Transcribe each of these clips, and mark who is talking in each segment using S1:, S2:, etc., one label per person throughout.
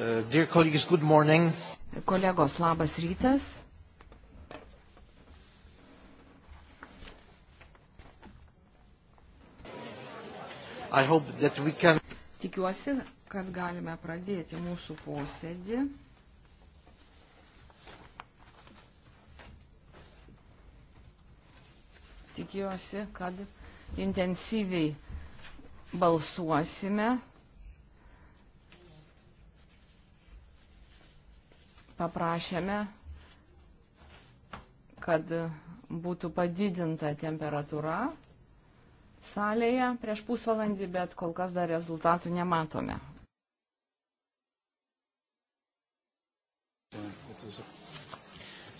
S1: Uh, dear colleagues, good morning. Kolegos, labas rytas. I hope that we can... Tikiuosi, kad galime pradėti mūsų posėdį. Tikiuosi, kad intensyviai balsuosime paprašėme, kad būtų padidinta temperatūra salėje prieš pusvalandį, bet kol kas dar rezultatų nematome.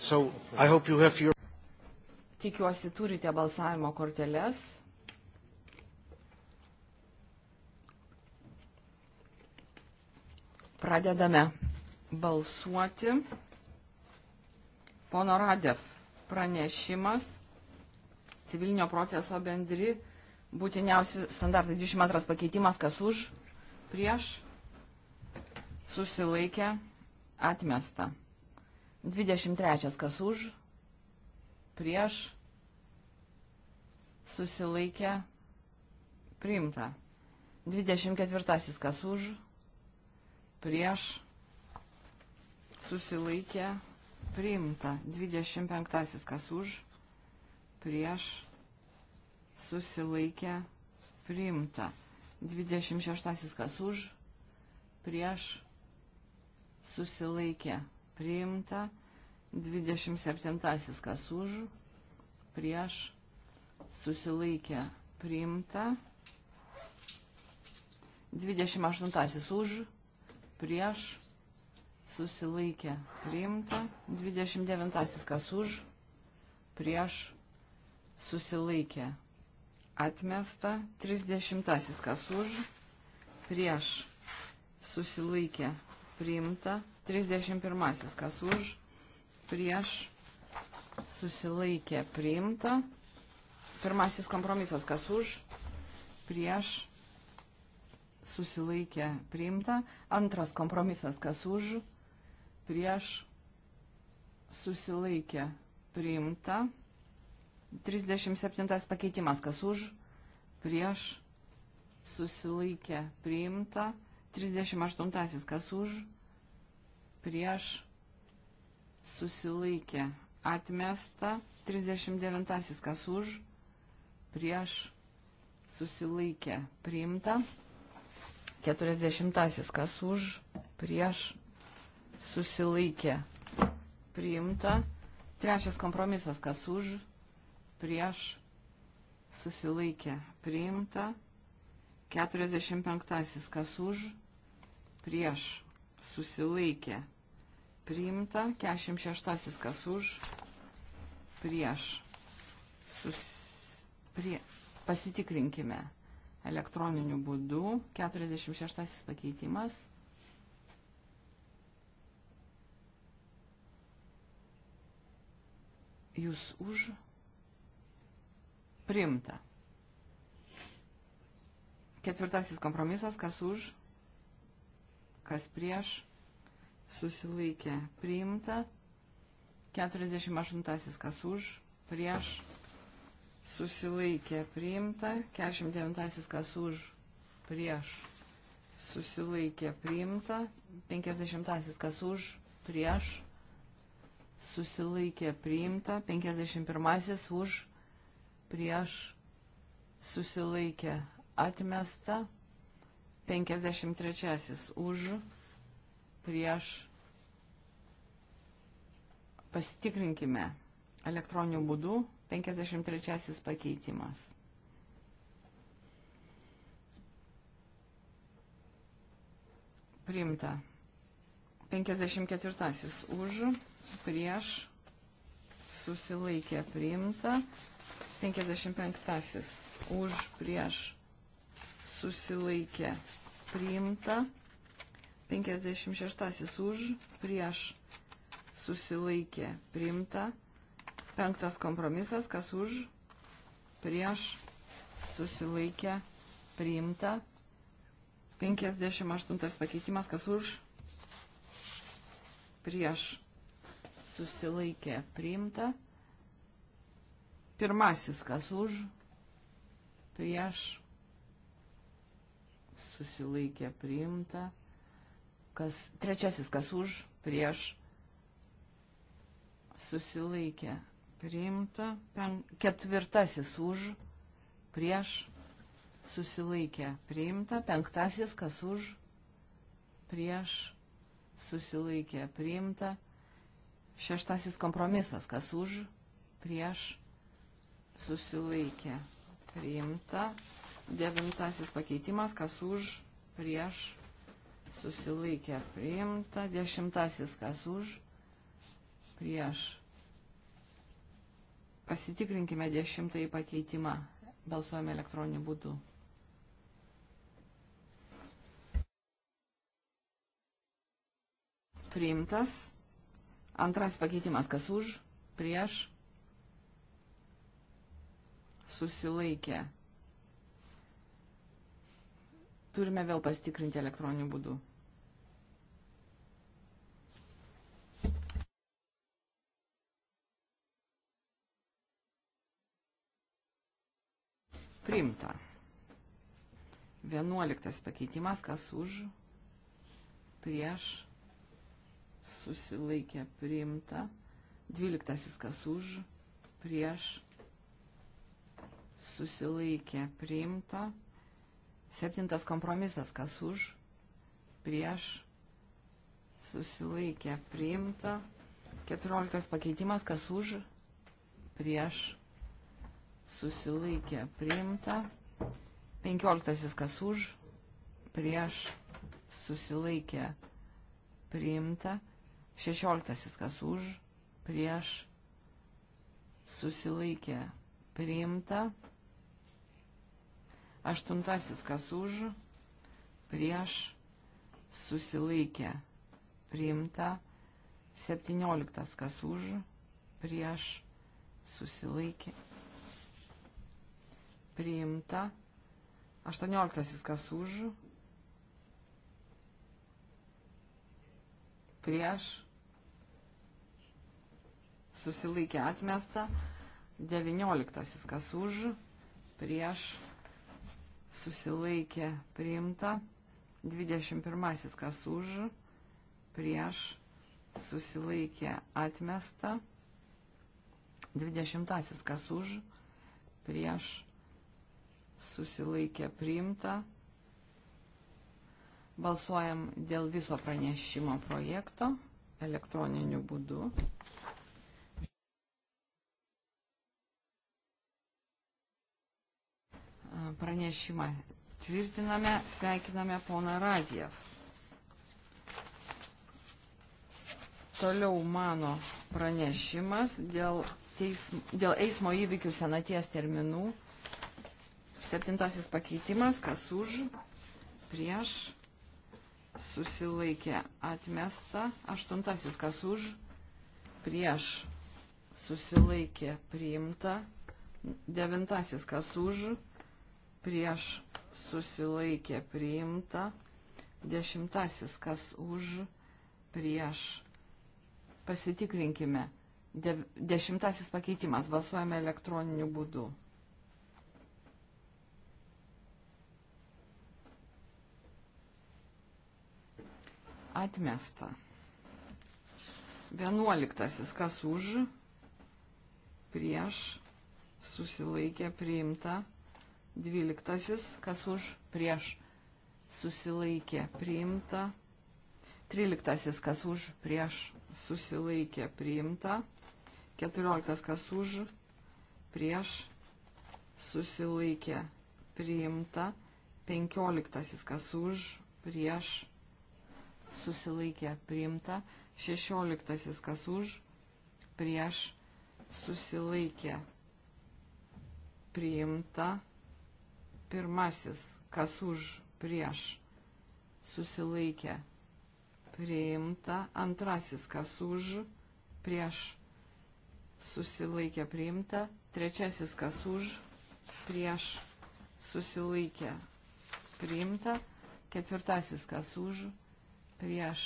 S2: So, your...
S1: Tikiuosi, turite balsavimo korteles. Pradedame balsuoti. Pono Radev pranešimas civilinio proceso bendri būtiniausi standartai 22 pakeitimas, kas už, prieš, susilaikė, atmesta. 23 kas už, prieš, susilaikė, priimta. 24 kas už, prieš, susilaikė susilaikė priimta. 25 kas už, prieš susilaikė priimta. 26 kas už, prieš susilaikė priimta. 27 kas už, prieš susilaikė priimta. 28 už, prieš susilaikė priimta. 29 kas už, prieš susilaikė atmesta. 30 kas už, prieš susilaikė priimta. 31 kas už, prieš susilaikė priimta. Pirmasis kompromisas kas už, prieš susilaikė priimta. Antras kompromisas kas už, prieš prieš susilaikė priimta. 37 pakeitimas, kas už, prieš susilaikė priimta. 38 kas už, prieš susilaikė atmesta. 39 kas už, prieš susilaikė priimta. 40 kas už, prieš susilaikė priimta. Trečias kompromisas, kas už, prieš susilaikė priimta. 45. Kas už, prieš susilaikė priimta. 46. Kas už, prieš susilaikė. Prie, pasitikrinkime elektroniniu būdu. 46 pakeitimas. jūs už priimta. Ketvirtasis kompromisas, kas už, kas prieš, susilaikė priimta. 48 kas už, prieš, susilaikė priimta. 49 kas už, prieš, susilaikė priimta. 50 kas už, prieš, susilaikė priimta, 51 už, prieš susilaikė atmesta, 53 už, prieš pasitikrinkime elektroniniu būdu 53 pakeitimas. Priimta. 54 už, prieš, susilaikė priimta. 55 už, prieš, susilaikė priimta. 56 už, prieš, susilaikė priimta. Penktas kompromisas, kas už, prieš, susilaikė priimta. 58 pakeitimas, kas už, prieš susilaikė priimta. Pirmasis, kas už, prieš susilaikė priimta. Kas, trečiasis, kas už, prieš susilaikė priimta. Pen, ketvirtasis už, prieš susilaikė priimta. Penktasis, kas už, prieš susilaikė priimta susilaikė priimta. Šeštasis kompromisas, kas už, prieš, susilaikė priimta. Devintasis pakeitimas, kas už, prieš, susilaikė priimta. Dešimtasis, kas už, prieš. Pasitikrinkime dešimtąjį pakeitimą. Balsuojame elektroniniu būdu. priimtas. Antras pakeitimas, kas už, prieš, susilaikė. Turime vėl pasitikrinti elektroniniu būdu. Priimta. Vienuoliktas pakeitimas, kas už, prieš, susilaikė priimta. Dvyliktasis kas už, prieš susilaikė priimta. Septintas kompromisas kas už, prieš susilaikė priimta. Keturioliktas pakeitimas kas už, prieš susilaikė priimta. Penkioliktasis kas už, prieš susilaikė priimta. Šešioliktasis kas už, prieš, susilaikė, priimta. Aštuntasis kas už, prieš, susilaikė, priimta. Septynioliktas kas už, prieš, susilaikė, priimta. Aštuonioliktasis kas už, prieš prieš, susilaikė atmesta, 19 kas už, prieš, susilaikė priimta, 21 kas už, prieš, susilaikė atmesta, 20 kas už, prieš, susilaikė priimta, Balsuojam dėl viso pranešimo projekto elektroniniu būdu. Pranešimą tvirtiname, sveikiname poną Radiev. Toliau mano pranešimas dėl, teism, dėl eismo įvykių senaties terminų. Septintasis pakeitimas, kas už, prieš susilaikė atmesta, aštuntasis kas už, prieš susilaikė priimta, devintasis kas už, prieš susilaikė priimta, dešimtasis kas už, prieš pasitikrinkime, De, dešimtasis pakeitimas, balsuojame elektroniniu būdu. Atmesta. Vienuoliktasis, kas už, prieš, susilaikė, priimta. Dvyliktasis, kas už, prieš, susilaikė, priimta. Tryliktasis, kas už, prieš, susilaikė, priimta. Keturioliktas, kas už, prieš, susilaikė, priimta. Penkioliktasis, kas už, prieš, susilaikė priimta, 16 kas už, prieš susilaikė priimta, pirmasis kas už, prieš susilaikė priimta, antrasis kas už, prieš susilaikė priimta, trečiasis kas už, prieš susilaikė priimta, ketvirtasis kas už, prieš prieš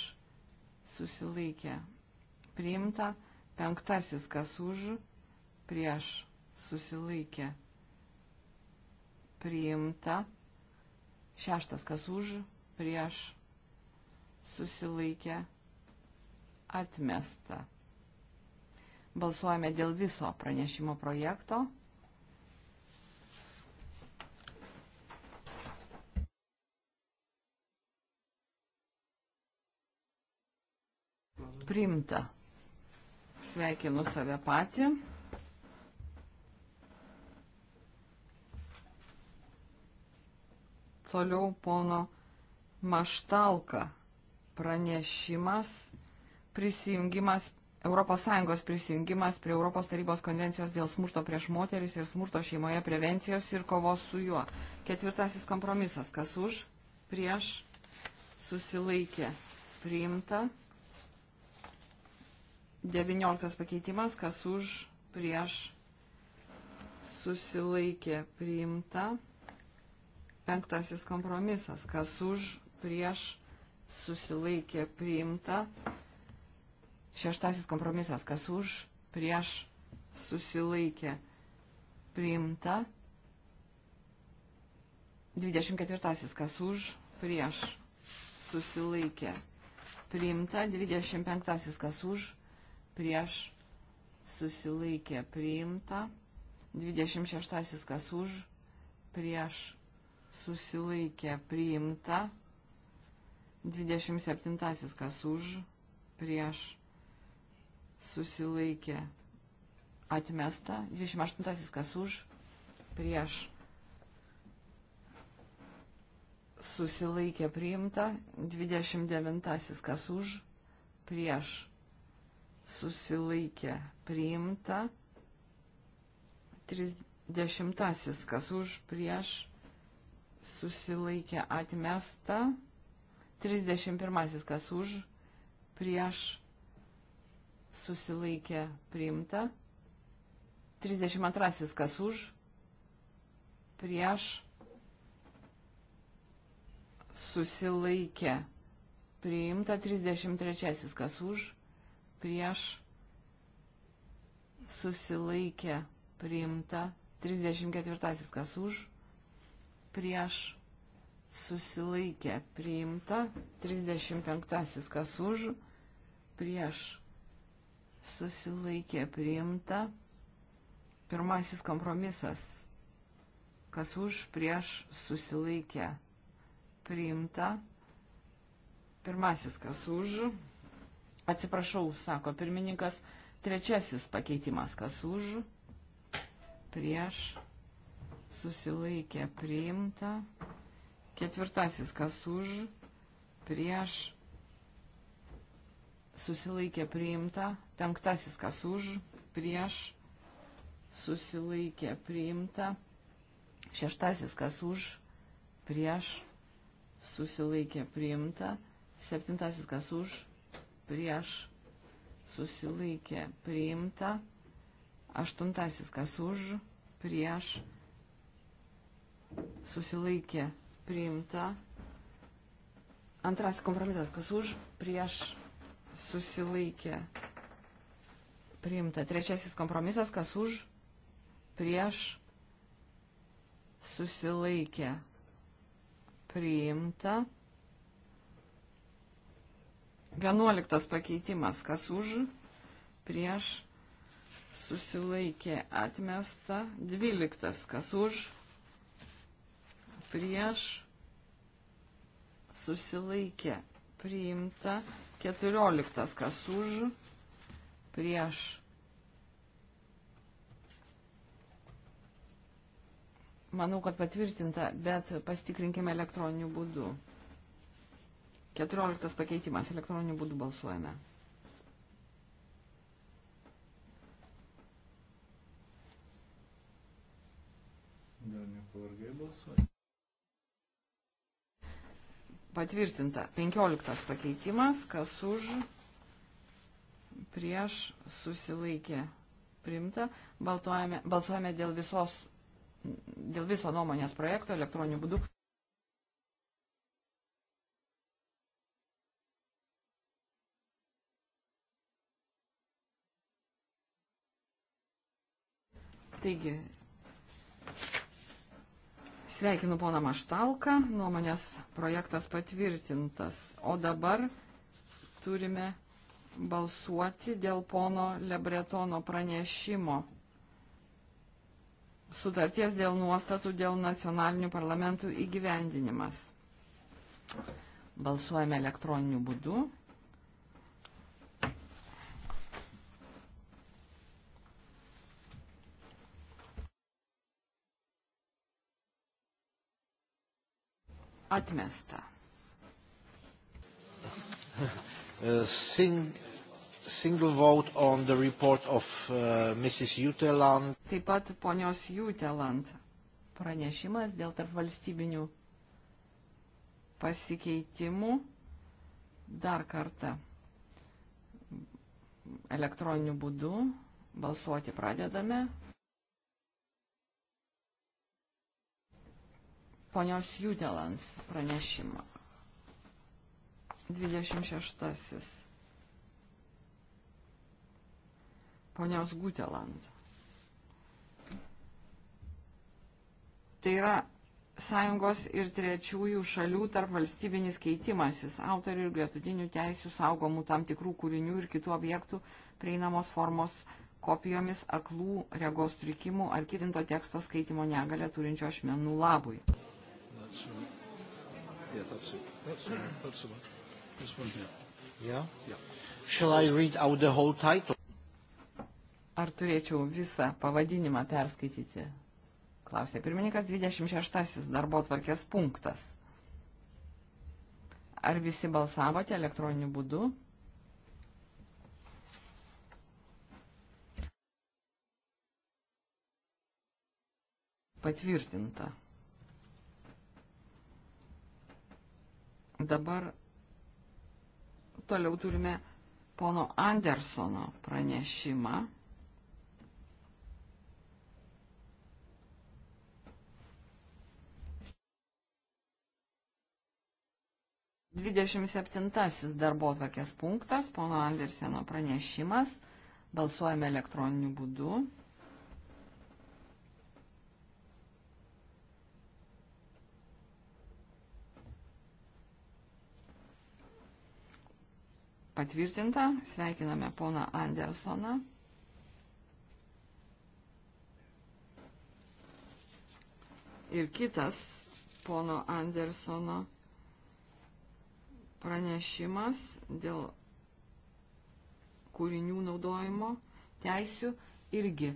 S1: susilaikė priimta, penktasis kas už, prieš susilaikė priimta, šeštas kas už, prieš susilaikė atmesta. Balsuojame dėl viso pranešimo projekto. Primta. Sveikinu save patį. Toliau pono Maštalka pranešimas prisijungimas ES prisijungimas prie Europos tarybos konvencijos dėl smurto prieš moteris ir smurto šeimoje prevencijos ir kovos su juo. Ketvirtasis kompromisas. Kas už, prieš, susilaikė, priimta. 19 pakeitimas, kas už, prieš, susilaikė priimta. Penktasis kompromisas, kas už, prieš, susilaikė priimta. Šeštasis kompromisas, kas už, prieš, susilaikė priimta. 24. Kas už, prieš, susilaikė priimta. 25. Kas už, prieš susilaikė priimta. 26 kas už, prieš susilaikė priimta. 27 kas už, prieš susilaikė atmesta. 28 kas už, prieš susilaikė priimta. 29 kas už, prieš susilaikė priimta susilaikė priimta. 30. Kas už prieš susilaikė atmesta. 31. Kas už prieš susilaikė priimta. 32. Kas už prieš susilaikė priimta. 33. Kas už prieš susilaikė priimta 34 kas už, prieš susilaikė priimta 35 kas už, prieš susilaikė priimta pirmasis kompromisas kas už, prieš susilaikė priimta pirmasis kas už Atsiprašau, sako pirmininkas, trečiasis pakeitimas, kas už, prieš, susilaikė, priimta. Ketvirtasis, kas už, prieš, susilaikė, priimta. Penktasis, kas už, prieš, susilaikė, priimta. Šeštasis, kas už, prieš, susilaikė, priimta. Septintasis, kas už, prieš susilaikė priimta. Aštuntasis, kas už, prieš susilaikė priimta. Antrasis kompromisas, kas už, prieš susilaikė priimta. Trečiasis kompromisas, kas už, prieš susilaikė priimta. Vienuoliktas pakeitimas, kas už, prieš, susilaikė atmesta. Dvyliktas, kas už, prieš, susilaikė priimta. Keturioliktas, kas už, prieš. Manau, kad patvirtinta, bet pastikrinkime elektroniniu būdu. Keturioliktas pakeitimas. Elektroniniu būdu balsuojame.
S3: Dar nepavargai balsuoju.
S1: Patvirtinta. Penkioliktas pakeitimas. Kas už prieš susilaikė primta. Baltuojame, balsuojame dėl, visos, dėl viso nuomonės projekto elektroniniu būdu. Taigi, sveikinu poną Maštalką, nuomonės projektas patvirtintas. O dabar turime balsuoti dėl pono Lebretono pranešimo sutarties dėl nuostatų dėl nacionalinių parlamentų įgyvendinimas. Balsuojame elektroniniu būdu. Atmesta. 5 uh, single vote on the report of uh, Mrs. Juteland. Taip pat ponios Juteland pranešimas dėl tarpvalstybinių pasikeitimų dar kartą elektroniniu būdu balsuoti pradedame. ponios Judelans pranešimą. 26. Ponios Guteland. Tai yra sąjungos ir trečiųjų šalių tarp valstybinis keitimasis autorių ir gretutinių teisių saugomų tam tikrų kūrinių ir kitų objektų prieinamos formos kopijomis aklų regos trikimų ar kirinto teksto skaitimo negalę turinčio ašmenų labui
S2: that's all right. Yeah, that's it. That's all right. That's all right. There's one here. Yeah? Yeah.
S1: Shall I read out the whole title? Ar turėčiau visą pavadinimą perskaityti? Klausė pirmininkas 26 darbo tvarkės punktas. Ar visi balsavote elektroniniu būdu? Patvirtinta. Dabar toliau turime pono Andersono pranešimą. Dvidešimt septintasis darbo tvarkės punktas, pono Anderseno pranešimas, balsuojame elektroniniu būdu. patvirtinta. Sveikiname poną Andersoną. Ir kitas pono Andersono pranešimas dėl kūrinių naudojimo teisių irgi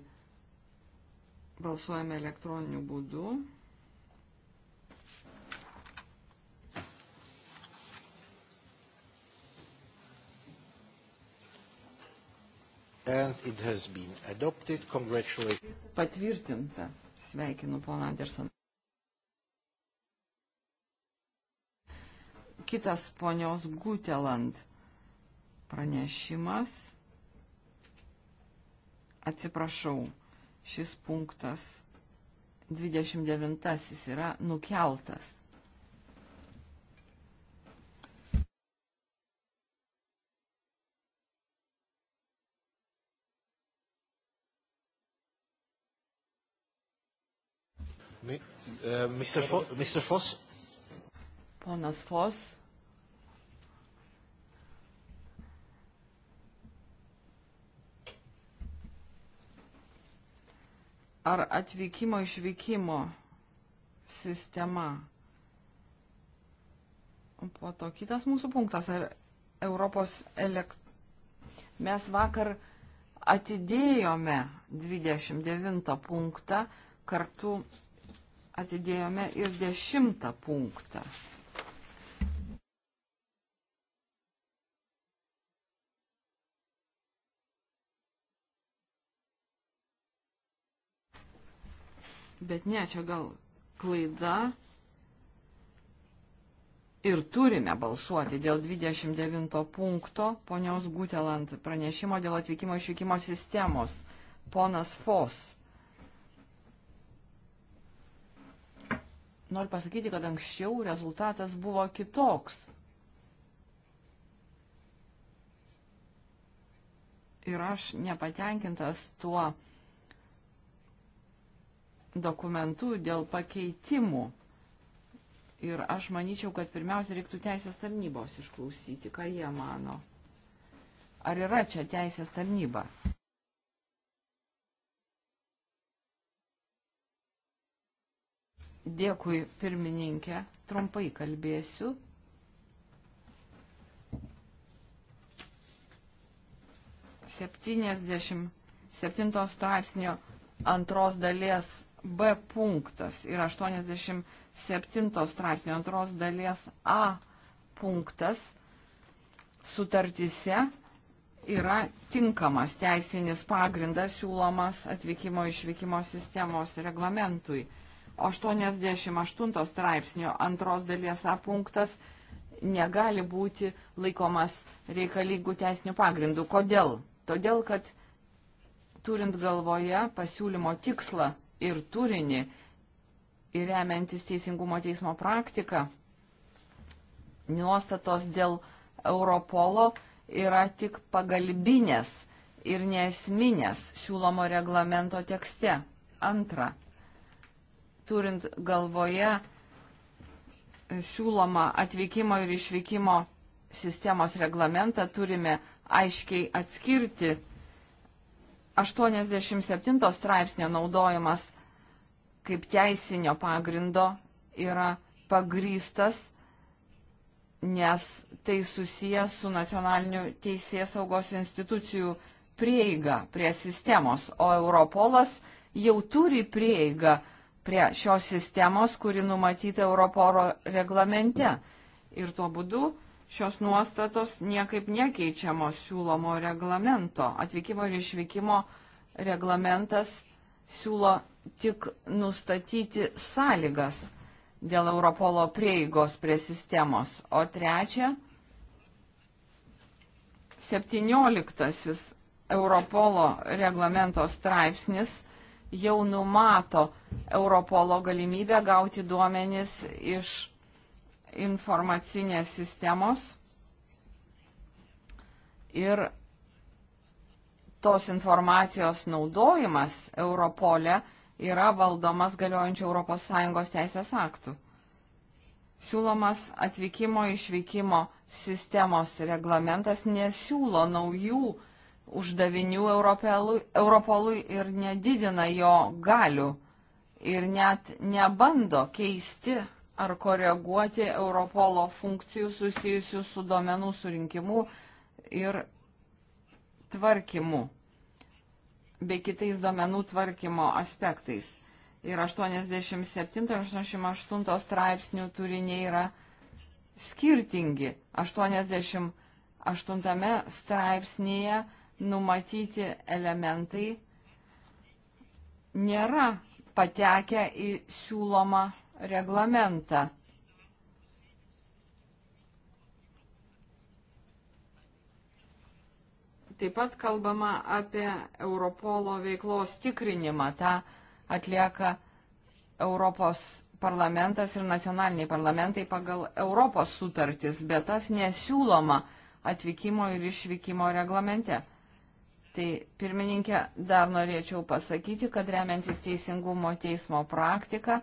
S1: balsuojame elektroniniu būdu. and it has been adopted. Congratulations. Patvirtinta. Sveikinu, poną Anderson. Kitas ponios Guteland pranešimas. Atsiprašau, šis punktas 29 yra nukeltas.
S2: Uh, e, Mr. Fo Mr. Foss.
S1: Ponas Fos. Ar atvykimo išvykimo sistema? Po to kitas mūsų punktas. Ar Europos elekt... Mes vakar atidėjome 29 punktą kartu atidėjome ir dešimtą punktą. Bet ne, čia gal klaida. Ir turime balsuoti dėl 29 punkto ponios Gutelant pranešimo dėl atvykimo išvykimo sistemos. Ponas Fos noriu pasakyti, kad anksčiau rezultatas buvo kitoks. Ir aš nepatenkintas tuo dokumentu dėl pakeitimų. Ir aš manyčiau, kad pirmiausia reiktų teisės tarnybos išklausyti, ką jie mano. Ar yra čia teisės tarnyba? Dėkui, pirmininkė. Trumpai kalbėsiu. Septyniasdešimt septintos straipsnio antros dalies B punktas ir 87 straipsnio antros dalies A punktas sutartise yra tinkamas teisinis pagrindas siūlomas atvykimo išvykimo sistemos reglamentui. 88 straipsnio antros dalies A punktas negali būti laikomas reikalingų teisinių pagrindų. Kodėl? Todėl, kad turint galvoje pasiūlymo tikslą ir turinį ir remiantis Teisingumo teismo praktiką, nuostatos dėl Europolo yra tik pagalbinės ir nesminės siūlomo reglamento tekste. Antra, turint galvoje siūloma atvykimo ir išvykimo sistemos reglamentą, turime aiškiai atskirti 87 straipsnio naudojimas kaip teisinio pagrindo yra pagrystas, nes tai susijęs su nacionaliniu teisės saugos institucijų prieiga prie sistemos, o Europolas jau turi prieigą prie šios sistemos, kuri numatyta Europoro reglamente. Ir tuo būdu šios nuostatos niekaip nekeičiamos siūlomo reglamento. Atvykimo ir išvykimo reglamentas siūlo tik nustatyti sąlygas dėl Europolo prieigos prie sistemos. O trečia, 17 Europolo reglamento straipsnis jau numato Europolo galimybę gauti duomenis iš informacinės sistemos ir tos informacijos naudojimas Europole yra valdomas galiojančių ES teisės aktų. Siūlomas atvykimo išvykimo sistemos reglamentas nesiūlo naujų uždavinių Europelui, Europolui ir nedidina jo galių ir net nebando keisti ar koreguoti Europolo funkcijų susijusių su duomenų surinkimu ir tvarkimu bei kitais duomenų tvarkymo aspektais. Ir 87-88 straipsnių turiniai yra skirtingi. 88 straipsnėje numatyti elementai nėra patekę į siūlomą reglamentą. Taip pat kalbama apie Europolo veiklos tikrinimą. Ta atlieka Europos parlamentas ir nacionaliniai parlamentai pagal Europos sutartis, bet tas nesiūloma atvykimo ir išvykimo reglamente. Tai pirmininkė, dar norėčiau pasakyti, kad remiantis teisingumo teismo praktika,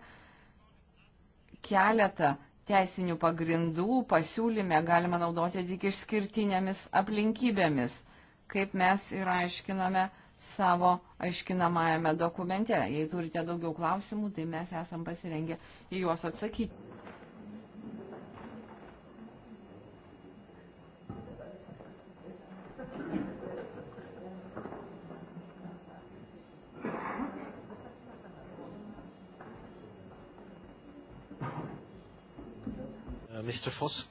S1: keletą teisinių pagrindų pasiūlyme galima naudoti tik išskirtinėmis aplinkybėmis, kaip mes ir aiškiname savo aiškinamajame dokumente. Jei turite daugiau klausimų, tai mes esam pasirengę į juos atsakyti. Äh, Mr. Voss.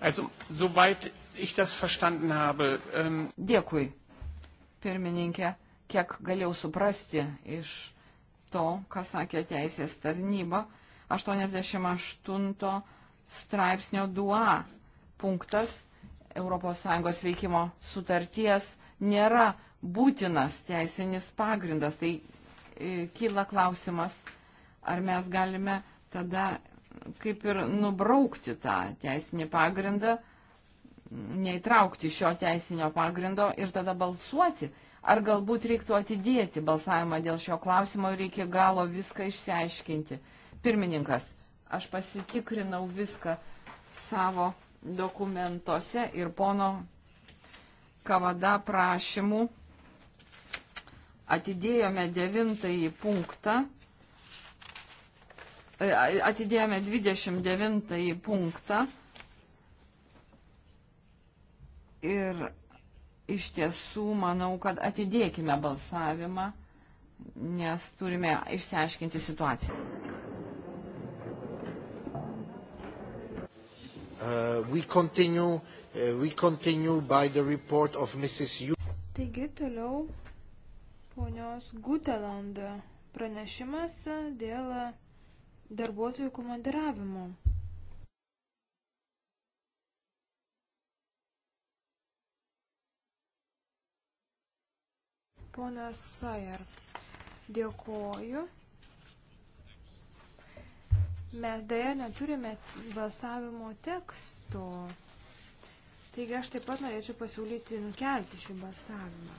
S1: Also, soweit ich das verstanden habe. Ähm... Dėkui, pirmininkė, kiek galėjau suprasti iš to, ką sakė teisės tarnyba, 88 straipsnio 2a punktas ES veikimo sutarties nėra būtinas teisinis pagrindas. Tai e, kyla klausimas, ar mes galime tada kaip ir nubraukti tą teisinį pagrindą, neįtraukti šio teisinio pagrindo ir tada balsuoti. Ar galbūt reiktų atidėti balsavimą dėl šio klausimo ir iki galo viską išsiaiškinti. Pirmininkas, aš pasitikrinau viską savo dokumentuose ir pono Kavada prašymų atidėjome devintąjį punktą atidėjome 29 punktą ir iš tiesų manau, kad atidėkime balsavimą, nes turime išsiaiškinti situaciją.
S3: Uh, we
S2: continue, uh, we continue by the report of Mrs. U.
S4: Taigi toliau ponios Guteland pranešimas dėl darbuotojų komandiravimo. Pone Sajer, dėkoju. Mes dėja neturime balsavimo teksto. Taigi aš taip pat norėčiau pasiūlyti nukelti šį balsavimą.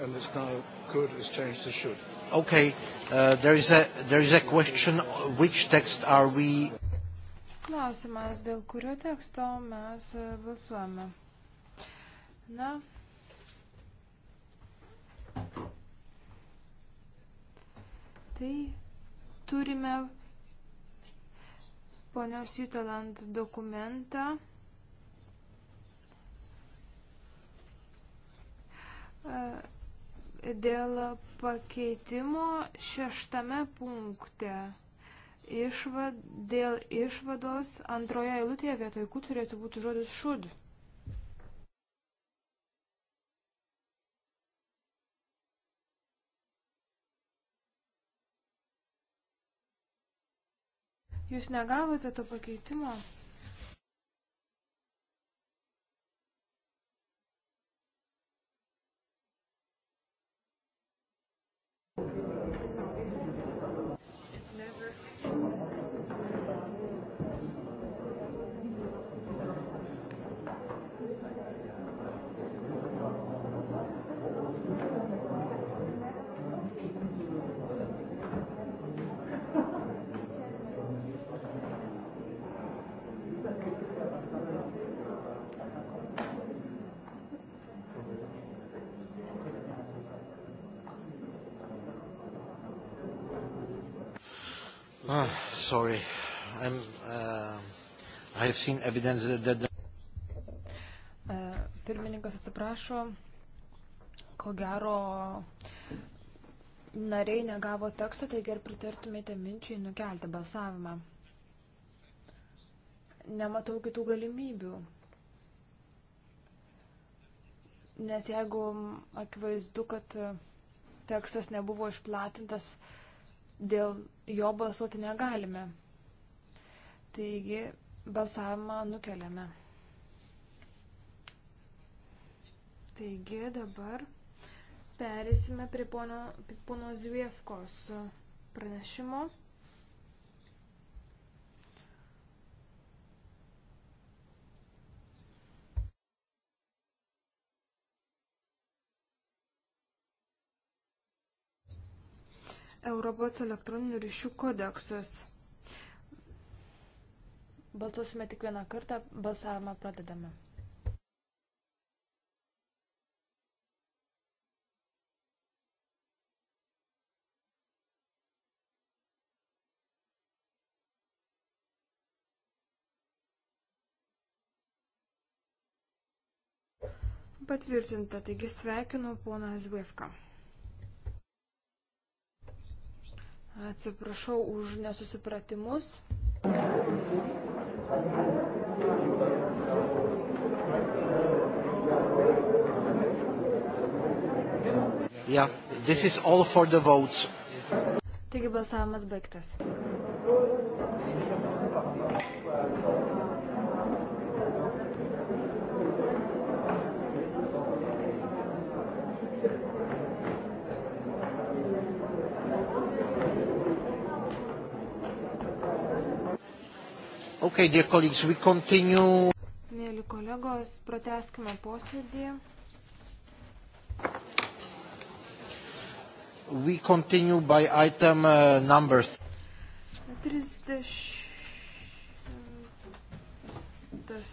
S2: and it's now could has changed to should. Okay, uh, there is a there is a question. Which text are we?
S4: Klausimas, dėl kurio teksto mes e, balsuojame. Na. Tai turime ponios Jutaland dokumentą. E, dėl pakeitimo šeštame punkte išvad, dėl išvados antroje eilutėje vietoj ku turėtų būti žodis should. Jūs negavote to pakeitimo?
S1: sorry.
S2: I'm, uh,
S1: I have seen evidence that the...
S2: Uh,
S4: pirmininkas atsiprašo, ko gero nariai negavo teksto, taigi ar pritartumėte minčiai nukelti balsavimą? Nematau kitų galimybių. Nes jeigu akivaizdu, kad uh, tekstas nebuvo išplatintas, uh, dėl jo balsuoti negalime. Taigi balsavimą nukeliame. Taigi dabar perėsime prie pono, pono Zviefkos pranešimo. Europos elektroninių ryšių kodeksas. Balsuosime tik vieną kartą, balsavimą pradedame. Patvirtinta, taigi sveikinu poną Zvivką. Atsiprašau už nesusipratimus.
S2: Yeah, this is all for the
S3: votes.
S4: Taigi balsavimas baigtas.
S2: Okay, dear colleagues, we continue. Mėly kolegos, prateskime
S4: posėdį.
S2: We continue by item uh, numbers.
S4: 30. Tas,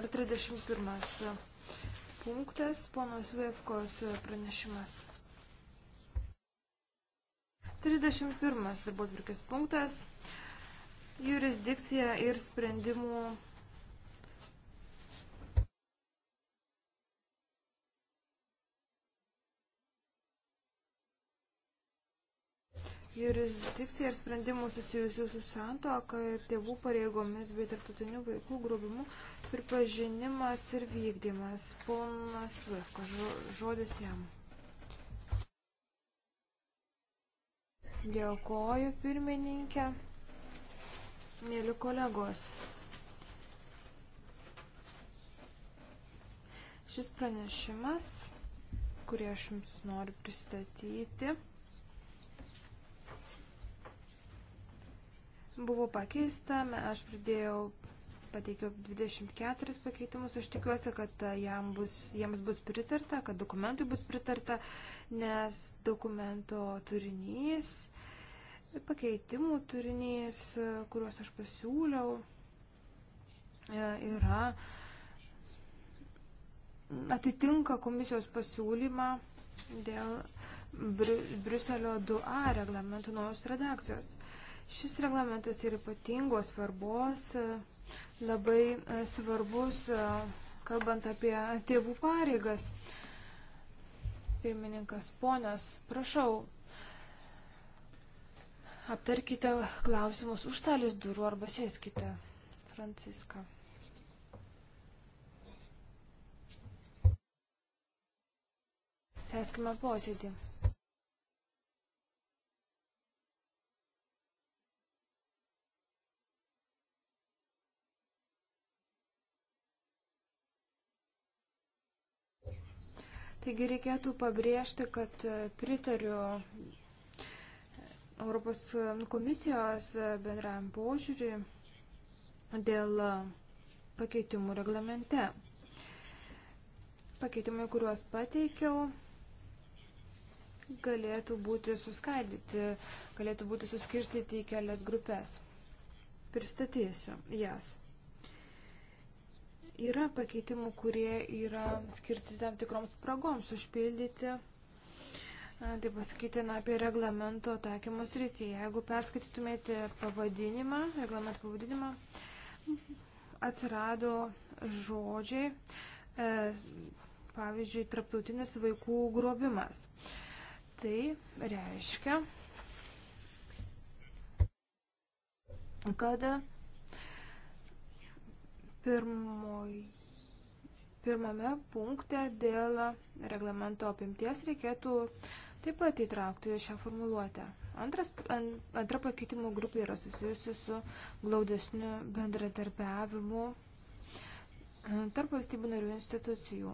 S4: ar 31 punktas, ponos Vėvkos pranešimas. 31 darbo tvarkės punktas jurisdikciją ir sprendimų jurisdikciją ir sprendimų susijusių su santoka ir tėvų pareigomis bei tarptautinių vaikų grobimu pripažinimas ir vykdymas. Ponas Vaiko, žodis jam. Dėkoju pirmininkė mėly kolegos. Šis pranešimas, kurį aš jums noriu pristatyti, buvo pakeista, aš pridėjau, pateikiau 24 pakeitimus, aš tikiuosi, kad e, jam bus, jiems bus pritarta, kad dokumentui bus pritarta, nes dokumento turinys Pakeitimų turinys, kuriuos aš pasiūliau, e, yra atitinka komisijos pasiūlymą dėl Bri Briuselio 2A reglamento naujos redakcijos. Šis reglamentas yra ypatingos svarbos, e, labai e, svarbus, kalbant apie tėvų pareigas. Pirmininkas, ponios, prašau, Aptarkite klausimus už salės durų arba sėskite, Franciska. Tęskime posėdį. Taigi reikėtų pabrėžti, kad pritariu Europos komisijos bendram požiūriui dėl pakeitimų reglamente. Pakeitimai, kuriuos pateikiau, galėtų būti suskaidyti, galėtų būti suskirstyti į kelias grupės. Pristatysiu jas. Yra pakeitimų, kurie yra skirti tam tikroms spragoms užpildyti Tai pasakytina apie reglamento taikymo sritį. Jeigu perskaitytumėte pavadinimą, reglamento pavadinimą, atsirado žodžiai, e, pavyzdžiui, traptautinis vaikų grobimas. Tai reiškia, kad pirmoji Pirmame punkte dėl reglamento apimties reikėtų uh, taip pat įtraukti šią formuluotę. Antras, antra pakeitimo grupė yra susijusi su glaudesniu bendradarbiavimu e, tarp valstybių narių institucijų,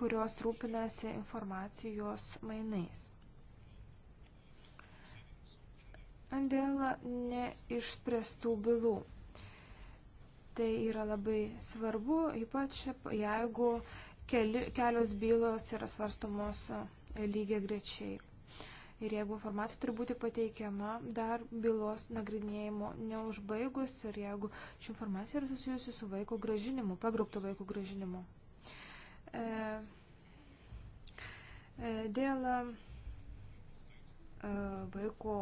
S4: kurios rūpinasi informacijos mainais. Dėl neišspręstų bylų. Tai yra labai svarbu, ypač jeigu keli, kelios bylos yra svarstomos lygiai grečiai. Ir jeigu informacija turi būti pateikiama dar bylos nagrinėjimo neužbaigus ir jeigu ši informacija yra susijusi su vaiko gražinimu, pagrupto vaiko gražinimu. E, e, dėl e, vaiko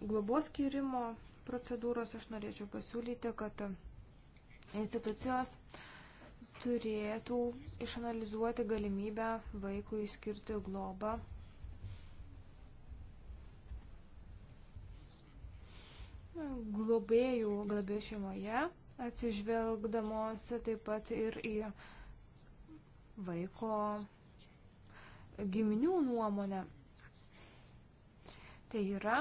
S4: globos skirimo procedūros aš norėčiau pasiūlyti, kad institucijos e, turėtų išanalizuoti galimybę vaikui skirti globą. Globėjų globėjų šeimoje, atsižvelgdamos taip pat ir į vaiko giminių nuomonę. Tai yra,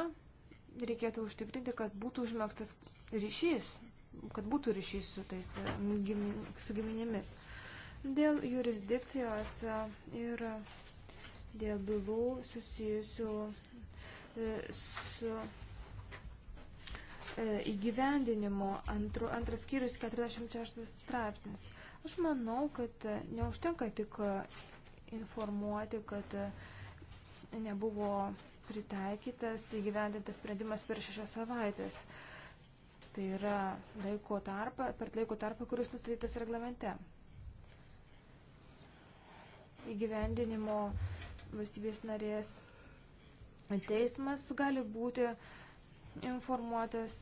S4: reikėtų užtikrinti, kad būtų užmėgstas ryšys kad būtų ryšys su, tais, e, su giminėmis. Dėl jurisdikcijos e, ir dėl bylų susijusių e, su įgyvendinimo antru, antras skyrius 46 straipsnis. Aš manau, kad neužtenka tik informuoti, kad nebuvo pritaikytas įgyvendintas sprendimas per šešias savaitės. Uh, Tai yra laiko tarpa, per laiko tarpą, kuris nustatytas reglamente. Įgyvendinimo valstybės narės teismas gali būti informuotas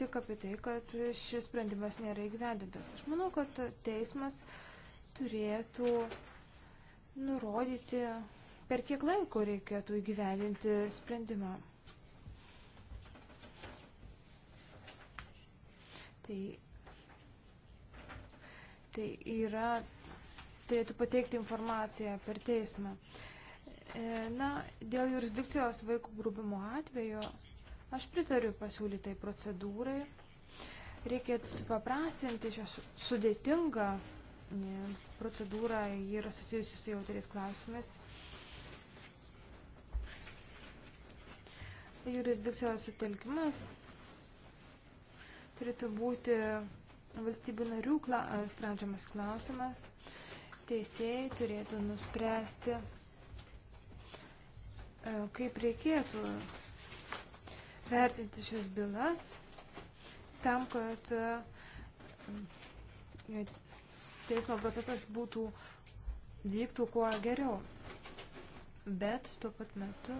S4: tik apie tai, kad šis sprendimas nėra įgyvendintas. Aš manau, kad teismas turėtų nurodyti, per kiek laiko reikėtų įgyvendinti sprendimą. Tai, tai yra, turėtų pateikti informaciją per teismą. E, na, dėl jurisdikcijos vaikų grūbimo atveju aš pritariu pasiūlytai procedūrai. Reikėtų supaprastinti šią sudėtingą e, procedūrą, ji yra susijusi su jautriais klausimais. Jurisdikcijos sutelkimas turėtų būti valstybių narių kla, sprendžiamas klausimas. Teisėjai turėtų nuspręsti, kaip reikėtų vertinti šias bylas tam, kad teismo procesas būtų vyktų kuo geriau. Bet tuo pat metu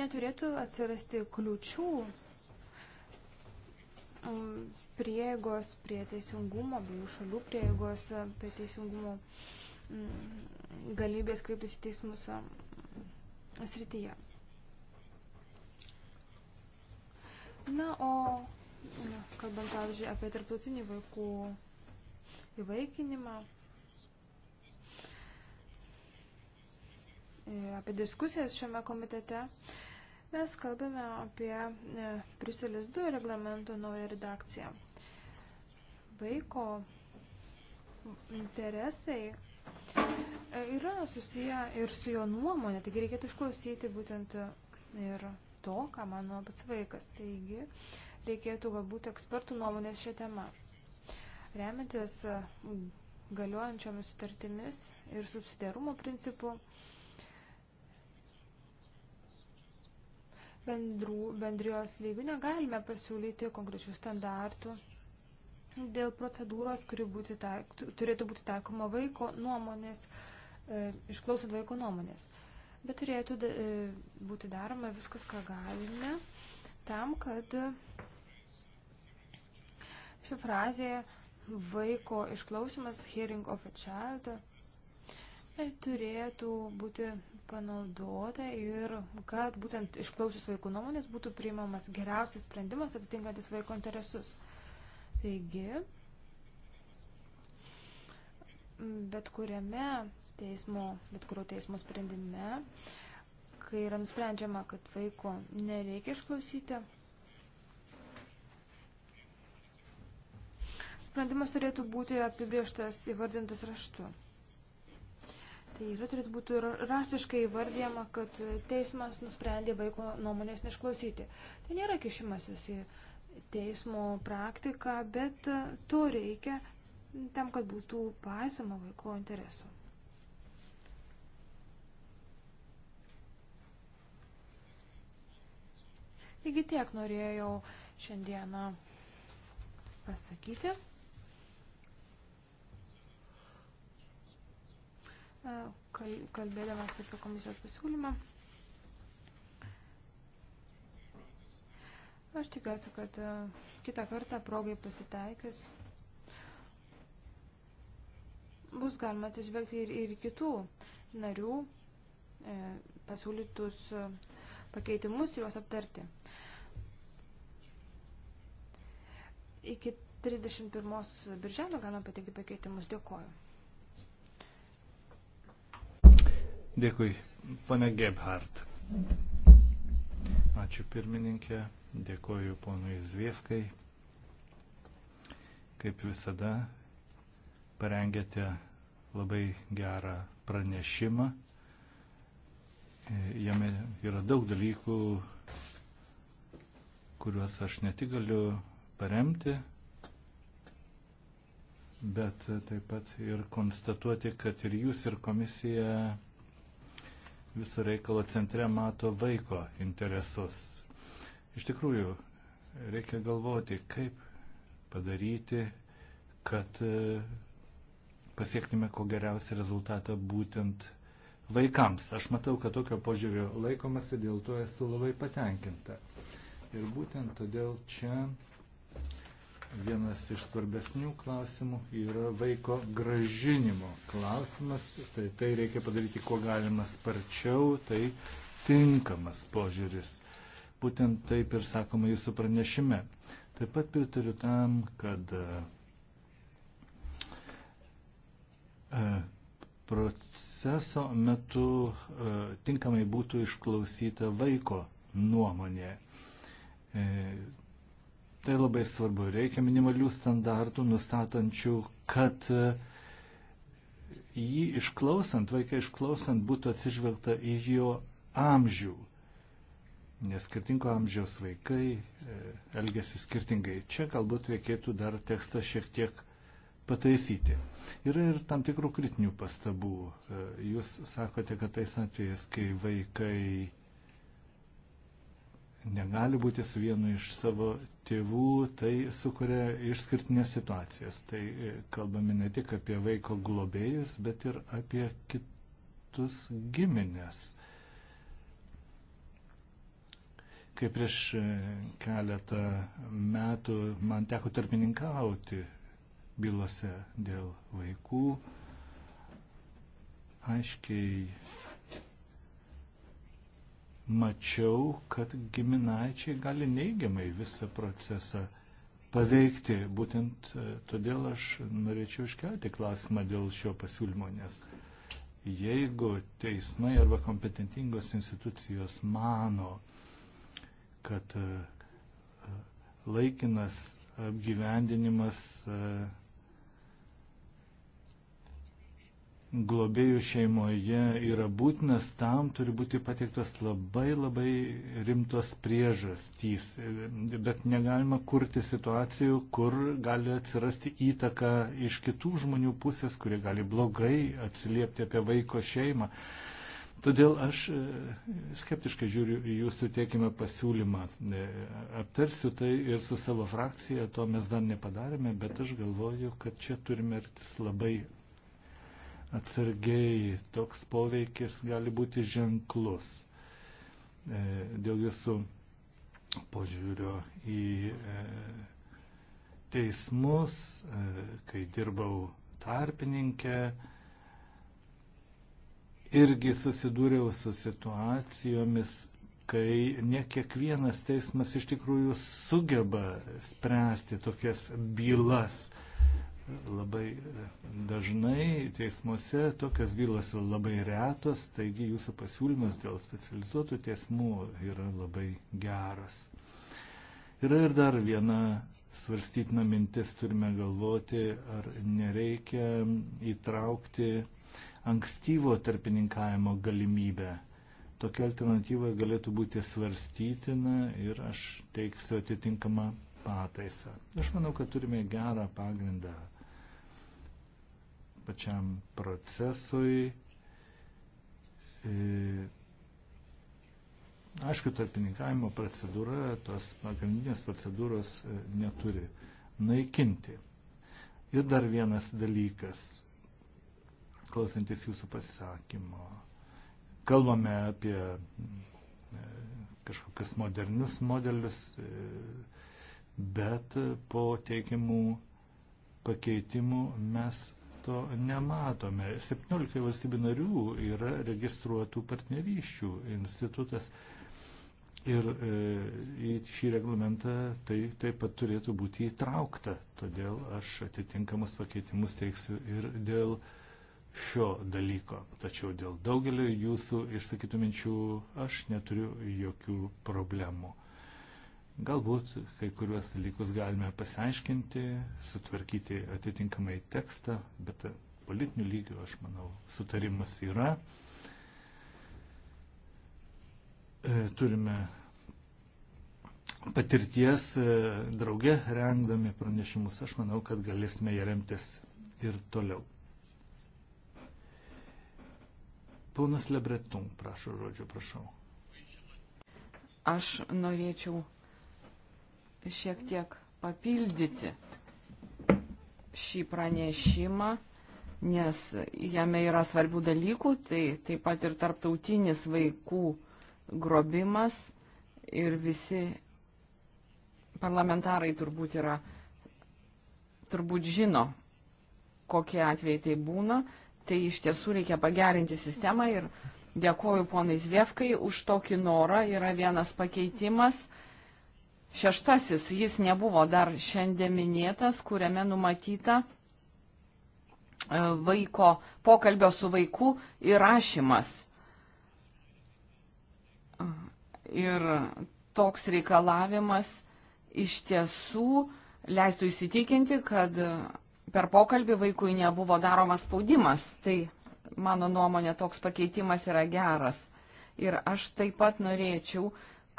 S4: neturėtų atsirasti kliučių prieigos prie teisingumo, abiejų šalių prieigos prie teisingumo mm, galybės kreiptis į teismus mm, srityje. Na, o kalbant, pavyzdžiui, apie tarptautinį vaikų įvaikinimą, apie diskusijas šiame komitete, Mes kalbame apie e, Briuselis 2 reglamento naują redakciją. Vaiko interesai e, yra susiję ir su jo nuomonė, taigi reikėtų išklausyti būtent ir to, ką mano pats vaikas. Taigi reikėtų galbūt ekspertų nuomonės šią temą. Remiantis e, galiojančiomis sutartimis ir subsidiarumo principu, bendrų, bendrijos lygių negalime pasiūlyti konkrečių standartų dėl procedūros, kuri būti taik, turėtų būti taikoma vaiko nuomonės, e, išklausant vaiko nuomonės. Bet turėtų e, būti daroma viskas, ką galime, tam, kad ši frazė vaiko išklausimas, hearing of a child, turėtų būti panaudota ir kad būtent išklausius vaikų nuomonės būtų priimamas geriausias sprendimas atitinkantis vaiko interesus. Taigi, bet kuriame teismo, bet kurio teismo sprendime, kai yra nusprendžiama, kad vaiko nereikia išklausyti, sprendimas turėtų būti apibrieštas įvardintas raštu. Tai yra turėtų būti ir rastiškai įvardyjama, kad teismas nusprendė vaiko nuomonės neišklausyti. Tai nėra kišimasis į teismo praktiką, bet to reikia tam, kad būtų paisama vaiko interesų. Taigi tiek norėjau šiandieną pasakyti. kalbėdamas apie komisijos pasiūlymą. Aš tikiuosi, kad kitą kartą progai pasitaikius bus galima atsižvelgti ir, ir kitų narių e, pasiūlytus pakeitimus ir juos aptarti. Iki 31 birželio galima pateikti pakeitimus. Dėkoju.
S3: Dėkui, pane Gebhardt. Ačiū pirmininkė, dėkoju ponui Zviefkai. Kaip visada, parengėte labai gerą pranešimą. Jame yra daug dalykų, kuriuos aš ne tik galiu paremti, bet taip pat ir konstatuoti, kad ir jūs, ir komisija viso reikalo centre mato vaiko interesus. Iš tikrųjų, reikia galvoti, kaip padaryti, kad e, pasiektume ko geriausią rezultatą būtent vaikams. Aš matau, kad tokio požiūrio laikomasi, dėl to esu labai patenkinta. Ir būtent todėl čia vienas iš svarbesnių klausimų yra vaiko gražinimo klausimas. Tai tai reikia padaryti kuo galima sparčiau, tai tinkamas požiūris. Būtent taip ir sakoma jūsų pranešime. Taip pat pritariu tam, kad e, e, proceso metu e, tinkamai būtų išklausyta vaiko nuomonė Tai labai svarbu. Reikia minimalių standartų, nustatančių, kad e, jį išklausant, vaiką išklausant, būtų atsižvelgta į jo amžių. Nes skirtingo amžiaus vaikai e, elgesi skirtingai. Čia galbūt reikėtų dar tekstą šiek tiek pataisyti. Yra ir tam tikrų kritinių pastabų. E, jūs sakote, kad tais atvejais, kai vaikai negali būti su vienu iš savo tėvų, tai sukuria išskirtinės situacijas. Tai e, kalbame ne tik apie vaiko globėjus, bet ir apie kitus giminės. Kai prieš e, keletą metų man teko tarpininkauti bylose dėl vaikų, aiškiai mačiau, kad giminaičiai gali neigiamai visą procesą paveikti. Būtent e, todėl aš norėčiau iškelti klausimą dėl šio pasiūlymo, nes jeigu teismai arba kompetentingos institucijos mano, kad e, e, laikinas apgyvendinimas globėjų šeimoje yra būtinas, tam turi būti pateiktos labai labai rimtos priežastys. Bet negalima kurti situacijų, kur gali atsirasti įtaka iš kitų žmonių pusės, kurie gali blogai atsiliepti apie vaiko šeimą. Todėl aš e, skeptiškai žiūriu į jūsų tiekimą pasiūlymą. E, aptarsiu tai ir su savo frakcija, to mes dar nepadarėme, bet aš galvoju, kad čia turime artis labai atsargiai. Toks poveikis gali būti ženklus e, dėl jūsų požiūrio į e, teismus, e, kai dirbau tarpininkę, irgi susidūriau su situacijomis, kai ne kiekvienas teismas iš tikrųjų sugeba spręsti tokias bylas. Labai dažnai teismuose tokios bylos yra labai retos, taigi jūsų pasiūlymas dėl specializuotų teismų yra labai geras. Yra ir dar viena svarstytina mintis, turime galvoti, ar nereikia įtraukti ankstyvo tarpininkavimo galimybę. Tokia alternatyva galėtų būti svarstytina ir aš teiksiu atitinkamą pataisą. Aš manau, kad turime gerą pagrindą pačiam procesui. E, aišku, tarpininkavimo procedūra, tos pagrindinės procedūros e, neturi naikinti. Ir dar vienas dalykas, klausantis jūsų pasisakymo. Kalbame apie e, kažkokius modernius modelius, bet po teikimų pakeitimų mes to nematome. 17 valstybių narių yra registruotų partnerysčių institutas. Ir e, į šį reglamentą tai taip pat turėtų būti įtraukta. Todėl aš atitinkamus pakeitimus teiksiu ir dėl šio dalyko. Tačiau dėl daugelio jūsų išsakytų minčių aš neturiu jokių problemų. Galbūt kai kuriuos dalykus galime pasiaiškinti, sutvarkyti atitinkamai tekstą, bet politinių lygių, aš manau, sutarimas yra. E, turime patirties e, drauge rengdami pranešimus, aš manau, kad galėsime jie remtis ir toliau. Ponas Lebretum, prašau, žodžio prašau.
S1: Aš norėčiau šiek tiek papildyti šį pranešimą, nes jame yra svarbių dalykų, tai taip pat ir tarptautinis vaikų grobimas ir visi parlamentarai turbūt yra, turbūt žino, kokie atvejai tai būna, tai iš tiesų reikia pagerinti sistemą ir dėkoju ponai Zviefkai už tokį norą, yra vienas pakeitimas – Šeštasis, jis nebuvo dar šiandien minėtas, kuriame numatyta e, vaiko pokalbio su vaiku įrašymas. Ir toks reikalavimas iš tiesų leistų įsitikinti, kad per pokalbį vaikui nebuvo daromas spaudimas. Tai mano nuomonė toks pakeitimas yra geras. Ir aš taip pat norėčiau,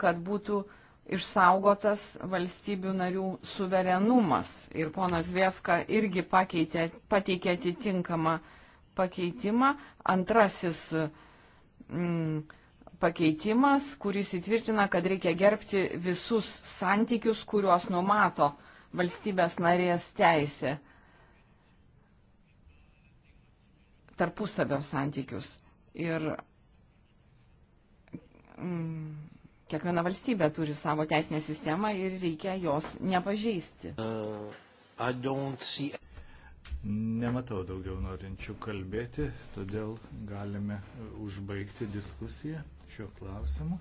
S1: kad būtų uh, išsaugotas valstybių narių suverenumas. Ir ponas Vievka irgi pakeitė, pateikė atitinkamą pakeitimą. Antrasis mm, pakeitimas, kuris įtvirtina, kad reikia gerbti visus santykius, kuriuos numato valstybės narės teisė. Tarpusavio santykius. Ir mm, Kiekviena valstybė turi savo teisinę sistemą ir reikia jos nepažeisti.
S3: Uh, see... Nematau daugiau norinčių kalbėti, todėl galime užbaigti diskusiją šiuo klausimu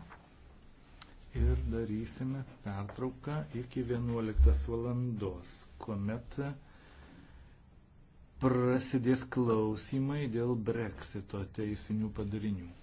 S3: ir darysime pertrauką iki 11 valandos, kuomet prasidės klausimai dėl breksito teisinių padarinių.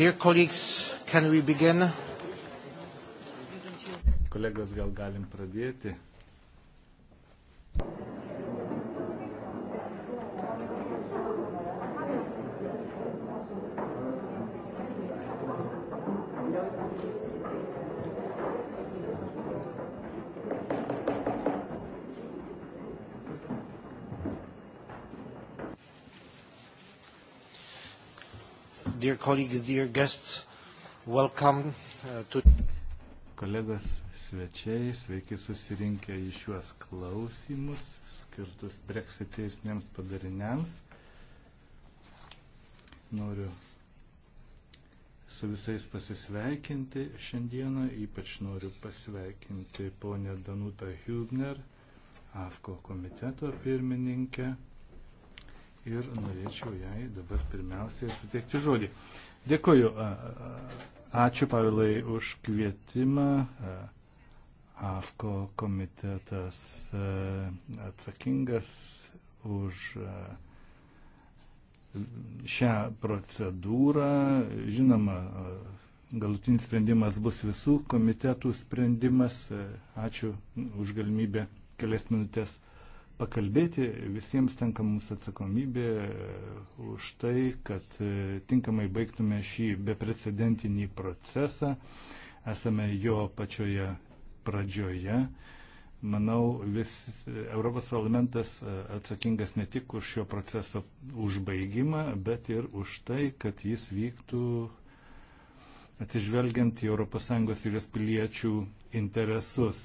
S3: Dear colleagues, can we begin? Kolegos, gal galim pradėti? Dear colleagues, dear guests, welcome uh, to. Kolegos svečiai, sveiki susirinkę į šiuos klausimus skirtus Brexit teisiniams padariniams. Noriu su visais pasisveikinti šiandieną, ypač noriu pasveikinti ponę Danutą Hübner, AFKO komiteto pirmininkę ir norėčiau jai dabar pirmiausiai suteikti žodį. Dėkuoju. Ačiū Pavilai už kvietimą. AFKO komitetas atsakingas už šią procedūrą. Žinoma, galutinis sprendimas bus visų komitetų sprendimas. Ačiū už galimybę kelias minutės pakalbėti, visiems tenka mums atsakomybė e, už tai, kad e, tinkamai baigtume šį beprecedentinį procesą. Esame jo pačioje pradžioje. Manau, vis Europos parlamentas e, atsakingas ne tik už šio proceso užbaigimą, bet ir už tai, kad jis vyktų atsižvelgiant į ES ir jos piliečių interesus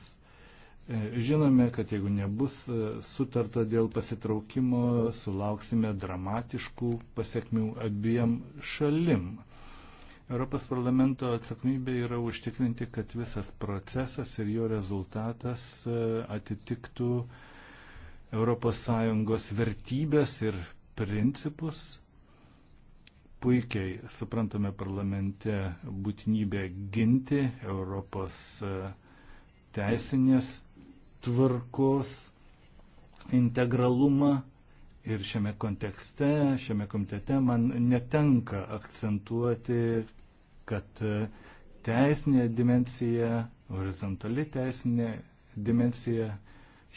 S3: E, žinome, kad jeigu nebus e, sutarta dėl pasitraukimo, sulauksime dramatiškų pasiekmių abiem šalim. Europos parlamento atsakomybė yra užtikrinti, kad visas procesas ir jo rezultatas e, atitiktų ES vertybės ir principus. Puikiai suprantame parlamente būtinybę ginti Europos teisinės tvarkos integralumą ir šiame kontekste, šiame komitete man netenka akcentuoti, kad teisinė dimensija, horizontali teisinė dimensija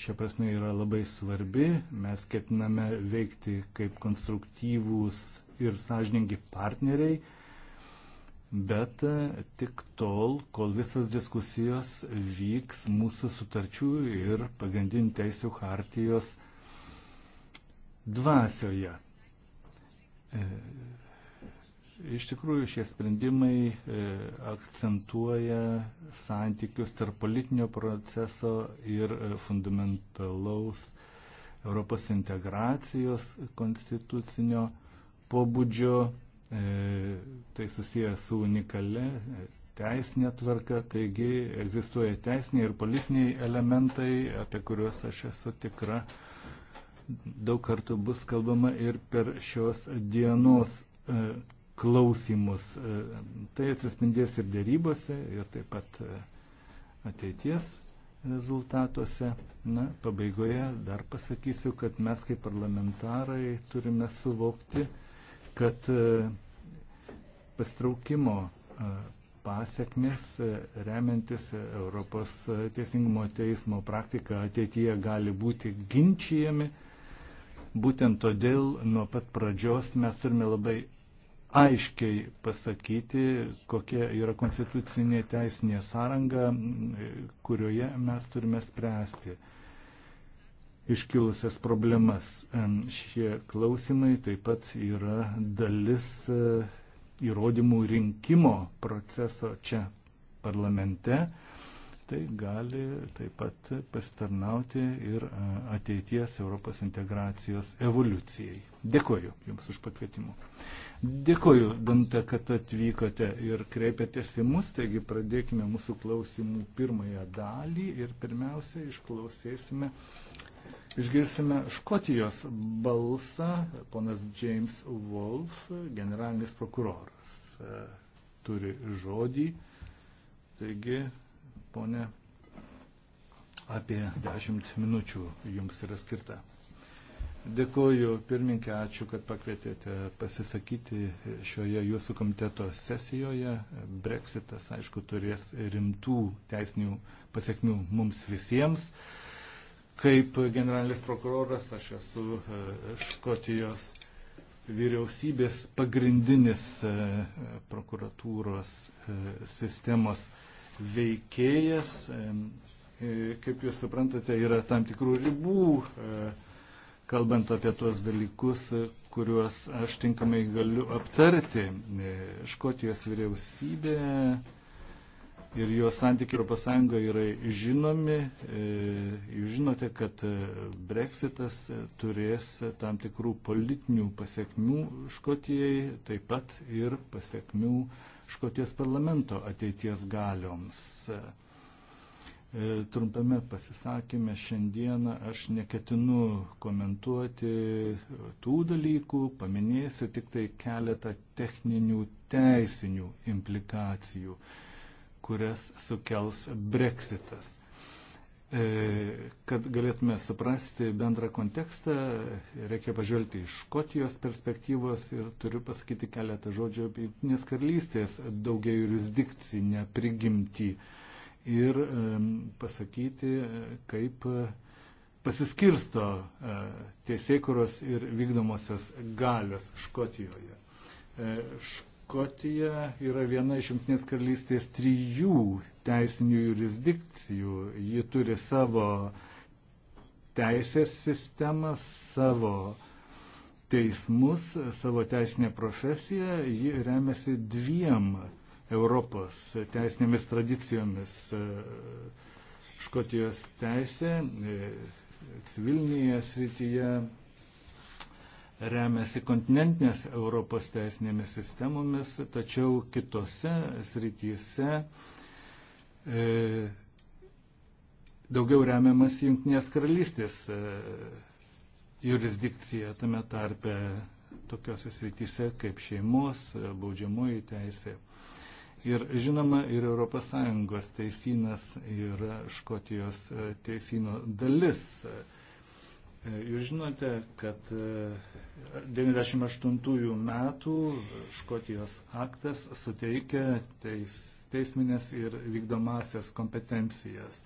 S3: šia prasme yra labai svarbi. Mes ketiname veikti kaip konstruktyvūs ir sąžiningi partneriai bet e, tik tol, kol visos diskusijos vyks mūsų sutarčių ir pagrindinių teisų hartijos dvasioje. E, iš tikrųjų, šie sprendimai e, akcentuoja santykius tarp politinio proceso ir fundamentalaus Europos integracijos konstitucinio pobūdžio E, tai susijęs su unikale e, teisinė tvarka, taigi egzistuoja teisiniai ir politiniai elementai, apie kuriuos aš esu tikra. Daug kartų bus kalbama ir per šios dienos e, klausimus. Tai atsispindės ir dėrybose, ir taip pat ateities rezultatuose. Na, pabaigoje dar pasakysiu, kad mes kaip parlamentarai turime suvokti, kad e, pastraukimo e, pasiekmes e, remiantis Europos teisingumo teismo praktika ateityje gali būti ginčijami. Būtent todėl nuo pat pradžios mes turime labai aiškiai pasakyti, kokia yra konstitucinė teisinė sąranga, kurioje mes turime spręsti iškilusias problemas. Šie klausimai taip pat yra dalis e, įrodymų rinkimo proceso čia parlamente. Tai gali taip pat pasitarnauti ir e, ateities Europos integracijos evoliucijai. Dėkoju Jums už pakvietimą. Dėkoju, Dante, kad atvykote ir kreipėtės į mus. Taigi pradėkime mūsų klausimų pirmąją dalį ir pirmiausia išklausėsime Išgirsime Škotijos balsą, ponas James Wolf, generalinis prokuroras, e, turi žodį. Taigi, ponė, apie 10 minučių jums yra skirta. Dėkuoju pirmininkė, ačiū, kad pakvietėte pasisakyti šioje jūsų komiteto sesijoje. Brexitas, aišku, turės rimtų teisinių pasiekmių mums visiems. Kaip generalinis prokuroras aš esu e, Škotijos vyriausybės pagrindinis e, prokuratūros e, sistemos veikėjas. Kaip jūs suprantate, yra tam tikrų ribų, kalbant apie tuos dalykus, kuriuos aš tinkamai galiu aptarti. Škotijos vyriausybė ir jos santykiai Europos Sąjunga yra žinomi. E, jūs žinote, kad e, Brexitas e, turės tam tikrų politinių pasiekmių Škotijai, taip pat ir pasiekmių Škotijos parlamento ateities galioms. Trumpame pasisakymė šiandieną aš neketinu komentuoti tų dalykų, paminėsiu tik tai keletą techninių teisinių implikacijų. E, kurias sukels Brexitas. E, kad galėtume suprasti bendrą kontekstą, reikia pažvelgti iš Škotijos perspektyvos ir turiu pasakyti keletą žodžių apie Junktinės karalystės daugia jurisdikcinę prigimtį ir e, pasakyti, kaip pasiskirsto e, teisėkuros ir vykdomosios galios Škotijoje. Škotija yra viena iš Junktinės karalystės trijų teisinių jurisdikcijų. Ji turi savo teisės sistemą, savo teismus, savo teisinę profesiją. Ji remiasi dviem Europos teisinėmis tradicijomis. Škotijos teisė civilinėje srityje remiasi kontinentinės Europos teisinėmis sistemomis, tačiau kitose srityse e, daugiau remiamas Junktinės karalystės e, jurisdikcija tame tarpe tokiuose srityse kaip šeimos, baudžiamoji teisė. Ir žinoma, ir ES teisynas yra Škotijos e, teisino dalis. E, jūs žinote, kad e, 98 metų Škotijos aktas suteikia teis, teisminės ir vykdomasias kompetencijas.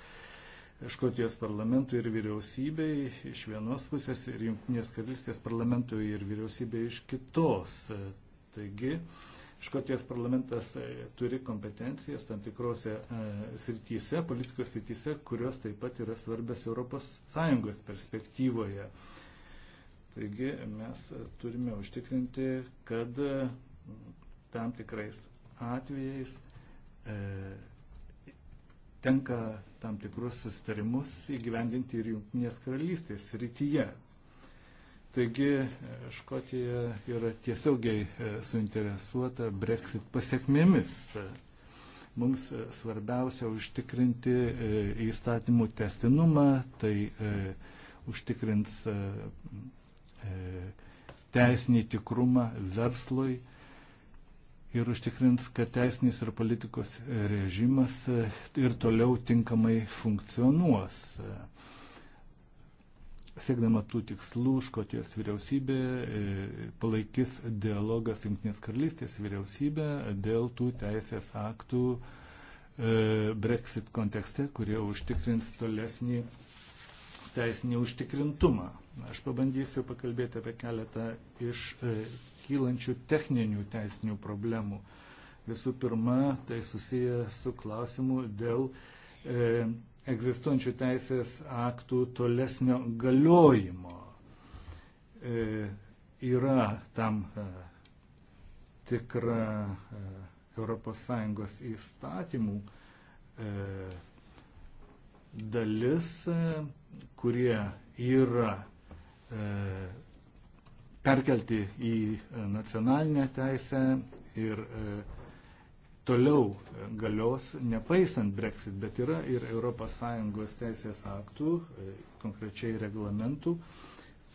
S3: Škotijos parlamentui ir vyriausybei iš vienos pusės ir Junktinės karalystės parlamentui ir vyriausybei iš kitos. Taigi, Škotijos parlamentas e, turi kompetencijas tam tikrose e, srityse, politikos srityse, kurios taip pat yra svarbios ES perspektyvoje. Taigi mes turime užtikrinti, kad tam tikrais atvejais e, tenka tam tikrus sustarimus įgyvendinti ir Junktinės karalystės rytyje. Taigi e, Škotija yra tiesiogiai e, suinteresuota Brexit pasiekmėmis. Mums e, svarbiausia užtikrinti įstatymų testinumą, tai užtikrins E, teisinį tikrumą verslui ir užtikrins, kad teisinis ir politikos režimas e, ir toliau tinkamai funkcionuos. Siekdama tų tikslų, Škotijos vyriausybė e, palaikys dialogą su Junktinės karalystės vyriausybė dėl tų teisės aktų Brexit kontekste, kurie užtikrins tolesnį teisinį užtikrintumą. Aš pabandysiu pakalbėti apie keletą iš e, kylančių techninių teisinių problemų. Visų pirma, tai susiję su klausimu dėl e, egzistuojančių teisės aktų tolesnio galiojimo. E, yra tam e, tikra e, ES įstatymų e, dalis, e, kurie yra e, perkelti į nacionalinę teisę ir e, toliau galios, nepaisant Brexit, bet yra ir ES teisės aktų, konkrečiai reglamentų,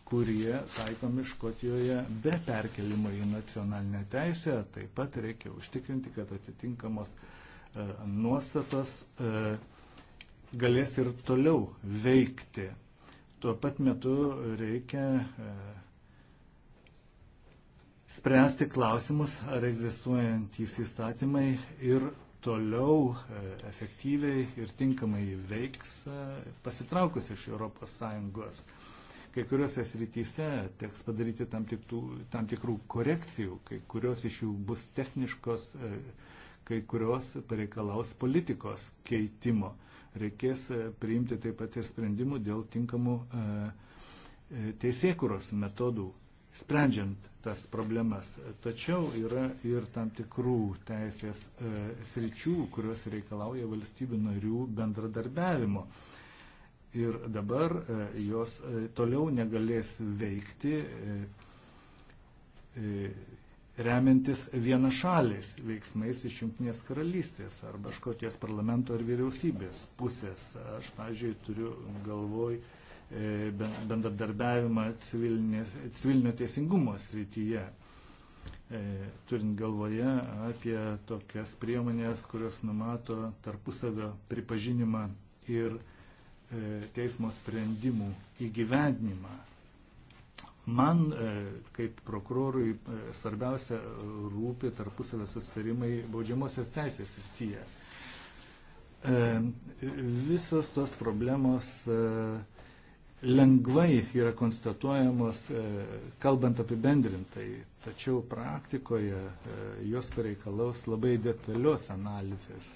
S3: kurie taikomi Škotijoje be perkelimo į nacionalinę teisę. Taip pat reikia užtikrinti, kad atitinkamos nuostatos galės ir toliau veikti. Tuo pat metu reikia e, spręsti klausimus, ar egzistuojantys įstatymai ir toliau e, efektyviai ir tinkamai veiks e, pasitraukus iš ES. Kai kuriuose srityse teks padaryti tam, tiktų, tam tikrų korekcijų, kai kurios iš jų bus techniškos, kai kurios pareikalaus politikos keitimo reikės e, priimti taip pat ir sprendimų dėl tinkamų e, e, teisėkuros metodų sprendžiant tas problemas. Tačiau yra ir tam tikrų teisės e, sričių, kurios reikalauja valstybių narių bendradarbiavimo. Ir dabar e, jos e, toliau negalės veikti e, e, remiantis vienašaliais veiksmais iš Junktinės karalystės arba Škotijos parlamento ar vyriausybės pusės. Aš, pavyzdžiui, turiu galvoj e, bendradarbiavimą civilinio teisingumo srityje, e, turint galvoje apie tokias priemonės, kurios numato tarpusavio pripažinimą ir e, teismo sprendimų įgyvendinimą. Man, e, kaip prokurorui, e, svarbiausia rūpi tarpusavio sustarimai baudžiamosios teisės įstyje. E, visos tos problemos lengvai yra konstatuojamos, kalbant apibendrintai, tačiau praktikoje jos pareikalaus labai detalios analizės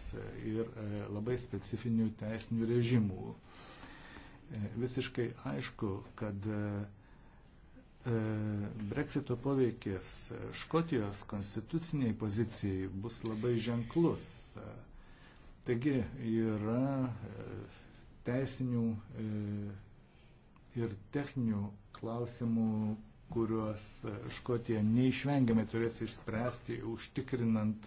S3: ir labai specifinių teisinių režimų. Visiškai aišku, kad E, Brexito poveikis Škotijos konstituciniai pozicijai bus labai ženklus. E, Taigi yra e, teisinių ir techninių klausimų, kuriuos Škotija neišvengiamai turės išspręsti, užtikrinant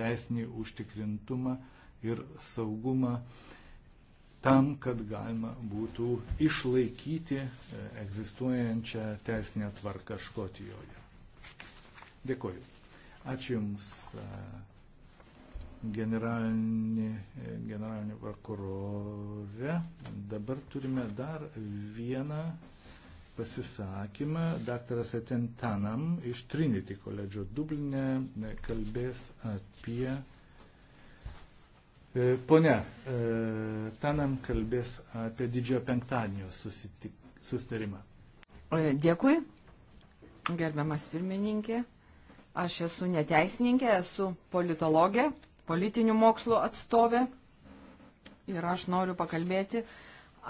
S3: teisinį užtikrintumą ir saugumą. E, tam, kad galima būtų išlaikyti e, egzistuojančią teisinę tvarką Škotijoje. Dėkuoju. Ačiū Jums, e, generalinė, e, generalinė prokurorė. Dabar turime dar vieną pasisakymą. Daktaras Etentanam iš Trinity koledžio Dublinė kalbės apie E, Pone, Tanam kalbės apie didžiojo penktadienio susitik, sustarimą.
S1: E, dėkui, gerbiamas pirmininkė. Aš esu neteisininkė, esu politologė, politinių mokslų atstovė ir aš noriu pakalbėti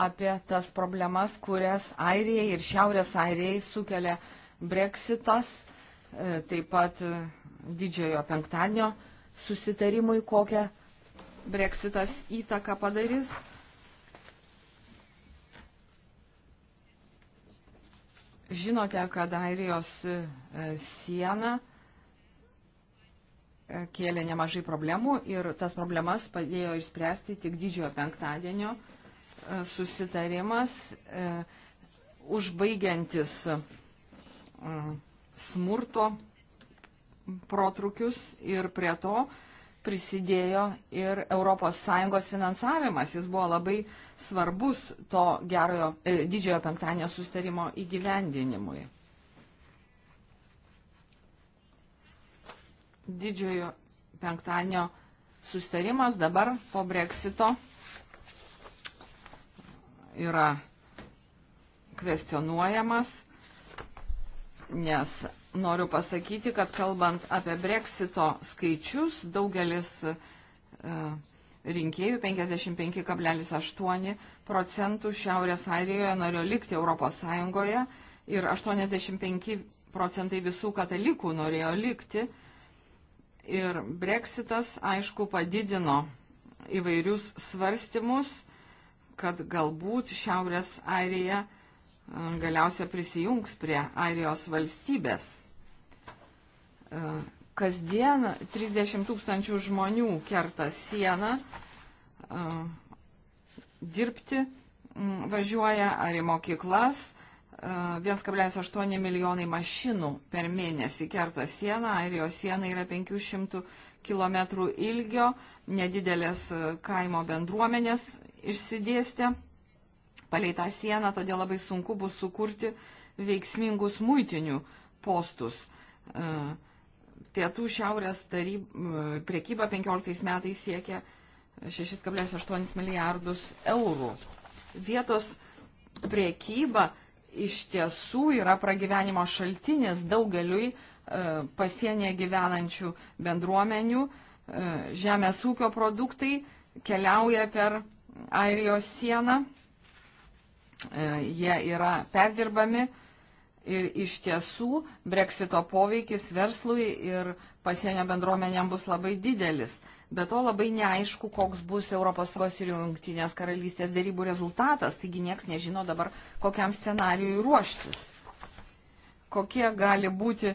S1: apie tas problemas, kurias Airijai ir Šiaurės Airijai sukelia Brexitas, e, taip pat didžiojo penktadienio susitarimui, kokią breksitas įtaką padarys. Žinote, kad Airijos e, siena e, kėlė nemažai problemų ir tas problemas padėjo išspręsti tik didžiojo penktadienio e, susitarimas, užbaigiantis mm, smurto protrukius ir prie to prisidėjo ir ES finansavimas. Jis buvo labai svarbus to gerojo, e, didžiojo penktadienio sustarimo įgyvendinimui. Didžiojo penktadienio sustarimas dabar po breksito yra kvestionuojamas, nes noriu pasakyti, kad kalbant apie breksito skaičius, daugelis e, rinkėjų 55,8 procentų Šiaurės Airijoje norėjo likti Europos Sąjungoje ir 85 procentai visų katalikų norėjo likti. Ir breksitas, aišku, padidino įvairius svarstymus, kad galbūt Šiaurės Airija e, galiausia prisijungs prie Airijos valstybės kasdien 30 tūkstančių žmonių kerta sieną dirbti, važiuoja ar į mokyklas. 1,8 milijonai mašinų per mėnesį kerta sieną, airijos siena yra 500 km ilgio, nedidelės kaimo bendruomenės išsidėstė palei tą sieną, todėl labai sunku bus sukurti veiksmingus muitinių postus. Uh, Pietų Šiaurės taryb, e, priekyba 15 metais siekia 6,8 milijardus eurų. Vietos priekyba iš tiesų yra pragyvenimo šaltinis daugeliui e, pasienyje gyvenančių bendruomenių. E, žemės ūkio produktai keliauja per Airijos sieną, jie yra perdirbami Ir iš tiesų breksito poveikis verslui ir pasienio bendruomenėm bus labai didelis. Be to labai neaišku, koks bus ES ir Junktinės karalystės dėrybų rezultatas, taigi niekas nežino dabar, kokiam scenarijui ruoštis. Kokie gali būti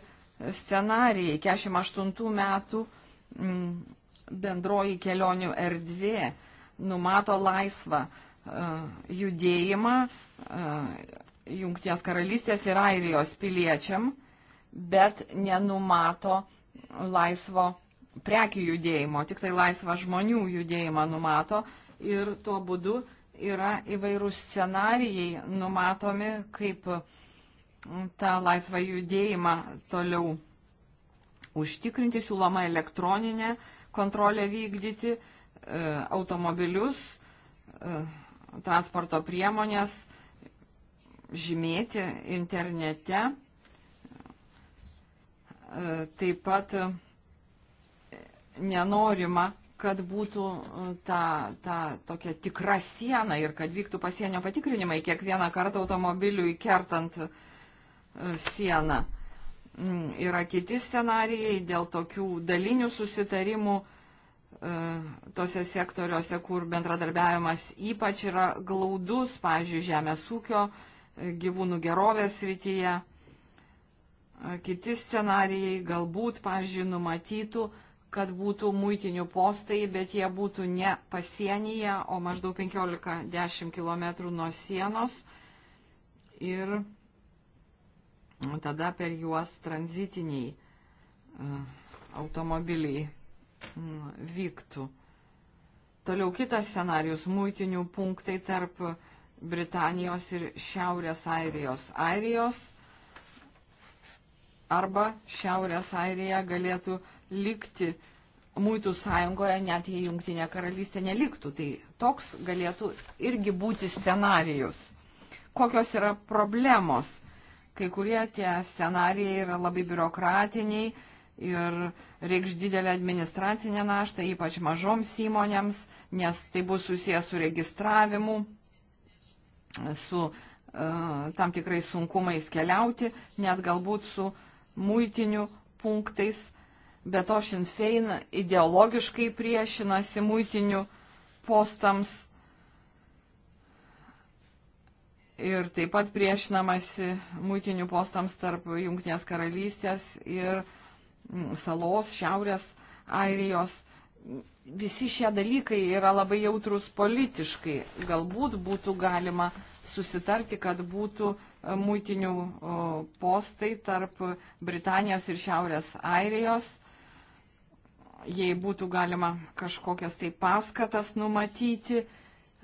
S1: scenarijai 48 metų m, mm, bendroji kelionių erdvė numato laisvą uh, judėjimą. Uh, Junktinės karalystės ir Airijos piliečiam, bet nenumato laisvo prekių judėjimo, tik tai laisvą žmonių judėjimą numato ir tuo būdu yra įvairūs scenarijai numatomi, kaip tą laisvą judėjimą toliau užtikrinti, siūloma elektroninė kontrolė vykdyti, e, automobilius, e, transporto priemonės, žymėti internete. E, taip pat nenorima, kad būtų e, ta, ta tokia tikra siena ir kad vyktų pasienio patikrinimai kiekvieną kartą automobiliui kertant e, sieną. Mm, yra kiti scenarijai dėl tokių dalinių susitarimų tose sektoriuose, kur bendradarbiavimas ypač yra glaudus, pavyzdžiui, žemės ūkio gyvūnų gerovės rytyje. Kiti scenarijai galbūt, pavyzdžiui, numatytų, kad būtų muitinių postai, bet jie būtų ne pasienyje, o maždaug 15-10 km nuo sienos. Ir tada per juos tranzitiniai automobiliai vyktų. Toliau kitas scenarius - muitinių punktai tarp Britanijos ir Šiaurės Airijos. Airijos arba Šiaurės Airija galėtų likti muitų sąjungoje, net jei Junktinė karalystė neliktų. Tai toks galėtų irgi būti scenarius. Kokios yra problemos? Kai kurie tie scenarijai yra labai biurokratiniai ir reikš didelę administracinę naštą, ypač mažoms įmonėms, nes tai bus susijęs su registravimu su e, tam tikrais sunkumais keliauti, net galbūt su muitiniu punktais. Be to Sinn Fein ideologiškai priešinasi muitinių postams ir taip pat priešinamasi muitinių postams tarp Junktinės karalystės ir salos Šiaurės Airijos visi šie dalykai yra labai jautrus politiškai. Galbūt būtų galima susitarti, kad būtų e, muitinių postai tarp Britanijos ir Šiaurės Airijos, jei būtų galima kažkokias tai paskatas numatyti,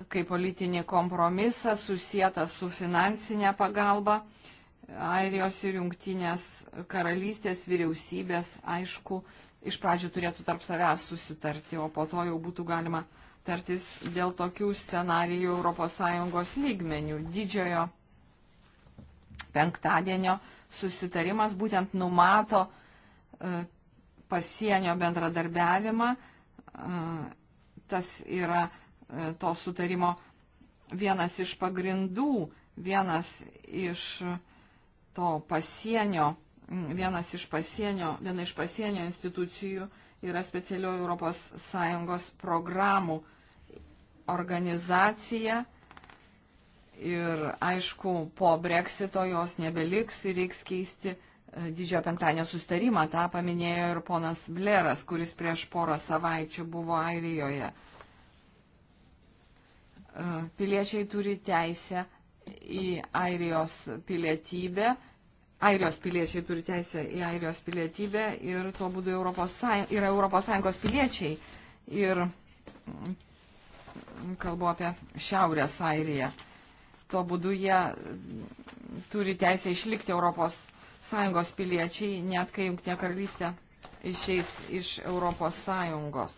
S1: kaip politinį kompromisą susijęta su finansinė pagalba. Airijos ir jungtinės karalystės vyriausybės, aišku, iš pradžių turėtų tarp savęs susitarti, o po to jau būtų galima tartis dėl tokių scenarijų ES lygmenių. Didžiojo penktadienio susitarimas būtent numato e, pasienio bendradarbiavimą. E, tas yra e, to sutarimo vienas iš pagrindų, vienas iš to pasienio bendradarbiavimo vienas iš pasienio, viena iš pasienio institucijų yra specialioji ES programų organizacija. Ir aišku, po breksito jos nebeliks ir reiks keisti e, didžiojo penktadienio sustarimą. Ta paminėjo ir ponas Bleras, kuris prieš porą savaičių buvo Airijoje. E, piliečiai turi teisę į Airijos pilietybę Airijos piliečiai turi teisę į Airijos pilietybę ir tuo būdu Europos, yra Europos Sąjungos piliečiai. Ir kalbu apie Šiaurės Airiją. Tuo būdu jie turi teisę išlikti Europos Sąjungos piliečiai, net kai Junktinė karalystė išeis iš Europos Sąjungos.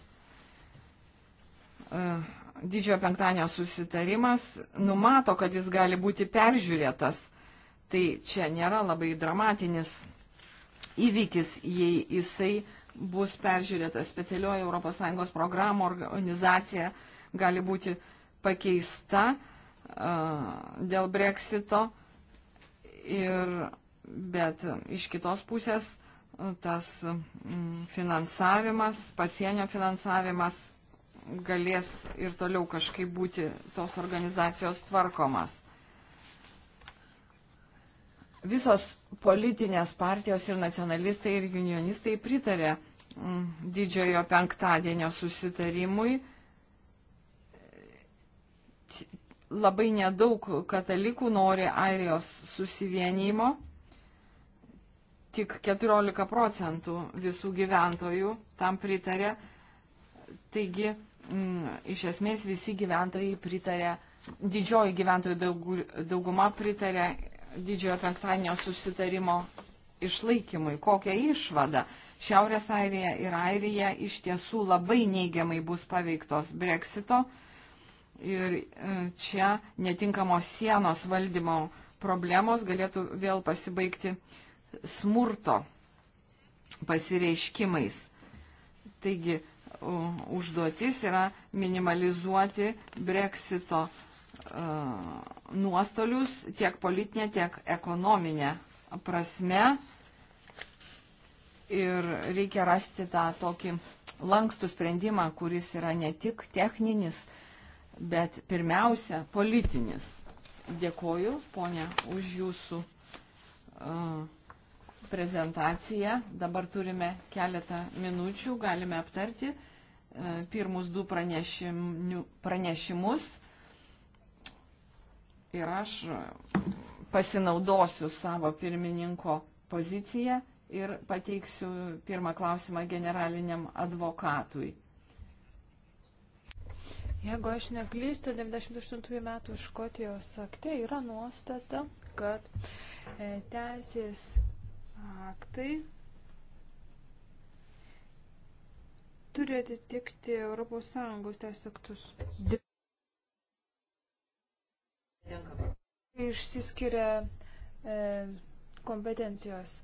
S1: Didžiojo penktadienio susitarimas numato, kad jis gali būti peržiūrėtas Tai čia nėra labai dramatinis įvykis, jei jisai bus peržiūrėtas specialioji ES programa, organizacija gali būti pakeista uh, dėl breksito. Ir, bet iš kitos pusės tas finansavimas, pasienio finansavimas galės ir toliau kažkaip būti tos organizacijos tvarkomas. Visos politinės partijos ir nacionalistai ir unionistai pritarė mm, didžiojo penktadienio susitarimui. Labai nedaug katalikų nori Airijos susivienimo. Tik 14 procentų visų gyventojų tam pritarė. Taigi, m, mm, iš esmės visi gyventojai pritarė, didžioji gyventojų dauguma pritarė didžiojo penktadienio susitarimo išlaikymui. Kokią išvadą? Šiaurės Airija ir Airija iš tiesų labai neigiamai bus paveiktos breksito ir e, čia netinkamos sienos valdymo problemos galėtų vėl pasibaigti smurto pasireiškimais. Taigi užduotis yra minimalizuoti breksito uh, E, nuostolius tiek politinė, tiek ekonominė prasme. Ir reikia rasti tą tokį lankstų sprendimą, kuris yra ne tik techninis, bet pirmiausia politinis. Dėkoju, ponia, už jūsų uh, prezentaciją. Dabar turime keletą minučių, galime aptarti uh, pirmus du pranešimus ir aš pasinaudosiu savo pirmininko poziciją ir pateiksiu pirmą klausimą generaliniam advokatui.
S4: Jeigu aš neklystu, 98 metų Škotijos akte yra nuostata, kad e, teisės aktai turi atitikti ES teisės aktus. Išsiskiria e, kompetencijos.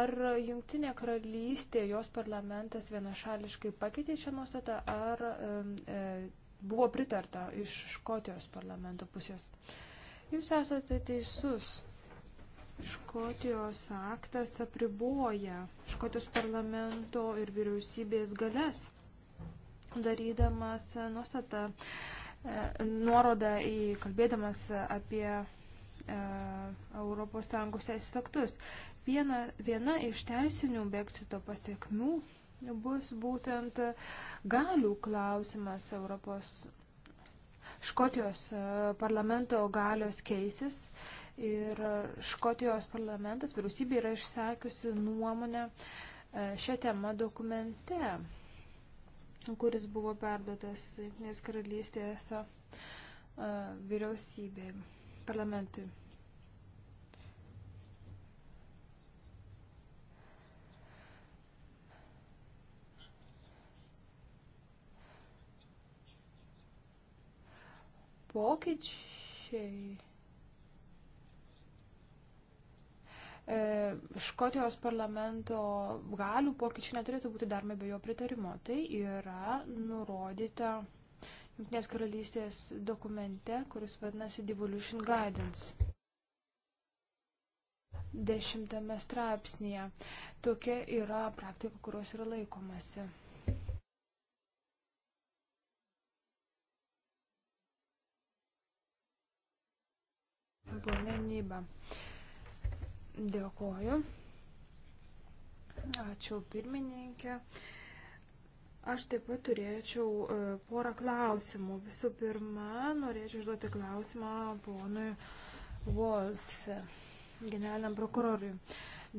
S4: Ar Junktinė karalystė, jos parlamentas vienašališkai pakeitė šią nuostatą, ar e, e, buvo pritarta iš Škotijos parlamento pusės? Jūs esate teisus. Škotijos aktas apriboja Škotijos parlamento ir vyriausybės galės, darydamas nuostatą E, nuorodą į kalbėdamas apie ES teisės aktus. Viena, viena iš teisinių Brexito pasiekmių bus būtent galių klausimas Europos Škotijos e, parlamento galios keisis ir Škotijos parlamentas, vyriausybė yra išsakiusi nuomonę e, šią temą dokumente kuris buvo perduotas Junktinės karalystės vyriausybė, parlamentui. Pokyčiai E, Škotijos parlamento galių pokyčiai neturėtų būti daromi be jo pritarimo. Tai yra nurodyta Junktinės karalystės dokumente, kuris vadinasi Devolution Guidance. Dešimtame straipsnėje. Tokia yra praktika, kurios yra laikomasi. Pone Nyba. Uh, Dėkoju. Ačiū pirmininkė. Aš taip pat turėčiau e, porą klausimų. Visų pirma, norėčiau užduoti klausimą ponui Wolf, generaliniam prokurorui.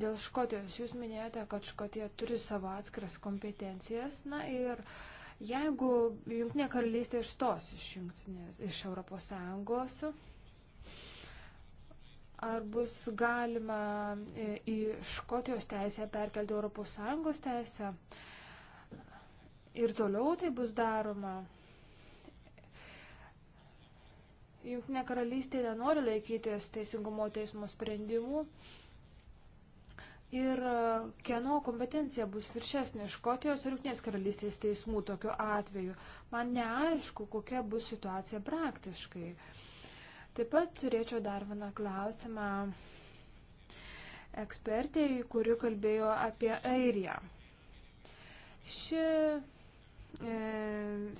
S4: Dėl Škotijos jūs minėjote, kad Škotija turi savo atskiras kompetencijas. Na ir jeigu Junktinė karalystė išstos iš, iš Europos Sąjungos, ar bus galima e, į Škotijos teisę perkelti ES teisę. Ir toliau tai bus daroma. Junktinė karalystė nenori laikytis teisingumo teismo sprendimų. Ir e, kieno kompetencija bus viršesnė Škotijos ir Junktinės karalystės teismų tokiu atveju. Man neaišku, kokia bus situacija praktiškai. Uh, Taip pat turėčiau dar vieną klausimą ekspertėjai, kuri kalbėjo apie Airiją. Ši e,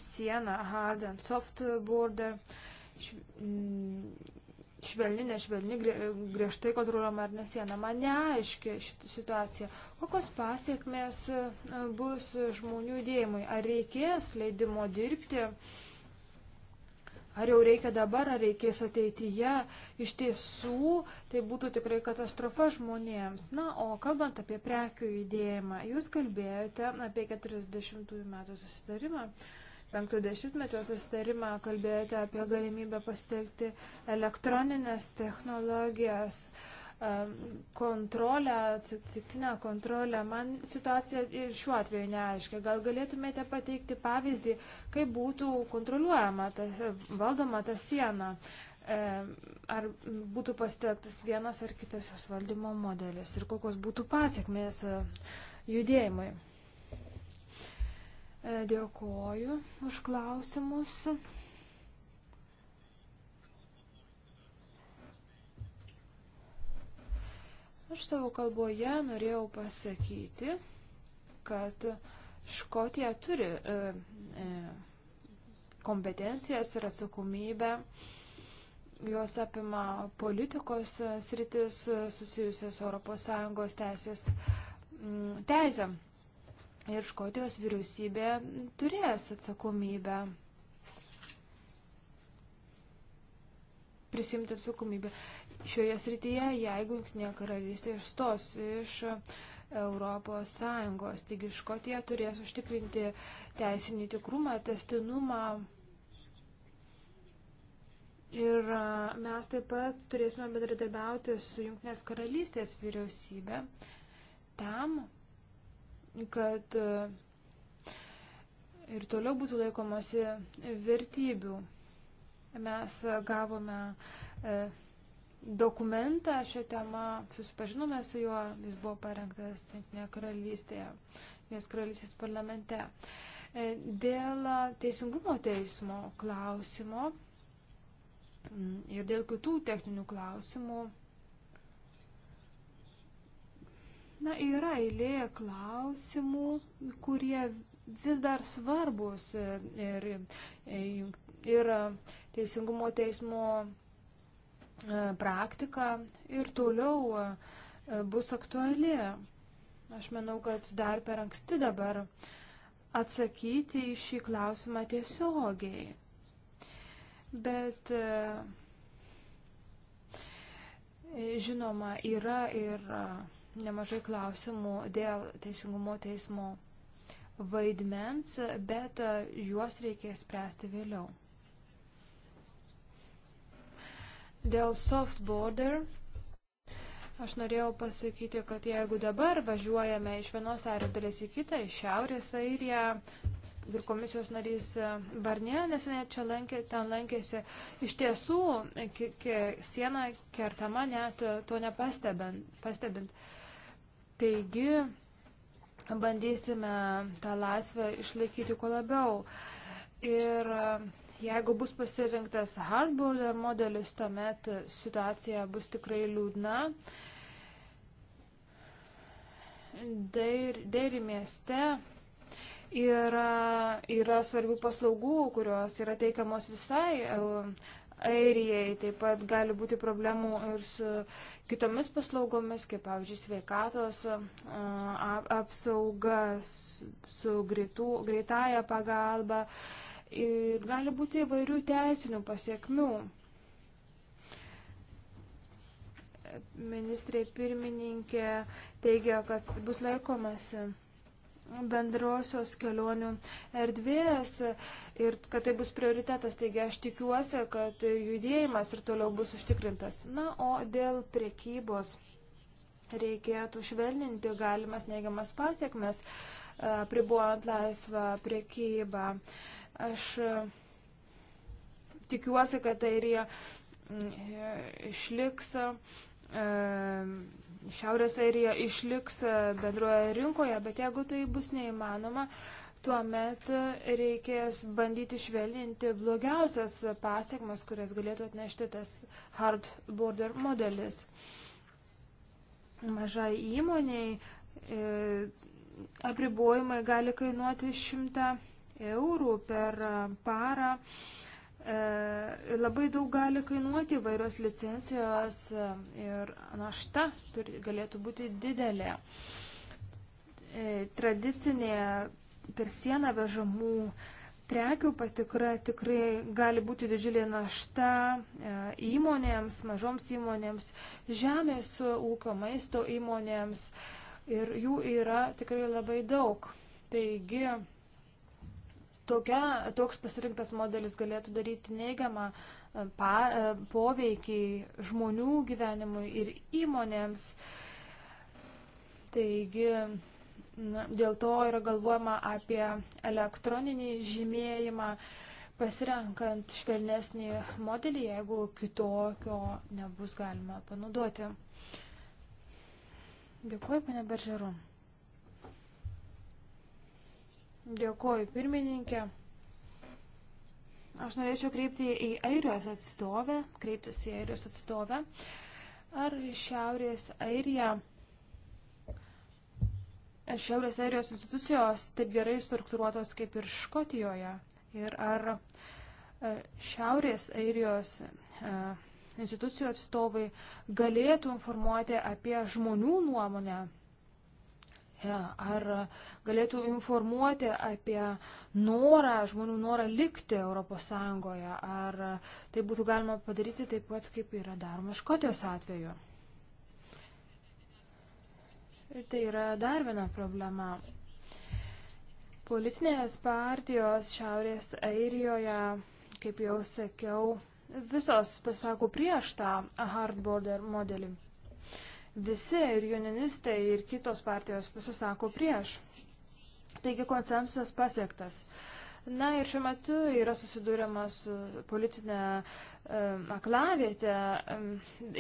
S4: siena hard and soft border mm, švelni, nešvelni, griežtai kontroliuojama ar nesiena. Man neaiški situacija. Kokios pasiekmės e, bus žmonių judėjimui? Ar reikės leidimo dirbti? E, Ar jau reikia dabar, ar reikės ateityje, iš tiesų tai būtų tikrai katastrofa žmonėms. Na, o kalbant apie prekių judėjimą, jūs kalbėjote apie 40 metų susitarimą. 50-mečio susitarimą kalbėjote apie galimybę pasitelkti elektroninės technologijas. Uh, kontrolę, atsitiktinę kontrolę. Man situacija ir šiuo atveju neaiškia. Gal galėtumėte pateikti pavyzdį, kaip būtų kontroliuojama, ta, valdoma ta siena. Ar būtų pasitektas vienas ar kitas jos valdymo modelis ir kokios būtų pasiekmės e, judėjimui. E, dėkoju už klausimus. Aš savo kalboje norėjau pasakyti, kad Škotija turi e, e, kompetencijas ir atsakomybę. Jos apima politikos e, sritis e, susijusios ES teisės teisę. Ir Škotijos vyriausybė turės atsakomybę prisimti atsakomybę šioje srityje, jeigu Junktinė karalystė išstos iš Europos Sąjungos. Taigi Škotija turės užtikrinti teisinį tikrumą, testinumą. Ir mes taip pat turėsime bendradarbiauti su Junktinės karalystės vyriausybė tam, kad ir toliau būtų laikomasi vertybių. Mes gavome dokumentą šią temą, susipažinome su juo, jis buvo parengtas Jungtinėje karalystėje, Jungtinės karalystės parlamente. E, dėl teisingumo teismo klausimo mm, ir dėl kitų techninių klausimų Na, yra eilė klausimų, kurie vis dar svarbus ir, ir, ir teisingumo teismo E, praktika ir toliau e, bus aktuali. Aš manau, kad dar per anksti dabar atsakyti į šį klausimą tiesiogiai. Bet e, žinoma, yra ir nemažai klausimų dėl Teisingumo teismo vaidmens, bet juos reikės spręsti vėliau. Dėl soft border aš norėjau pasakyti, kad jeigu dabar važiuojame iš vienos airio dalies į kitą, iš šiaurės airiją, ir komisijos narys e, Barnė neseniai čia lankė, ten lankėsi. Iš tiesų, siena kertama net to nepastebint. Taigi, bandysime tą laisvę išlaikyti kuo labiau. Ir Jeigu bus pasirinktas hardborder modelis, tuomet situacija bus tikrai liūdna. Deir, deiri mieste yra, yra svarbių paslaugų, kurios yra teikiamos visai e, Airijai. Taip pat gali būti problemų ir su kitomis paslaugomis, kaip pavyzdžiui, sveikatos e, apsauga, su greitų, greitąją pagalbą ir gali būti įvairių teisinių pasiekmių. Ministrė pirmininkė teigia, kad bus laikomasi bendrosios kelionių erdvės ir kad tai bus prioritetas. Taigi aš tikiuosi, kad judėjimas ir toliau bus užtikrintas. Na, o dėl priekybos reikėtų švelninti galimas neigiamas pasiekmes, pribuojant laisvą priekybą. Uh, Aš e, tikiuosi, kad tai ir jie išliks. E, Šiaurės airija išliks e, bendroje rinkoje, bet jeigu tai bus neįmanoma, tuomet reikės bandyti švelninti blogiausias pasiekmes, kurias galėtų atnešti tas hard border modelis. Mažai įmoniai apribojimai gali kainuoti šimtą 100 eurų per e, parą. E, labai daug gali kainuoti vairios licencijos e, ir našta turi, galėtų būti didelė. Tradicinė per sieną vežamų prekių patikra tikrai gali būti didžiulė našta įmonėms, mažoms įmonėms, žemės ūkio maisto įmonėms ir jų yra tikrai labai daug. Taigi tokia, toks pasirinktas modelis galėtų daryti neigiamą e, pa, e, poveikį žmonių gyvenimui ir įmonėms. Taigi, na, dėl to yra galvojama apie elektroninį žymėjimą, pasirenkant švelnesnį modelį, jeigu kitokio nebus galima panaudoti. Dėkuoju, pane Beržeru. Dėkuoju pirmininkė. Aš norėčiau kreipti į Airijos atstovę, kreiptis į Airijos atstovę. Ar Šiaurės Airija, Šiaurės Airijos institucijos taip gerai struktūruotos kaip ir Škotijoje? Ir ar e, Šiaurės Airijos e, institucijų atstovai galėtų informuoti apie žmonių nuomonę ar galėtų informuoti apie norą, žmonių norą likti ES, ar tai būtų galima padaryti taip pat, kaip yra daroma Škotijos atveju. Ir tai yra dar viena problema. Politinės partijos Šiaurės Airijoje, kaip jau sakiau, visos pasako prieš tą hard border modelį visi ir unionistai, ir kitos partijos pasisako prieš. Taigi konsensusas pasiektas. Na ir šiuo metu yra susidūrima su politinė um, aklavietė um,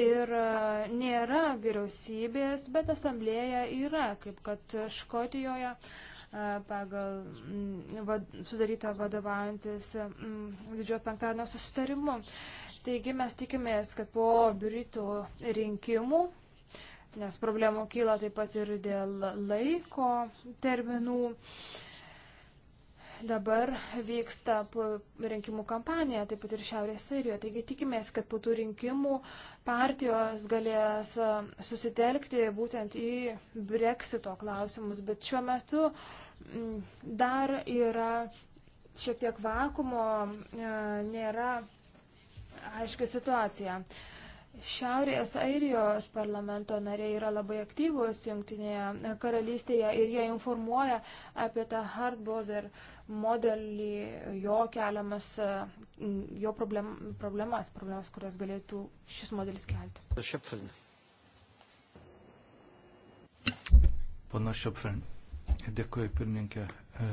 S4: ir uh, nėra vyriausybės, bet asamblėja yra, kaip kad Škotijoje uh, pagal um, vad, sudarytą vadovaujantis um, didžiojo penktadienio susitarimu. Taigi mes tikimės, kad po Britų rinkimų nes problemų kyla taip pat ir dėl laiko terminų. Dabar vyksta rinkimų kampanija, taip pat ir Šiaurės Airijoje. Taigi tikimės, kad po tų rinkimų partijos galės susitelkti būtent į breksito klausimus. Bet šiuo metu dar yra šiek tiek vakumo, nėra aiškia situacija. Šiaurės Airijos parlamento nariai yra labai aktyvus Junktinėje karalystėje ir jie informuoja apie tą hard border modelį, jo keliamas, jo problem, problemas, problemas, kurias galėtų šis modelis kelti.
S3: Šepfelin. Pana Šepfelin, dėkuoju pirmininkė. E,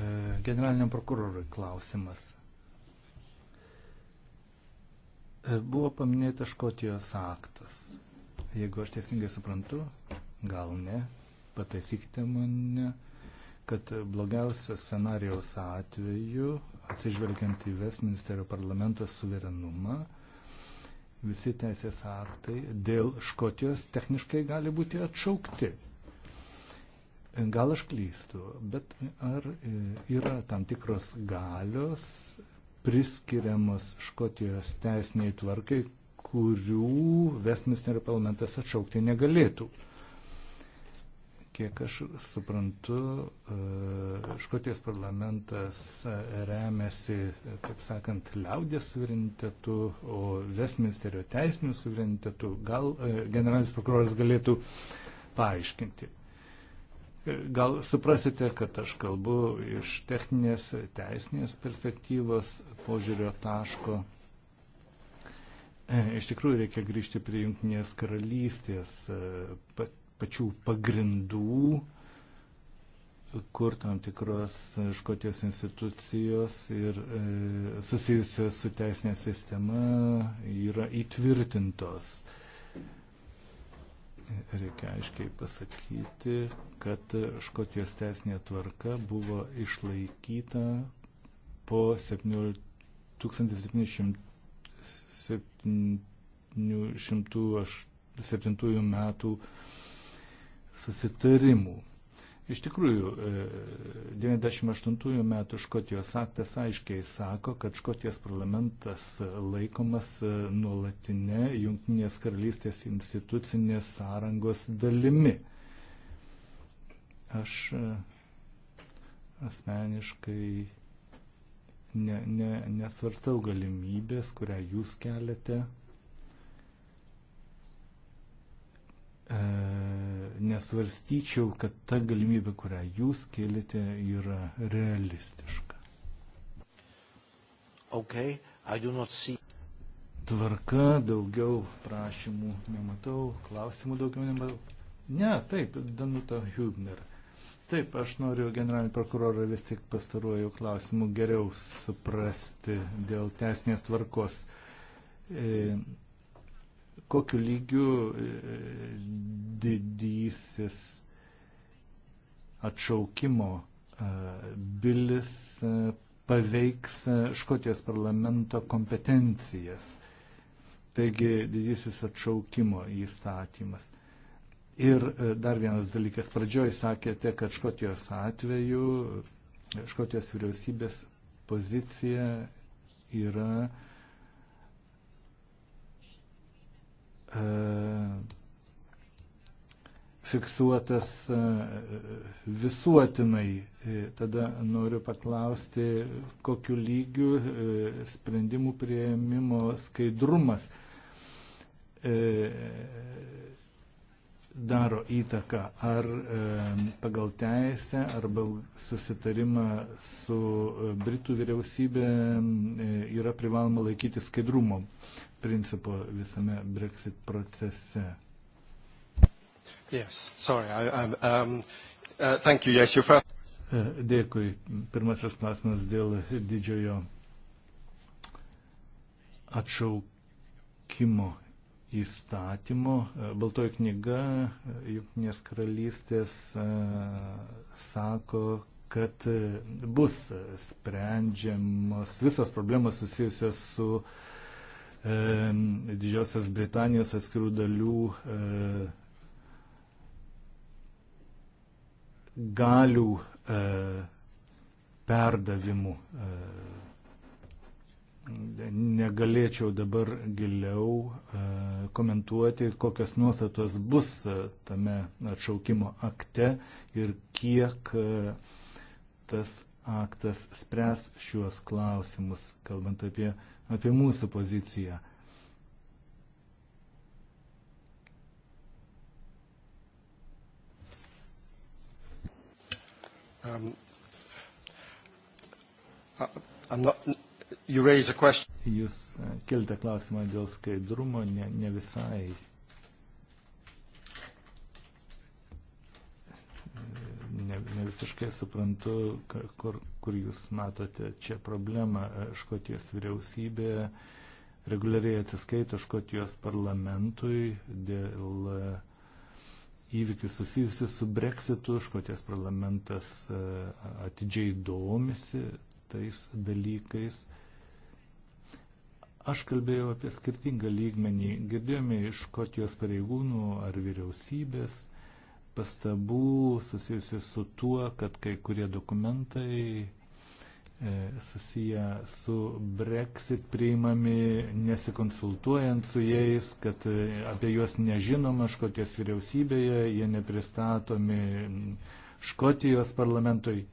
S3: Generaliniam prokurorui klausimas. E, buvo paminėtas Škotijos aktas. Jeigu aš teisingai suprantu, gal ne, pataisykite mane, kad blogiausias scenarijos atveju, atsižvelgiant į Westminsterio parlamento suverenumą, visi teisės aktai dėl Škotijos techniškai gali būti atšaukti. Gal aš klystu, bet ar e, yra tam tikros galios priskiriamos Škotijos teisiniai tvarkai, kurių Westminsterio parlamentas atšaukti negalėtų. Kiek aš suprantu, e, Škotijos parlamentas e, remiasi, taip sakant, liaudės suverenitetu, o Westminsterio teisiniu suverenitetu gal e, generalinis prokuroras galėtų paaiškinti. Gal suprasite, kad aš kalbu iš techninės teisinės perspektyvos požiūrio taško. Iš tikrųjų reikia grįžti prie Junktinės karalystės e, pačių pagrindų, kur tam tikros Škotijos institucijos ir e, susijusios su teisinė sistema yra įtvirtintos. E, reikia aiškiai pasakyti, kad Škotijos teisinė tvarka buvo išlaikyta po 1707 metų susitarimų. Iš tikrųjų, 98 e, metų Škotijos aktas aiškiai sako, kad Škotijos parlamentas laikomas e, nuolatinė Junktinės karalystės institucinės sąrangos dalimi. Aš e, asmeniškai ne, ne, nesvarstau galimybės, kurią jūs keliate. E, nesvarstyčiau, kad ta galimybė, kurią jūs kėlėte, yra realistiška. Okay, see... Tvarka, daugiau prašymų nematau, klausimų daugiau nematau. Ne, taip, Danuta Hübner. Taip, aš noriu generalinį prokurorą vis tik pastaruoju klausimu geriau suprasti dėl teisinės tvarkos. E, kokiu lygiu e, didysis atšaukimo e, bilis e, paveiks Škotijos parlamento kompetencijas. Taigi didysis atšaukimo įstatymas. Ir dar vienas dalykas. Pradžioj sakėte, kad Škotijos atveju, Škotijos vyriausybės pozicija yra E, fiksuotas e, visuotinai. E, tada noriu paklausti, kokiu lygiu sprendimų prieimimo skaidrumas daro įtaką ar pagal teisę, arba susitarimą su Britų vyriausybė yra privaloma laikyti skaidrumo principo visame Brexit procese. Yes, sorry, I, I, um,
S2: uh, thank you. Yes, your first...
S3: Uh, dėkui. Pirmasis klausimas dėl didžiojo atšaukimo įstatymo. Uh, Baltoji knyga uh, Junktinės karalystės sako, kad bus sprendžiamos visas problemas susijusios su uh, E, Didžiosios Britanijos atskirų dalių e, galių e, perdavimu. Negalėčiau dabar giliau komentuoti, kokias nuostatos bus tame atšaukimo akte ir kiek tas aktas spręs šiuos klausimus, kalbant apie apie mūsų poziciją. Um, uh, not, Jūs uh, kelte klausimą dėl skaidrumo, ne, ne visai ne visiškai suprantu, kur, kur jūs matote čia problemą. Škotijos vyriausybė reguliariai atsiskaito Škotijos parlamentui dėl e, įvykių susijusių su breksitu. Škotijos parlamentas e, atidžiai domisi tais dalykais. Aš kalbėjau apie skirtingą lygmenį. Girdėjome iš Škotijos pareigūnų ar vyriausybės pastabų susijusių su tuo, kad kai kurie dokumentai e, susiję su Brexit priimami nesikonsultuojant su jais, kad e, apie juos nežinoma Škotijos vyriausybėje, jie nepristatomi Škotijos parlamentui.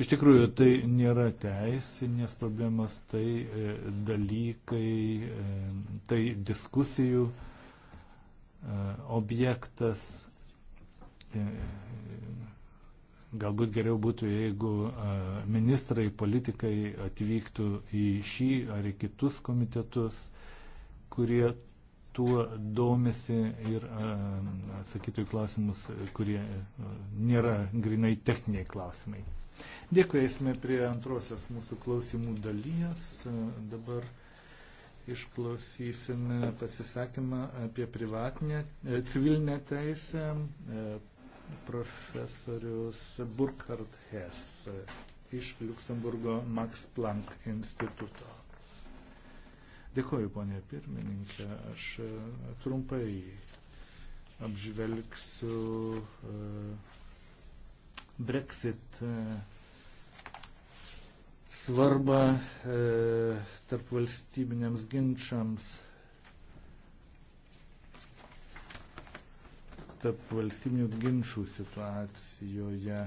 S3: Iš tikrųjų, tai nėra teisinės problemas, tai e, dalykai, tai diskusijų E, objektas. E, galbūt geriau būtų, jeigu e, ministrai, politikai atvyktų į šį ar į kitus komitetus, kurie tuo domisi ir atsakytų į klausimus, kurie nėra grinai techniniai klausimai. Dėkui, eisime prie antrosios mūsų klausimų dalies. Dabar Išklausysime pasisakymą apie privatinę, e, civilinę teisę e, profesorius Burkhard Hess iš Luksemburgo Max Planck instituto. Dėkoju, ponė pirmininkė, aš e, trumpai apžvelgsiu Brexit svarbą e, tarp valstybiniams ginčiams, tarp valstybinių ginčių situacijoje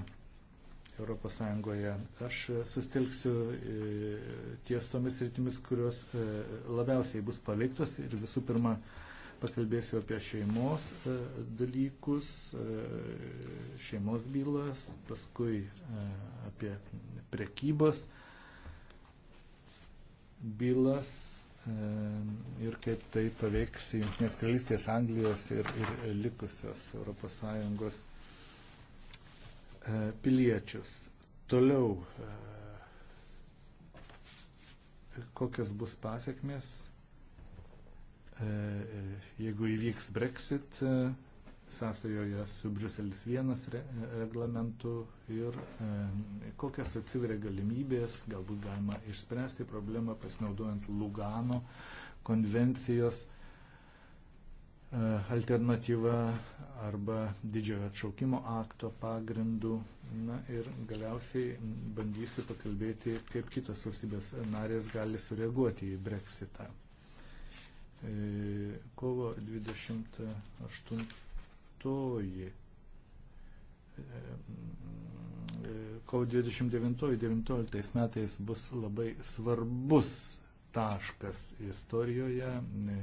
S3: ES. Aš sustelksiu e, ties tomis rytimis, kurios e, labiausiai bus paveiktos ir visų pirma pakalbėsiu apie šeimos e, dalykus, e, šeimos bylas, paskui e, apie prekybos bylas e, ir kaip tai paveiks Junktinės karalystės, Anglijos ir, ir likusios ES e, piliečius. Toliau, e, kokios bus pasiekmes, jeigu įvyks Brexit sąsajoje su Bruselis vienas e, reglamentu ir e, kokias atsiveria galimybės, galbūt galima išspręsti problemą pasinaudojant Lugano konvencijos e, alternatyva arba didžiojo atšaukimo akto pagrindu. Na ir galiausiai bandysiu pakalbėti, kaip kitos valstybės narės gali sureaguoti į breksitą. Kovo 28 9, e, kovo 29-19 metais bus labai svarbus taškas istorijoje, e,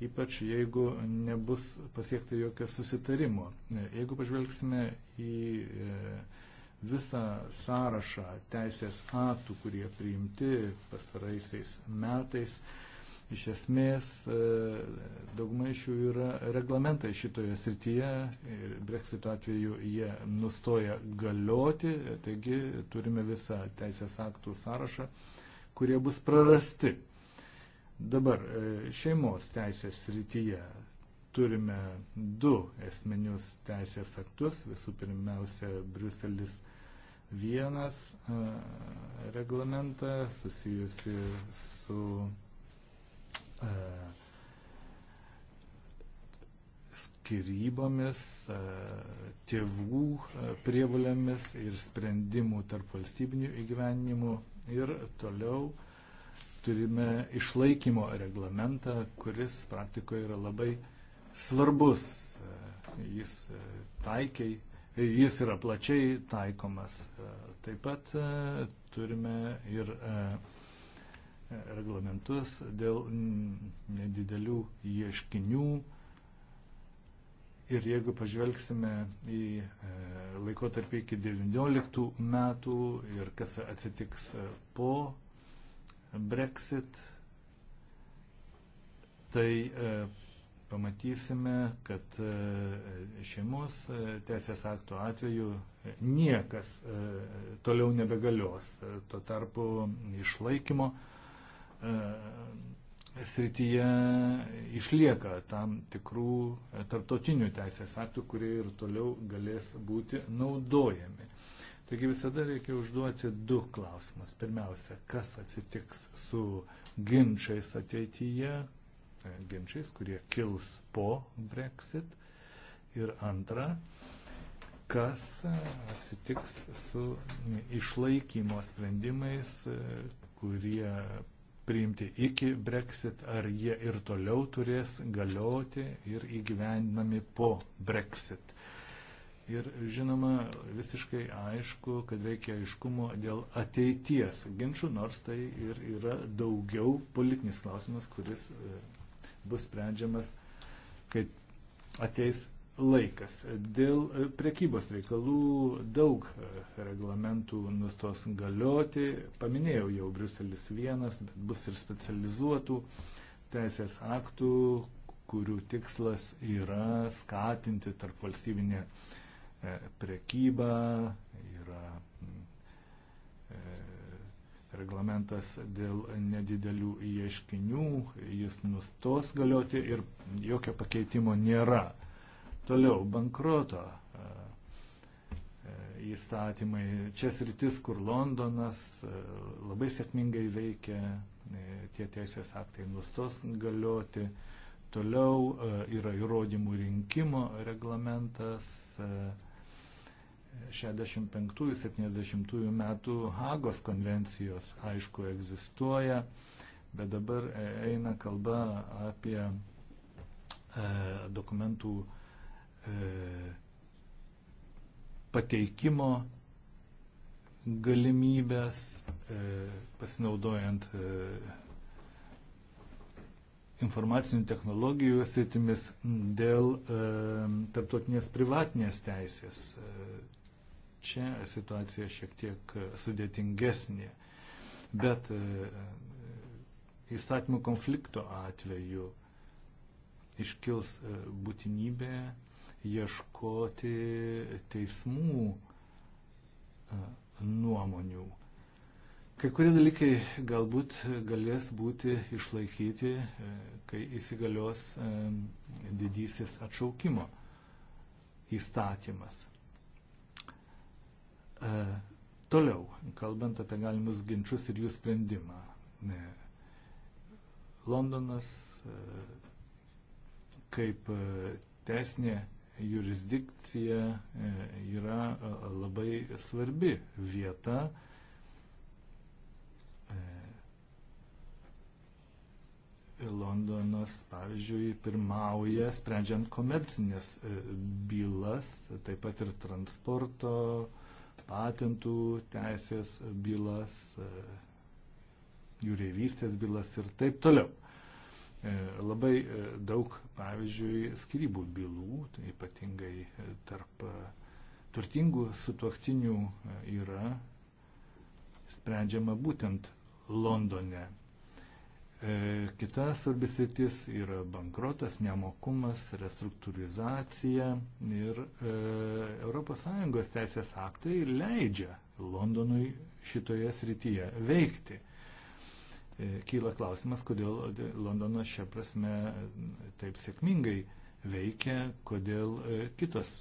S3: ypač jeigu nebus pasiekti jokio susitarimo. E, jeigu pažvelgsime į visą sąrašą teisės aktų, kurie priimti pastaraisiais metais, Iš esmės, e, dauguma iš jų yra reglamentai šitoje srityje ir breksito atveju jie nustoja galioti, taigi turime visą teisės aktų sąrašą, kurie bus prarasti. Dabar e, šeimos teisės srityje turime du esminius teisės aktus. Visų pirmiausia, Bruselis vienas e, reglamentą susijusi su E, skirybomis, e, tėvų e, prievalėmis ir sprendimų tarp valstybinių įgyvenimų ir toliau turime išlaikymo reglamentą, kuris praktikoje yra labai svarbus. Jis taikiai, jis yra plačiai taikomas. Taip pat turime ir reglamentus dėl nedidelių ieškinių. Ir jeigu pažvelgsime į e, laikotarpį iki 19 metų ir kas atsitiks e, po Brexit, tai e, pamatysime, kad šeimos teisės aktų atveju niekas toliau nebegalios. Tuo tarpu išlaikymo E, srityje išlieka tam tikrų tarptautinių teisės aktų, kurie ir toliau galės būti naudojami. Taigi visada reikia užduoti du klausimus. Pirmiausia, kas atsitiks su ginčiais ateityje, e, ginčiais, kurie kils po Brexit. Ir antra, kas atsitiks su išlaikymo sprendimais, e, kurie priimti iki Brexit, ar jie ir toliau turės galioti ir įgyvendinami po Brexit. Ir žinoma, visiškai aišku, kad reikia aiškumo dėl ateities ginčių, nors tai ir yra daugiau politinis klausimas, kuris e, bus sprendžiamas, kai ateis laikas. Dėl e, prekybos reikalų daug e, reglamentų nustos galioti. Paminėjau jau Bruselis vienas, bet bus ir specializuotų teisės aktų, kurių tikslas yra skatinti tarp valstybinę e, prekybą. Yra reglamentas dėl nedidelių ieškinių, jis nustos galioti ir jokio pakeitimo nėra. Toliau bankroto e, e, įstatymai. Čia sritis, kur Londonas e, labai sėkmingai veikia, tie teisės aktai nustos galioti. Toliau yra įrodymų rinkimo reglamentas 65-70 metų Hagos konvencijos aišku egzistuoja, bet dabar eina kalba apie dokumentų E, pateikimo galimybės, e, pasinaudojant e, informacinių technologijų sritimis dėl tarptautinės privatinės teisės. Čia situacija šiek tiek sudėtingesnė, bet įstatymų konflikto atveju iškils būtinybė ieškoti teismų e, nuomonių. Kai kurie dalykai galbūt galės būti išlaikyti, e, kai įsigalios e, didysis atšaukimo įstatymas. Toliau, kalbant apie galimus ginčius ir jų sprendimą. Londonas kaip teisinė jurisdikcija e, yra e, labai svarbi vieta e, Londonas, pavyzdžiui, pirmauja sprendžiant komercinės bylas, taip pat ir transporto, patentų teisės bylas, jūreivystės bylas ir taip toliau. E, labai e, daug, pavyzdžiui, skirybų bylų, tai ypatingai e, tarp turtingų sutuoktinių yra sprendžiama būtent Londone. Kita svarbi sritis yra bankrotas, nemokumas, restruktūrizacija ir ES teisės aktai leidžia Londonui šitoje srityje veikti. E, kyla klausimas, kodėl Londonas šią prasme taip sėkmingai veikia, kodėl e, kitos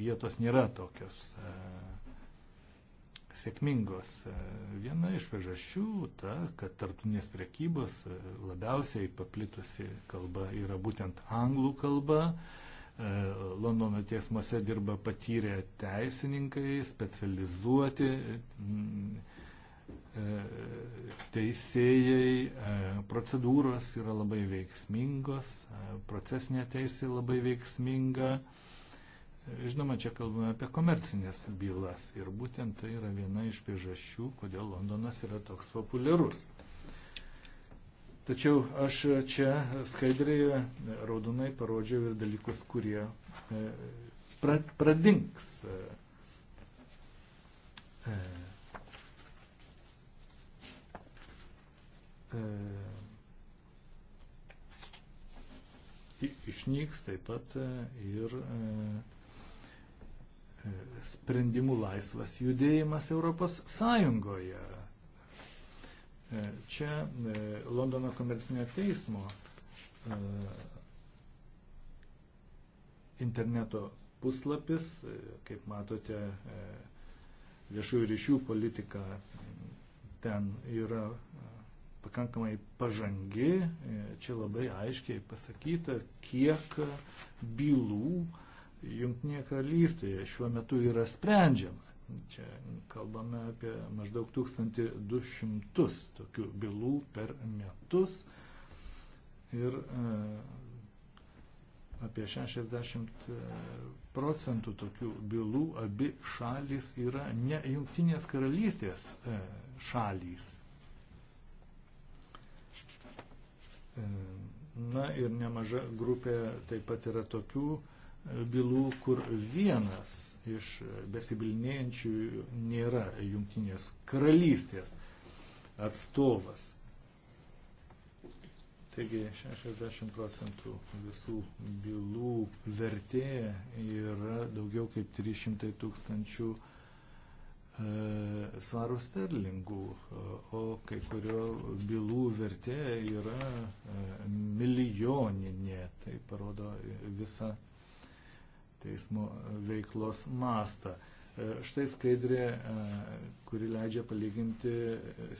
S3: vietos nėra tokios e, sėkmingos. Viena iš priežasčių ta, kad tartunės prekybos labiausiai paplitusi kalba yra būtent anglų kalba. Londono teismuose dirba patyrę teisininkai, specializuoti m, teisėjai, e, procedūros yra labai veiksmingos, e, procesinė teisė labai veiksminga. Žinoma, čia kalbame apie komercinės bylas ir būtent tai yra viena iš priežasčių, kodėl Londonas yra toks populiarus. Tačiau aš čia skaidrėje e, raudonai parodžiau ir dalykus, kurie pradings E, išnyks taip pat e, ir e, sprendimų laisvas judėjimas Europos Sąjungoje. Čia Londono komercinio teismo interneto puslapis, kaip matote, viešųjų ryšių politika ten yra pakankamai pažangi. E, čia labai aiškiai pasakyta, kiek bylų Junktinėje karalystėje šiuo metu yra sprendžiama. Čia kalbame apie maždaug 1200 tokių bylų per metus ir e, apie 60 e, procentų tokių bylų abi šalis yra ne Junktinės karalystės šalys. Na ir nemaža grupė taip pat yra tokių e, bylų, kur vienas iš e, besibilinėjančių nėra jungtinės karalystės atstovas. Taigi 60 procentų visų bylų vertė yra daugiau kaip 300 tūkstančių 000 E, svarų sterlingų, o kai kurio bylų vertė yra e, milijoninė. Tai parodo visą teismo veiklos mastą. E, štai skaidrė, kuri leidžia palyginti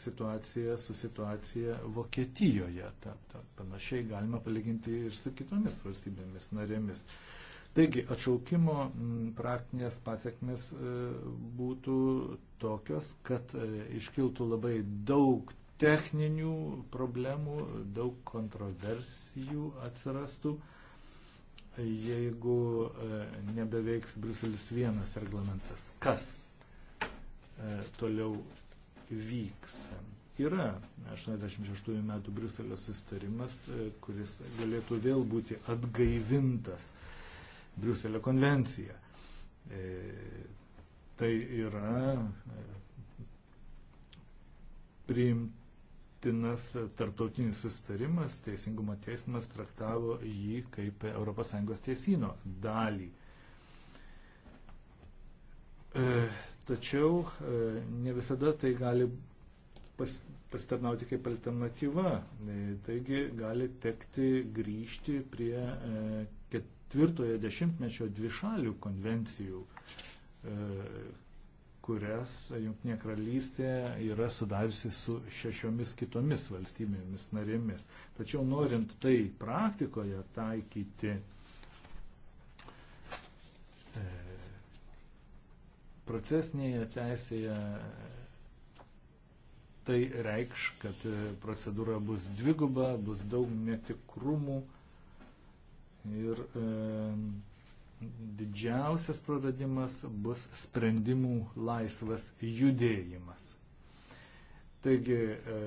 S3: situaciją su situacija Vokietijoje. Ta, ta, panašiai galima palyginti ir su kitomis valstybėmis narėmis. Taigi, atšaukimo praktinės pasiekmes e, būtų tokios, kad e, iškiltų labai daug techninių problemų, daug kontroversijų atsirastų, jeigu e, nebeveiks Bruselis vienas reglamentas. Kas toliau vyks? Yra 86 metų Bruselio sustarimas, kuris galėtų vėl būti atgaivintas. Briuselio konvenciją. E, tai yra e, priimtinas tarptautinis sustarimas, Teisingumo teismas traktavo jį kaip ES teisino dalį. E, tačiau e, ne visada tai gali pas, pasitarnauti kaip alternatyva. E, taigi gali tekti grįžti prie e, ketvirtojo dešimtmečio dvišalių konvencijų, e, kurias Junktinė karalystė yra sudariusi su šešiomis kitomis valstybėmis narėmis. Tačiau norint tai praktikoje taikyti, e, procesinėje teisėje tai reikš, kad procedūra bus dviguba, bus daug netikrumų, Ir e, didžiausias praradimas bus sprendimų laisvas judėjimas. Taigi, e,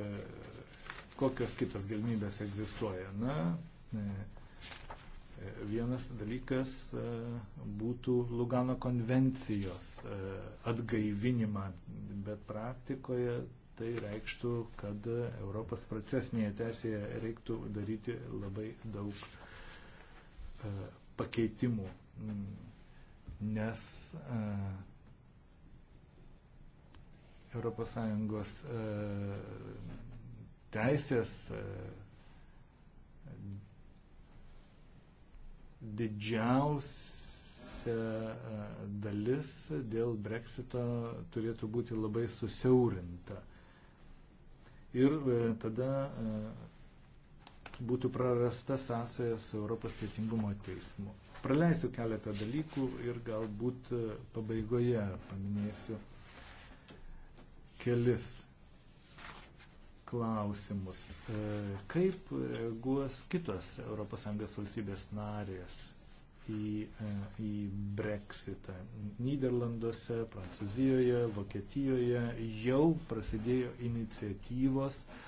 S3: kokios kitos galimybės egzistuoja? Na, e, e Vienas dalykas e, būtų Lugano konvencijos e, atgaivinimą, bet praktikoje tai reikštų, kad Europos procesinėje teisėje reiktų daryti labai daug E, pakeitimų, nes ES e, teisės e, didžiausia dalis dėl breksito turėtų būti labai susiaurinta. Ir tada būtų prarasta sąsaja su Europos teisingumo teismu. Praleisiu keletą dalykų ir galbūt e, pabaigoje paminėsiu kelis klausimus. E, kaip reaguos kitos ES valstybės narės į, e, į Brexitą? Niderlanduose, Prancūzijoje, Vokietijoje jau prasidėjo iniciatyvos uh,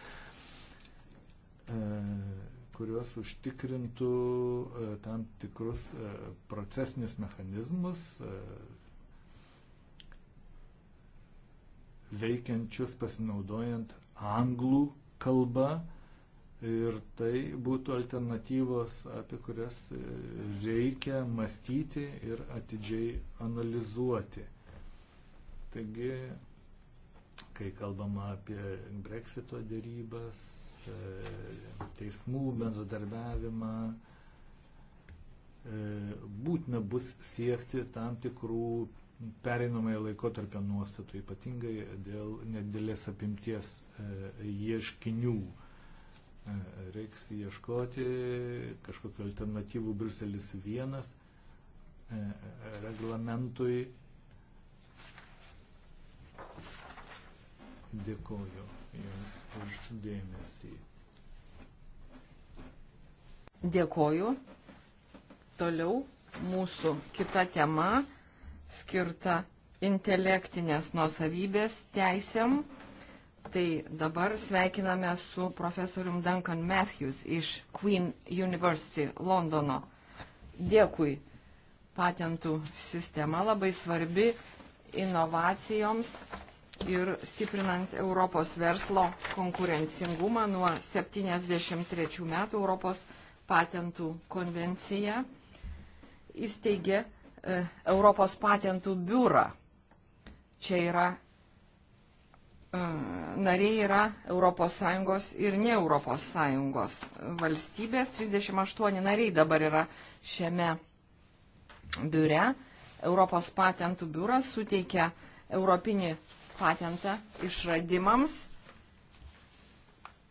S3: E, kurios užtikrintų e, tam tikrus e, procesinius mechanizmus veikiančius pasinaudojant anglų kalbą ir tai būtų alternatyvos, apie kurias reikia mąstyti ir atidžiai analizuoti. Taigi, kai kalbama apie breksito dėrybas, E, teismų bendradarbiavimą, e, būtina bus siekti tam tikrų pereinamąją laikotarpio nuostatų, ypatingai dėl nedėlės apimties e, ieškinių. Reiks ieškoti kažkokiu alternatyvų Bruselis vienas reglamentui. Dėkuoju. Jums už dėmesį.
S1: Dėkoju. Toliau mūsų kita tema skirta intelektinės nuosavybės teisėm. Tai dabar sveikiname su profesorium Duncan Matthews iš Queen University Londono. Dėkui. Patentų sistema labai svarbi inovacijoms ir stiprinant Europos verslo konkurencingumą nuo 73 metų Europos patentų konvencija įsteigė e, Europos patentų biurą. Čia yra e, nariai yra ES ir ne ES valstybės. 38 nariai dabar yra šiame biure. Europos patentų biuras suteikia europinį patentą išradimams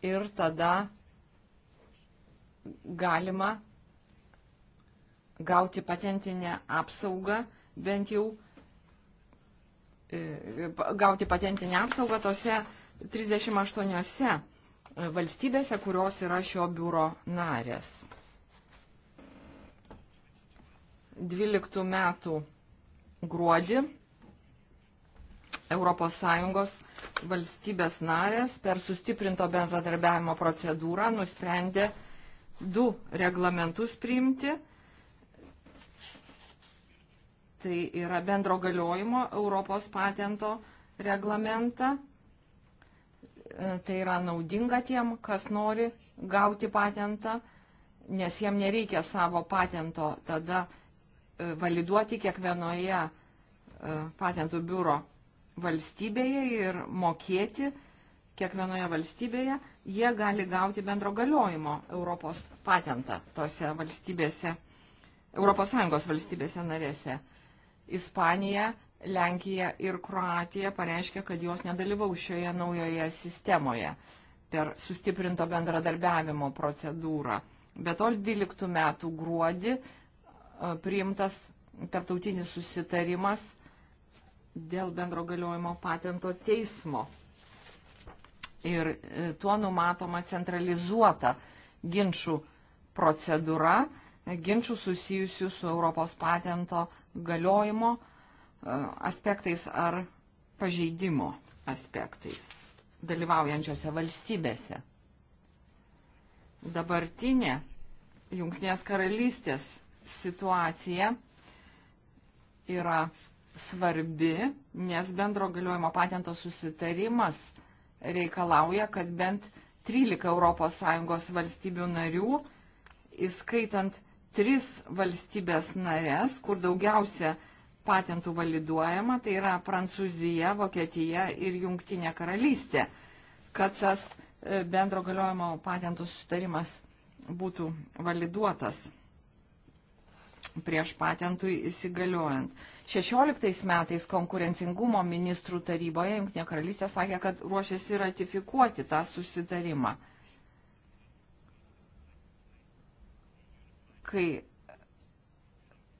S1: ir tada galima gauti patentinę apsaugą, bent jau e, gauti patentinę apsaugą tose 38 e, valstybėse, kurios yra šio biuro narės. 12 metų gruodį ES valstybės narės per sustiprinto bendradarbiavimo procedūrą nusprendė du reglamentus priimti. Tai yra bendro galiojimo Europos patento reglamentą. Tai yra naudinga tiem, kas nori gauti patentą, nes jiem nereikia savo patento tada e, validuoti kiekvienoje e, patentų biuro valstybėje ir mokėti kiekvienoje valstybėje, jie gali gauti bendro galiojimo Europos patentą tose valstybėse, ES valstybėse narėse. Ispanija, Lenkija ir Kroatija pareiškia, kad jos nedalyvaus šioje naujoje sistemoje per sustiprinto bendradarbiavimo procedūrą. Bet o 12 metų gruodį e, priimtas tarptautinis susitarimas dėl bendro galiojimo patento teismo. Ir e, tuo numatoma centralizuota ginčių procedūra, e, ginčių susijusių su Europos patento galiojimo e, aspektais ar pažeidimo aspektais dalyvaujančiose valstybėse. Dabartinė Junktinės karalystės situacija yra svarbi, nes bendro galiojimo patento susitarimas reikalauja, kad bent 13 ES valstybių narių, įskaitant 3 valstybės narės, kur daugiausia patentų validuojama, tai yra Prancūzija, Vokietija ir Jungtinė karalystė, kad tas e, bendro galiojimo patentų susitarimas būtų validuotas prieš patentui įsigaliojant. 16 metais konkurencingumo ministrų taryboje Junktinė karalystė sakė, kad ruošiasi ratifikuoti tą susitarimą. Kai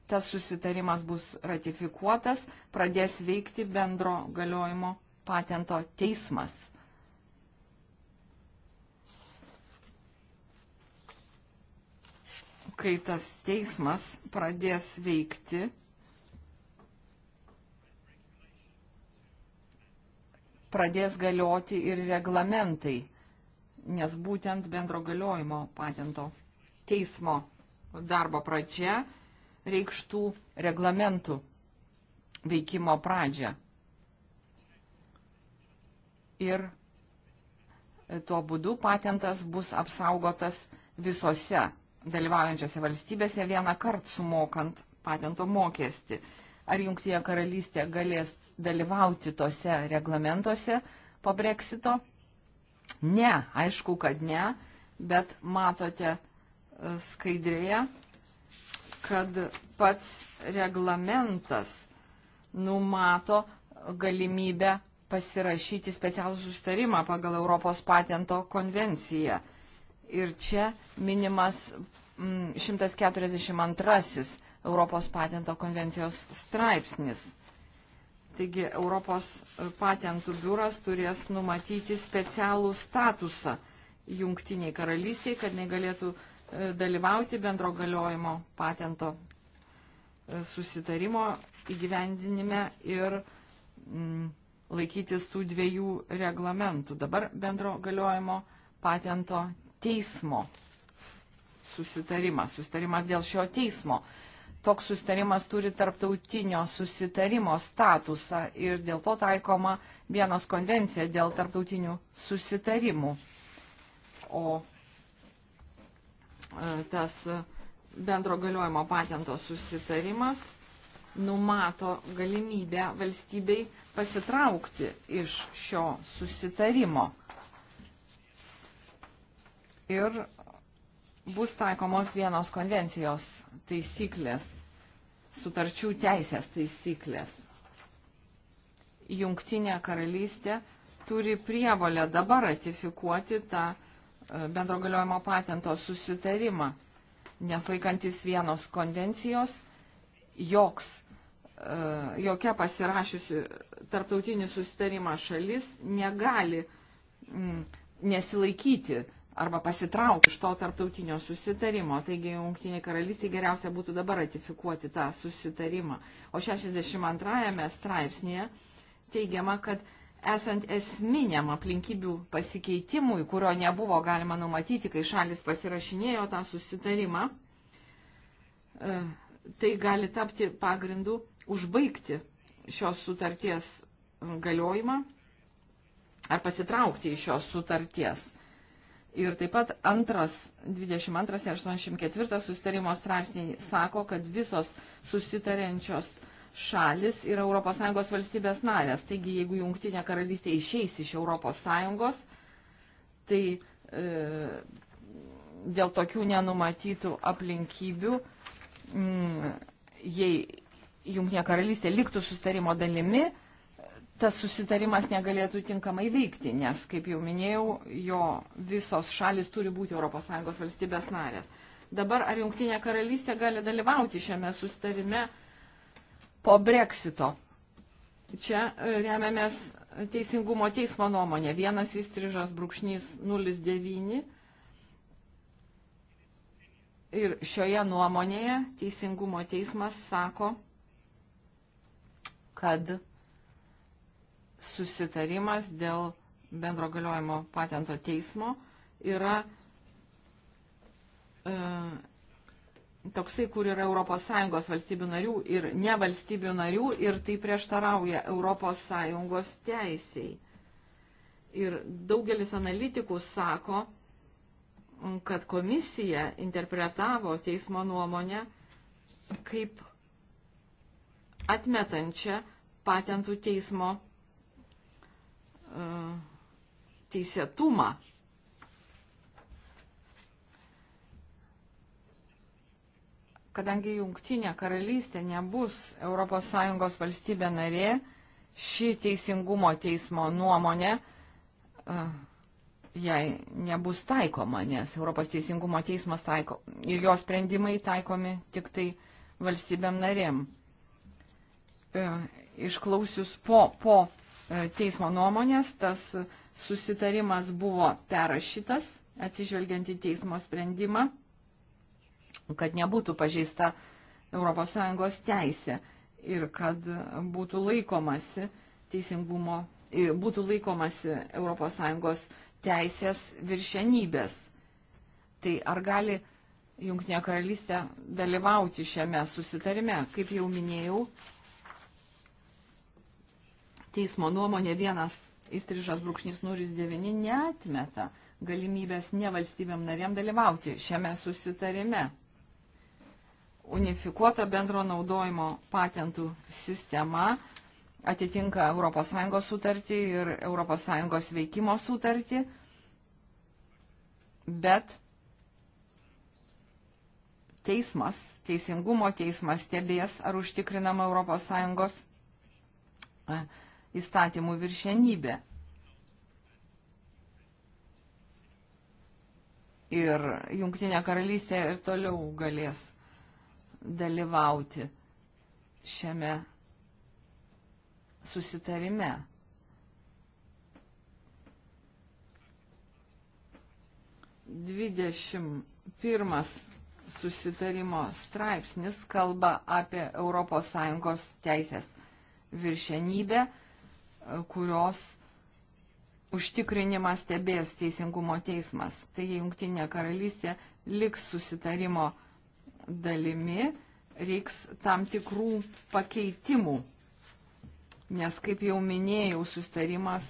S1: tas susitarimas bus ratifikuotas, pradės veikti bendro galiojimo patento teismas. kai tas teismas pradės veikti, pradės galioti ir reglamentai, nes būtent bendro galiojimo patento teismo darbo pradžia reikštų reglamentų veikimo pradžią. Ir tuo būdu patentas bus apsaugotas visose dalyvaujančiose valstybėse vieną kartą sumokant patento mokestį. Ar Junktinė karalystė galės dalyvauti tose reglamentuose po breksito? Ne, aišku, kad ne, bet matote e, skaidrėje, kad pats reglamentas numato galimybę pasirašyti specialų sustarimą pagal Europos patento konvenciją. Ir čia minimas 142 mm, Europos patento konvencijos straipsnis. Taigi Europos patentų biuras turės numatyti specialų statusą jungtiniai karalystiai, kad negalėtų e, dalyvauti bendro galiojimo patento e, susitarimo įgyvendinime ir mm, laikytis tų dviejų reglamentų. Dabar bendro galiojimo patento teismo susitarimas, susitarimas dėl šio teismo. Toks susitarimas turi tarptautinio susitarimo statusą ir dėl to taikoma vienos konvencija dėl tarptautinių susitarimų. O e, tas bendro galiojimo patento susitarimas numato galimybę valstybei pasitraukti iš šio susitarimo ir bus taikomos vienos konvencijos taisyklės, sutarčių teisės taisyklės. Jungtinė karalystė turi prievolę dabar ratifikuoti tą e, bendro galiojimo patento susitarimą, nes laikantis vienos konvencijos, joks, e, jokia pasirašiusi tarptautinį susitarimą šalis negali mm, nesilaikyti arba pasitraukti iš to tarptautinio susitarimo. Taigi Junktiniai karalystiai geriausia būtų dabar ratifikuoti tą susitarimą. O 62 straipsnėje teigiama, kad esant esminiam aplinkybių pasikeitimui, kurio nebuvo galima numatyti, kai šalis pasirašinėjo tą susitarimą, e, tai gali tapti pagrindu užbaigti šios sutarties galiojimą ar pasitraukti iš šios sutarties. Ir taip pat antras, 22 ir 84 susitarimo straipsniai sako, kad visos susitariančios šalis yra ES valstybės narės. Taigi, jeigu Junktinė karalystė išeis iš ES, tai e, dėl tokių nenumatytų aplinkybių, m, mm, jei Junktinė karalystė liktų susitarimo dalimi, tas susitarimas negalėtų tinkamai veikti, nes, kaip jau minėjau, jo visos šalis turi būti ES valstybės narės. Dabar ar Junktinė karalystė gali dalyvauti šiame susitarime po breksito? Čia e, remiamės Teisingumo teismo nuomonė. Vienas įstrižas brūkšnys 09. Ir šioje nuomonėje Teisingumo teismas sako, kad susitarimas dėl bendro galiojimo patento teismo yra e, toksai, kur yra ES valstybių narių ir ne valstybių narių ir tai prieštarauja ES teisiai. Ir daugelis analitikų sako, kad komisija interpretavo teismo nuomonę kaip atmetančią patentų teismo teisėtumą. Kadangi jungtinė karalystė nebus ES valstybė narė, šį teisingumo teismo nuomonę jai nebus taikoma, nes Europos teisingumo teismas taiko ir jo sprendimai taikomi tik tai valstybėm narėm. E, išklausius po, po E, teismo nuomonės, tas susitarimas buvo perrašytas, atsižvelgiant į teismo sprendimą, kad nebūtų pažeista ES teisė ir kad būtų laikomasi teisingumo, e, būtų laikomasi ES teisės viršenybės. Tai ar gali Junktinė karalystė dalyvauti šiame susitarime? Kaip jau minėjau, teismo nuomonė vienas įstrižas brūkšnys 09 neatmeta galimybės nevalstybėm narėm dalyvauti šiame susitarime. Unifikuota bendro naudojimo patentų sistema atitinka ES sutartį ir ES veikimo sutartį, bet teismas, teisingumo teismas stebės, ar užtikrinama ES įstatymų viršenybė. ir Junktinė karalystė ir toliau galės dalyvauti šiame susitarime. Dvidešimt pirmas susitarimo straipsnis kalba apie ES teisės viršenybę kurios užtikrinimą stebės teisingumo teismas. Taigi Junktinė karalystė liks susitarimo dalimi, reiks tam tikrų pakeitimų, nes, kaip jau minėjau, susitarimas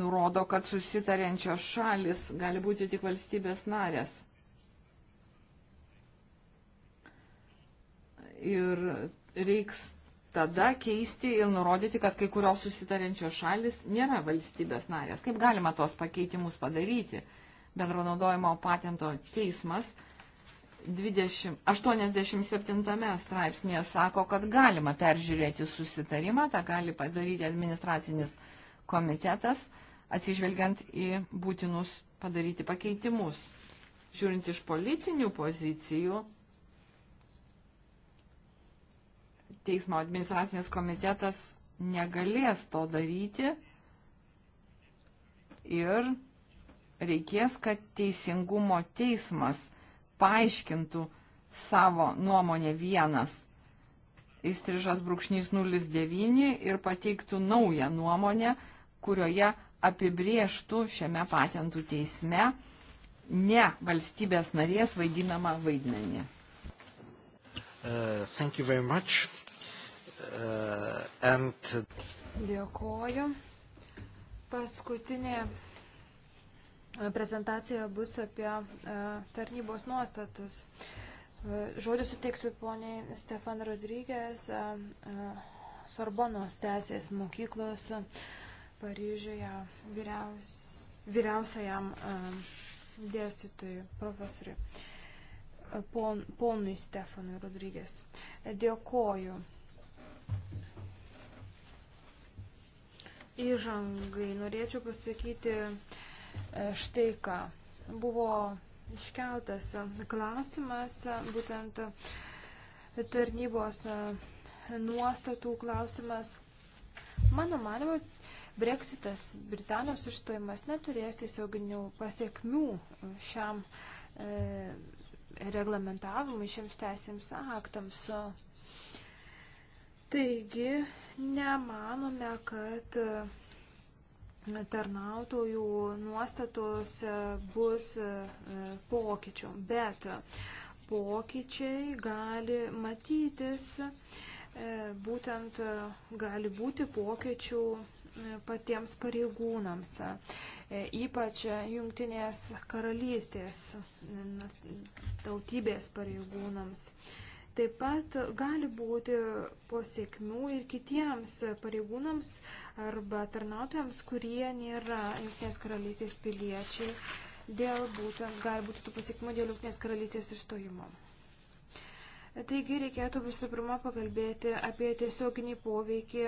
S1: nurodo, kad susitariančios šalis gali būti tik valstybės narės. Ir reiks tada keisti ir nurodyti, kad kai kurios susitarančios šalis nėra valstybės narės. Kaip galima tos pakeitimus padaryti? Bendro naudojimo patento teismas 20, 87 straipsnėje sako, kad galima peržiūrėti susitarimą, tą gali padaryti administracinis komitetas, atsižvelgiant į būtinus padaryti pakeitimus. Žiūrint iš politinių pozicijų, teismo administracinis komitetas negalės to daryti ir reikės, kad teisingumo teismas paaiškintų savo nuomonę vienas įstrižas brūkšnys 09 ir pateiktų naują nuomonę, kurioje apibrieštų šiame patentų teisme ne valstybės narės vaidinamą vaidmenį.
S4: Uh, Uh, and... Dėkoju. Paskutinė uh, prezentacija bus apie uh, tarnybos nuostatus. Uh, žodį suteiksiu poniai Stefan Rodrygės, Sorbonos teisės mokyklos Paryžiuje vyriaus, vyriausiajam dėstytojui, profesoriui, pon, ponui Stefanui Rodrygės. Dėkoju. Įžangai norėčiau pasakyti e, štai ką. Buvo iškeltas klausimas, e, būtent tarnybos e, nuostatų klausimas. Mano manimo, Brexitas, Britanijos išstojimas neturės tiesioginių pasiekmių šiam e, reglamentavimui, šiems teisėms aktams. O, Taigi, nemanome, kad e, tarnautojų nuostatos bus e, e, pokyčių, bet pokyčiai gali matytis, būtent gali būti pokyčių patiems pareigūnams, ypač jungtinės karalystės tautybės pareigūnams. Taip pat gali būti pasiekmių ir kitiems pareigūnams arba tarnautojams, kurie nėra Junktinės karalystės piliečiai, dėl būtent gali būti tų pasiekmių dėl Junktinės karalystės išstojimo. Taigi reikėtų visų pirma pakalbėti apie tiesioginį poveikį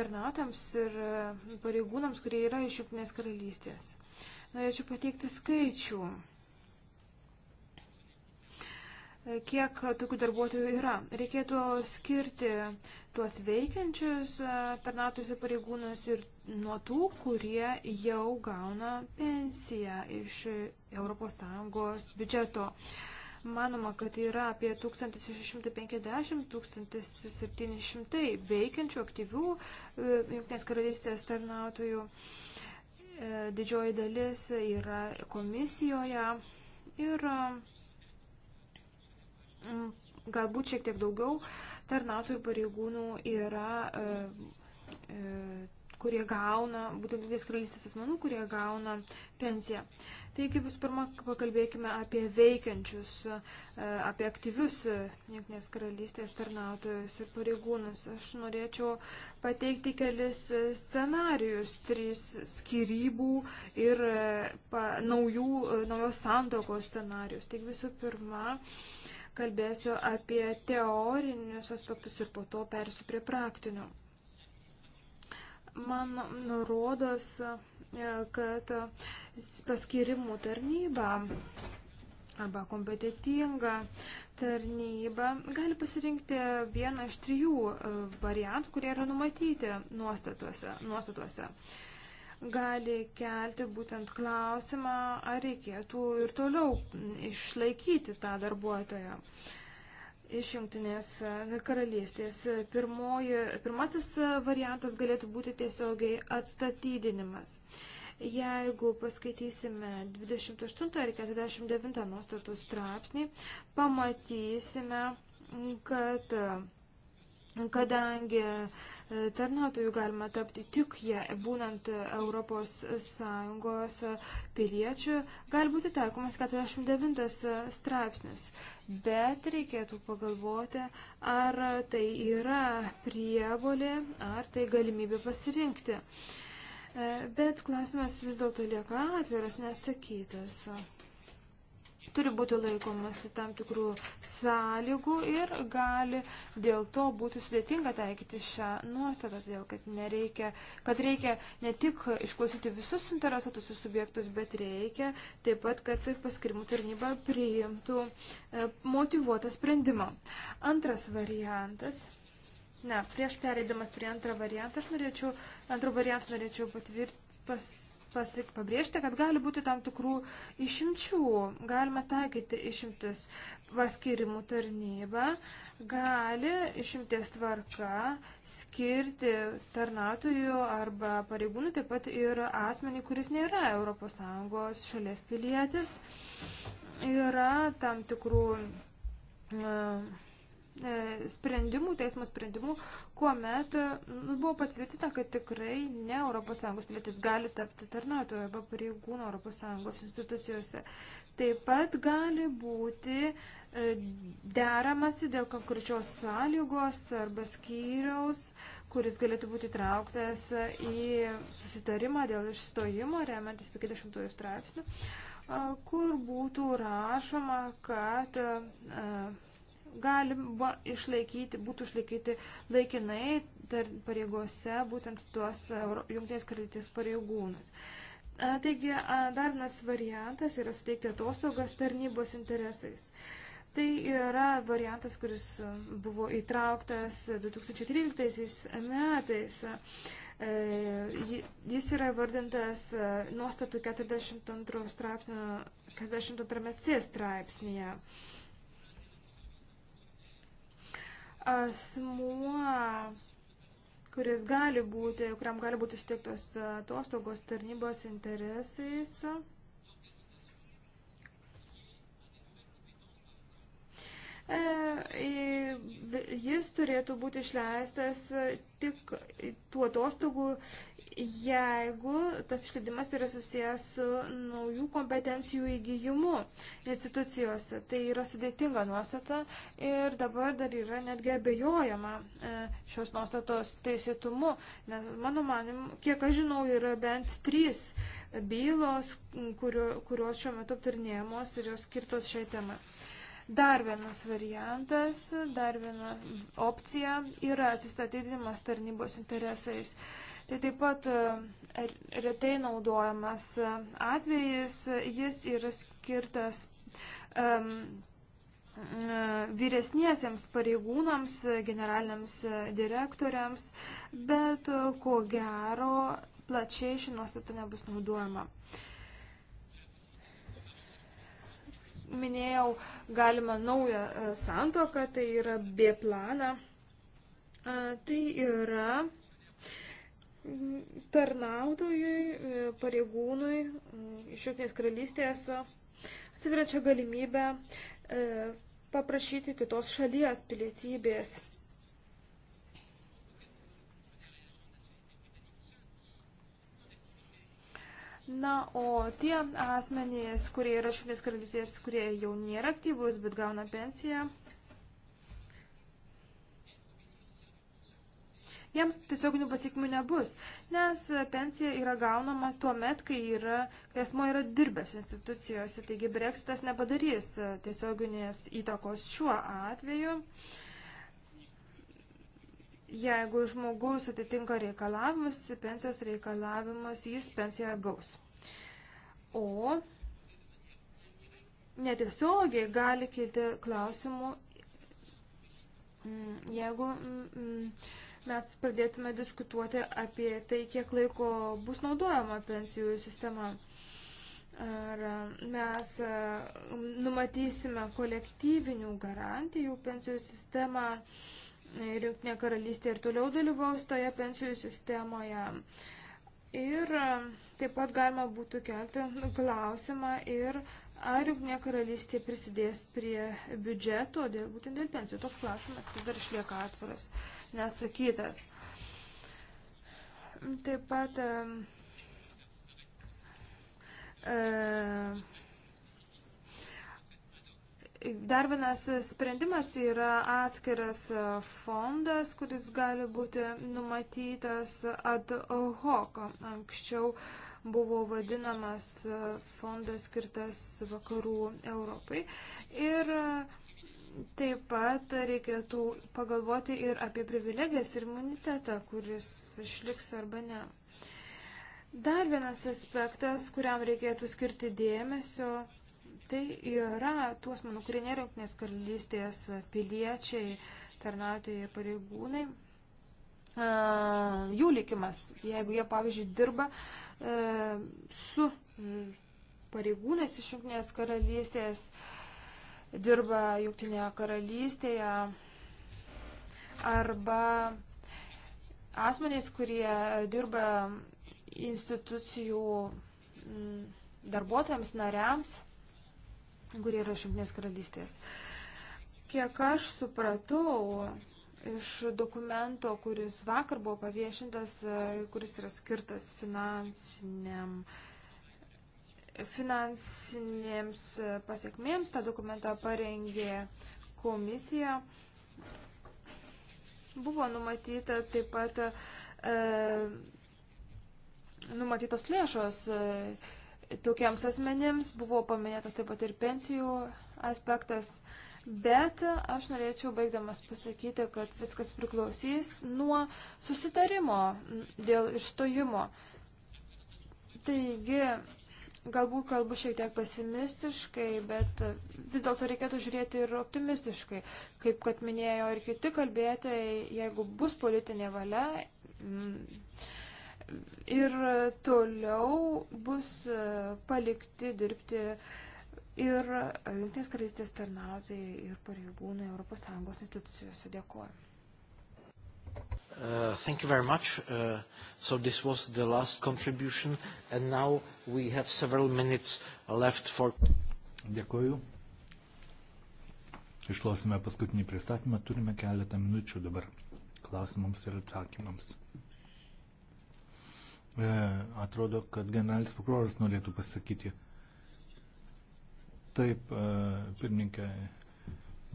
S4: tarnautams ir pareigūnams, kurie yra iš Junktinės karalystės. Norėčiau pateikti skaičių kiek tokių darbuotojų yra. Reikėtų skirti tuos veikiančius e, tarnautojus ir pareigūnus ir nuo tų, kurie jau gauna pensiją iš ES biudžeto. Manoma, kad yra apie 1650-1700 veikiančių aktyvių e, Junktinės karalystės tarnautojų. E, didžioji dalis yra komisijoje ir Mm, galbūt šiek tiek daugiau tarnautojų pareigūnų yra, e, e, kurie gauna, būtent didės karalystės asmenų, kurie gauna pensiją. Taigi visų pirma, pakalbėkime apie veikiančius, e, apie aktyvius Junktinės karalystės tarnautojus ir pareigūnus. Aš norėčiau pateikti kelis scenarius, trys skirybų ir pa, naujų, naujos santokos scenarius. Taigi visų pirma, uh, kalbėsiu apie teorinius aspektus ir po to persiu prie praktinių. Man nurodos, e, kad paskirimų tarnyba arba kompetitinga tarnyba gali pasirinkti vieną iš trijų e, variantų, kurie yra numatyti nuostatuose. nuostatuose. Uh, gali kelti būtent klausimą, ar reikėtų ir toliau išlaikyti tą darbuotoją. Iš jungtinės karalystės pirmoji, pirmasis variantas galėtų būti tiesiogiai atstatydinimas. Jeigu paskaitysime 28 ir 49 nuostatų straipsnį, pamatysime, kad kadangi uh, tarnautojų galima tapti tik jie, būnant ES piliečių, gali būti taikomas 49 straipsnis. Bet reikėtų pagalvoti, ar tai yra prievolė, ar tai galimybė pasirinkti. E, bet klausimas vis dėlto lieka atviras, nesakytas turi būti laikomasi tam tikrų sąlygų ir gali dėl to būti sudėtinga taikyti šią nuostatą, todėl kad, nereikia, kad reikia ne tik išklausyti visus interesuotus subjektus, bet reikia taip pat, kad ir paskirimų tarnyba priimtų e, motivuotą sprendimą. Antras variantas. Na, prieš pereidamas prie antrą variantą, aš norėčiau, antrų variantų norėčiau patvirt, pas, pasik, pabrėžti, kad gali būti tam tikrų išimčių, galima taikyti išimtis. Paskirimų tarnyba gali išimties tvarka skirti tarnautojų arba pareigūnų, taip pat ir asmenį, kuris nėra ES šalies pilietis. Yra tam tikrų uh, E, sprendimų, teismo sprendimų, kuomet e, nu, buvo patvirtinta, kad tikrai ne ES pilietis gali tapti tarnautojo arba pareigūno ES institucijose. Taip pat gali būti e, deramasi dėl konkrečios sąlygos arba skyriaus, kuris galėtų būti trauktas į susitarimą dėl išstojimo, remiantis 50 straipsnių, kur būtų rašoma, kad galima išlaikyti, būtų išlaikyti laikinai pareigose būtent tuos jungtinės karalystės pareigūnus. Taigi, dar vienas variantas yra suteikti atostogas tarnybos interesais. Tai yra variantas, kuris buvo įtrauktas 2013 metais. E, jis yra vardintas e, nuostatų 42 straipsnio, 42 C straipsnėje. straipsnėje. asmuo, kuris gali būti, kuriam gali būti suteiktos atostogos tarnybos interesais. E, jis turėtų būti išleistas tik tuo atostogų, jeigu tas išleidimas yra susijęs su naujų kompetencijų įgyjimu institucijose. Tai yra sudėtinga nuostata ir dabar dar yra netgi abejojama e, šios nuostatos teisėtumu, nes mano manim, kiek aš žinau, yra bent trys bylos, kurio, kurios šiuo metu aptarnėjamos ir jos skirtos šiai temai. Dar vienas variantas, dar viena opcija yra atsistatydinimas tarnybos interesais. Tai taip pat e, retai naudojamas e, atvejis, jis yra skirtas um, vyresniesiems pareigūnams, generaliniams direktoriams, bet ko gero plačiai ši nuostata nebus naudojama. minėjau, galima naują e, santoką, tai yra B planą. E, tai yra tarnautojui, e, pareigūnui iš Junktinės karalystės atsiverančią galimybę paprašyti kitos šalies pilietybės. Na, o tie asmenys, kurie yra šalies karalystės, kurie jau nėra aktyvus, bet gauna pensiją, jiems tiesioginių pasiekmių nebus, nes pensija yra gaunama tuo met, kai, yra, kai asmo yra dirbęs institucijose, taigi breksitas nepadarys tiesioginės įtakos šiuo atveju. Jeigu žmogus atitinka reikalavimus, pensijos reikalavimus, jis pensiją gaus o netiesiogiai gali kilti klausimų, mm, jeigu mm, mm, mes pradėtume diskutuoti apie tai, kiek laiko bus naudojama pensijų sistema. Ar mes numatysime kolektyvinių garantijų pensijų sistemą ir Junktinė karalystė ir toliau dalyvaus toje pensijų sistemoje. Ir e, taip pat galima būtų kelti klausimą ir ar Junktinė karalystė prisidės prie biudžeto, dėl, būtent dėl pensijų. Toks klausimas vis dar išlieka atviras, nesakytas. Taip pat e, e, Dar vienas sprendimas yra atskiras fondas, kuris gali būti numatytas ad hoc. Anksčiau buvo vadinamas fondas skirtas vakarų Europai. Ir taip pat reikėtų pagalvoti ir apie privilegijas ir imunitetą, kuris išliks arba ne. Dar vienas aspektas, kuriam reikėtų skirti dėmesio tai yra tų asmenų, kurie nėra Junktinės karalystės piliečiai, tarnautojai ir pareigūnai, jų likimas, jeigu jie, pavyzdžiui, dirba e, su pareigūnais iš Junktinės karalystės, dirba Junktinėje karalystėje arba asmenys, kurie dirba institucijų darbuotojams, nariams, kurie yra iš Junktinės karalystės. Kiek aš supratau iš dokumento, kuris vakar buvo paviešintas, e, kuris yra skirtas finansiniam finansinėms e, pasiekmėms, tą dokumentą parengė komisija. Buvo numatyta taip pat e, numatytos lėšos e, tokiems asmenims, buvo paminėtas taip pat ir pensijų aspektas, bet aš norėčiau baigdamas pasakyti, kad viskas priklausys nuo susitarimo dėl išstojimo. Taigi, galbūt kalbu šiek tiek pesimistiškai, bet vis dėlto reikėtų žiūrėti ir optimistiškai. Kaip kad minėjo ir kiti kalbėtojai, jeigu bus politinė valia, ir toliau bus e, palikti dirbti ir Junktinės karalystės tarnautojai ir pareigūnai ES institucijose. Dėkuoju.
S1: Uh, thank you very much. Uh, so this was the last contribution and now we have several minutes
S3: left for... Dėkuoju. Išklausime paskutinį pristatymą. Turime keletą minučių dabar klausimams ir atsakymams. E, atrodo, kad generalinis prokuroras norėtų pasakyti. Taip, e, pirmininkė,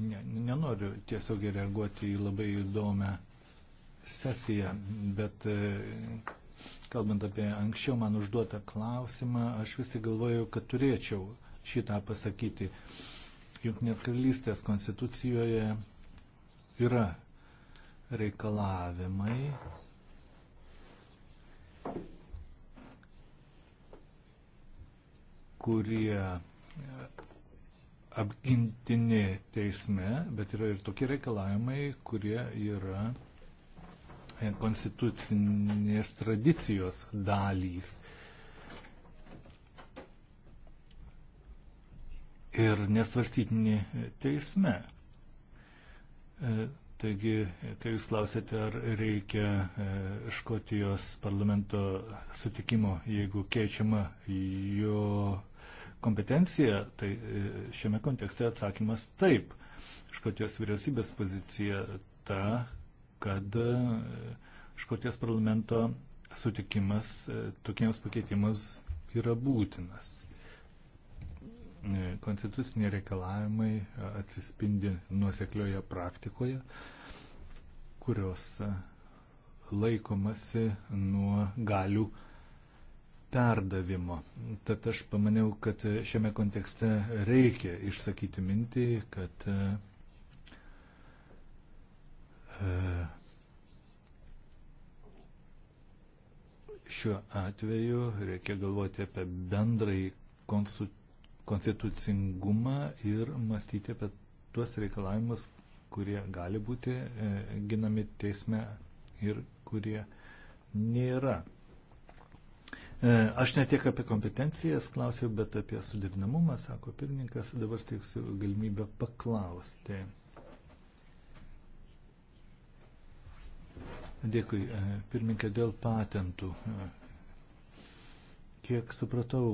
S3: ne, nenoriu tiesiog reaguoti į labai įdomią sesiją, bet e, kalbant apie anksčiau man užduotą klausimą, aš vis tik galvojau, kad turėčiau šitą pasakyti. Junktinės karalystės konstitucijoje yra reikalavimai kurie e, apgintini teisme, bet yra ir tokie reikalavimai, kurie yra e, konstitucinės tradicijos dalys. Ir nesvarstytini teisme. E, Taigi, kai jūs klausėte, ar reikia e, Škotijos parlamento sutikimo, jeigu keičiama jo kompetencija, tai e, šiame kontekste atsakymas taip. Škotijos vyriausybės pozicija ta, kad e, Škotijos parlamento sutikimas tokiems pakeitimas yra būtinas. E, konstituciniai reikalavimai atsispindi nuoseklioje praktikoje, kurios e, laikomasi nuo galių perdavimo. Tad aš pamaniau, kad šiame kontekste reikia išsakyti mintį, kad e, šiuo atveju reikia galvoti apie bendrai konsultaciją konstitucingumą ir mąstyti apie tuos reikalavimus, kurie gali būti e, ginami teisme ir kurie nėra. E, aš ne tiek apie kompetencijas klausiau, bet apie suderinamumą, sako pirmininkas, dabar steiksiu galimybę paklausti. Dėkui, e, pirmininkė, dėl patentų. Kiek supratau,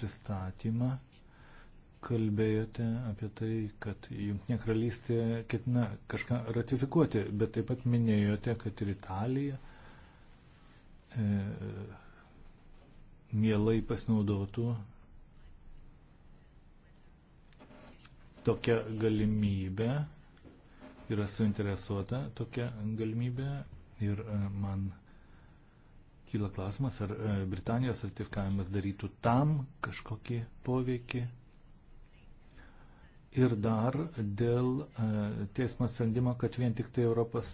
S3: pristatymą kalbėjote apie tai, kad Junktinė karalystė ketina kažką ratifikuoti, bet taip pat minėjote, kad ir Italija e, mielai pasinaudotų tokią galimybę, yra suinteresuota tokią galimybę ir e, man Kyla klausimas, ar e, Britanijos ratifikavimas darytų tam kažkokį poveikį. Ir dar dėl e, teismo sprendimo, kad vien tik tai ES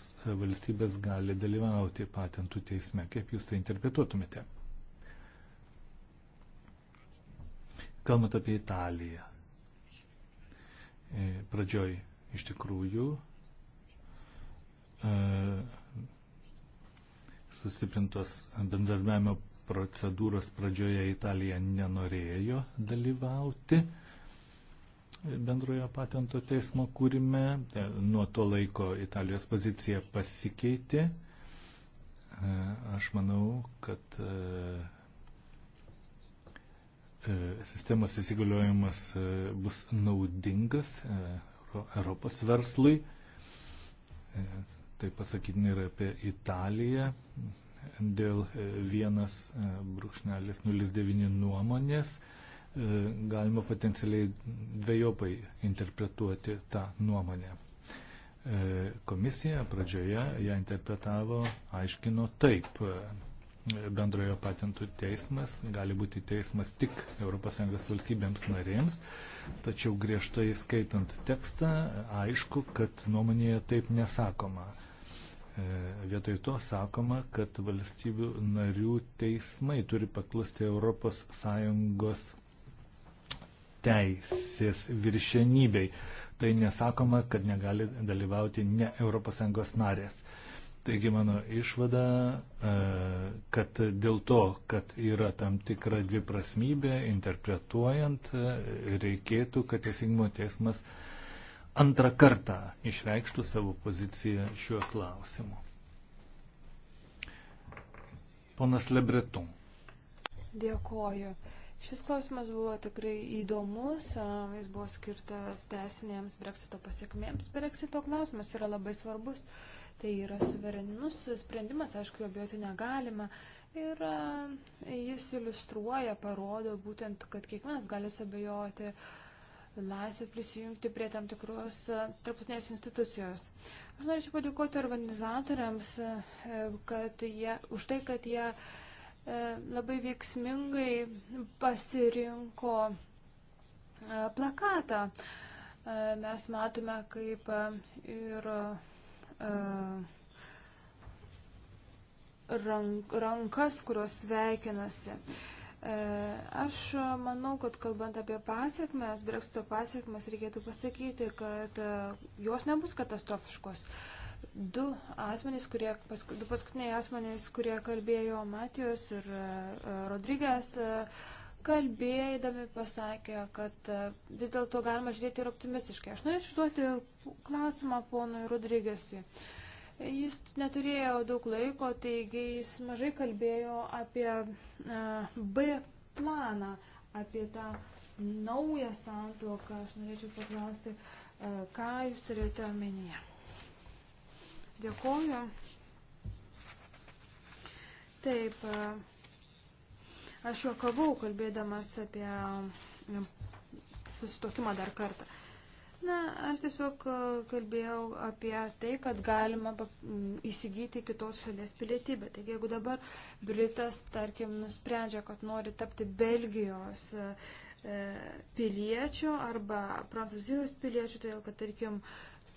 S3: e, valstybės gali dalyvauti patentų teisme. Kaip jūs tai interpretuotumėte? Kalbant apie Italiją. Pradžioj iš tikrųjų. E, sustiprintos bendradarbiavimo procedūros pradžioje Italija nenorėjo dalyvauti bendrojo patento teismo kūrime. Nuo to laiko Italijos pozicija pasikeitė. E, aš manau, kad e, e, sistemos įsigaliojimas bus naudingas Europos verslui tai pasakyti ir apie Italiją dėl 1,09 e, e, nuomonės. E, galima potencialiai dviejopai interpretuoti tą nuomonę. Komisija pradžioje ją interpretavo, aiškino taip. Bendrojo patentų teismas gali būti teismas tik ES valstybėms narėms, tačiau griežtai skaitant tekstą aišku, kad nuomonėje taip nesakoma. E, vietoj to sakoma, kad valstybių narių teismai turi paklusti ES teisės viršenybei. Tai nesakoma, kad negali dalyvauti ne ES narės. Taigi mano išvada, e, kad dėl to, kad yra tam tikra dviprasmybė interpretuojant, e, reikėtų, kad teisingumo teismas antrą kartą išreikštų savo poziciją šiuo klausimu. Ponas Lebretum.
S4: Dėkoju. Šis klausimas buvo tikrai įdomus, jis buvo skirtas teisinėms breksito pasiekmėms. Breksito klausimas yra labai svarbus, tai yra suverenus sprendimas, aišku, jo bijoti negalima. Ir jis iliustruoja, parodo būtent, kad kiekvienas gali sabėjoti uh, laisvę prisijungti prie tam tikros e, tarptautinės institucijos. Aš norėčiau padėkoti organizatoriams, e, kad jie, už tai, kad jie e, labai veiksmingai pasirinko plakatą. Mes matome, kaip ir rankas, kurios sveikinasi. E, aš manau, kad kalbant apie pasiekmes, breksito pasiekmes, reikėtų pasakyti, kad e, jos nebus katastrofiškos. Du asmenys, kurie, pask, du paskutiniai asmenys, kurie kalbėjo Matijos ir e, Rodrygės, kalbėdami pasakė, kad vis dėlto galima žiūrėti ir optimistiškai. Aš norėčiau užduoti klausimą ponui Rodrygėsui. Uh, Jis neturėjo daug laiko, taigi jis mažai kalbėjo apie B planą, apie tą naują santuoką. Aš norėčiau paklausti, ką jūs turėjote omenyje. Dėkuoju. Taip, aš juokavau kalbėdamas apie susitokimą dar kartą. Na, aš tiesiog e, kalbėjau apie tai, kad galima įsigyti kitos šalies pilietybę. Taigi, jeigu dabar Britas, tarkim, nusprendžia, kad nori tapti Belgijos e, e, piliečių arba Prancūzijos piliečių, todėl kad, tarkim,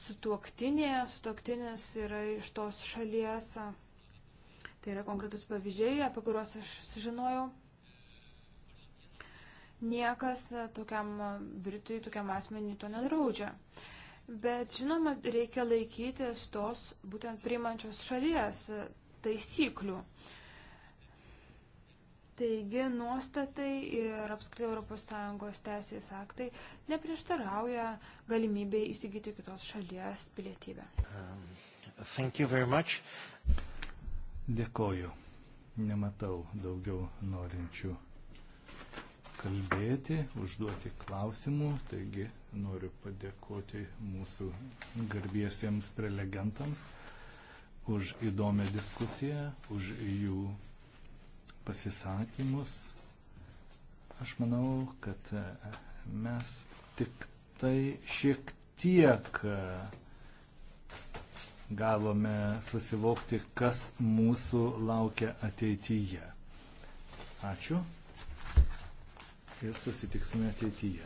S4: sutuoktinė, sutuoktinis yra iš tos šalies. Tai yra konkretus pavyzdžiai, apie kuriuos aš sužinojau niekas tokiam Britui, tokiam asmeniui to nedraudžia. Bet žinoma, reikia laikytis tos būtent priimančios šalies taisyklių. Taigi nuostatai ir apskritai ES teisės aktai neprieštarauja galimybė įsigyti kitos šalies pilietybę.
S3: Um, Dėkoju. Nematau daugiau norinčių kalbėti, užduoti klausimų. Taigi noriu padėkoti mūsų garbiesiems prelegentams už įdomią diskusiją, už jų pasisakymus. Aš manau, kad mes tik tai šiek tiek gavome susivokti, kas mūsų laukia ateityje. Ačiū ir susitiksime ateityje.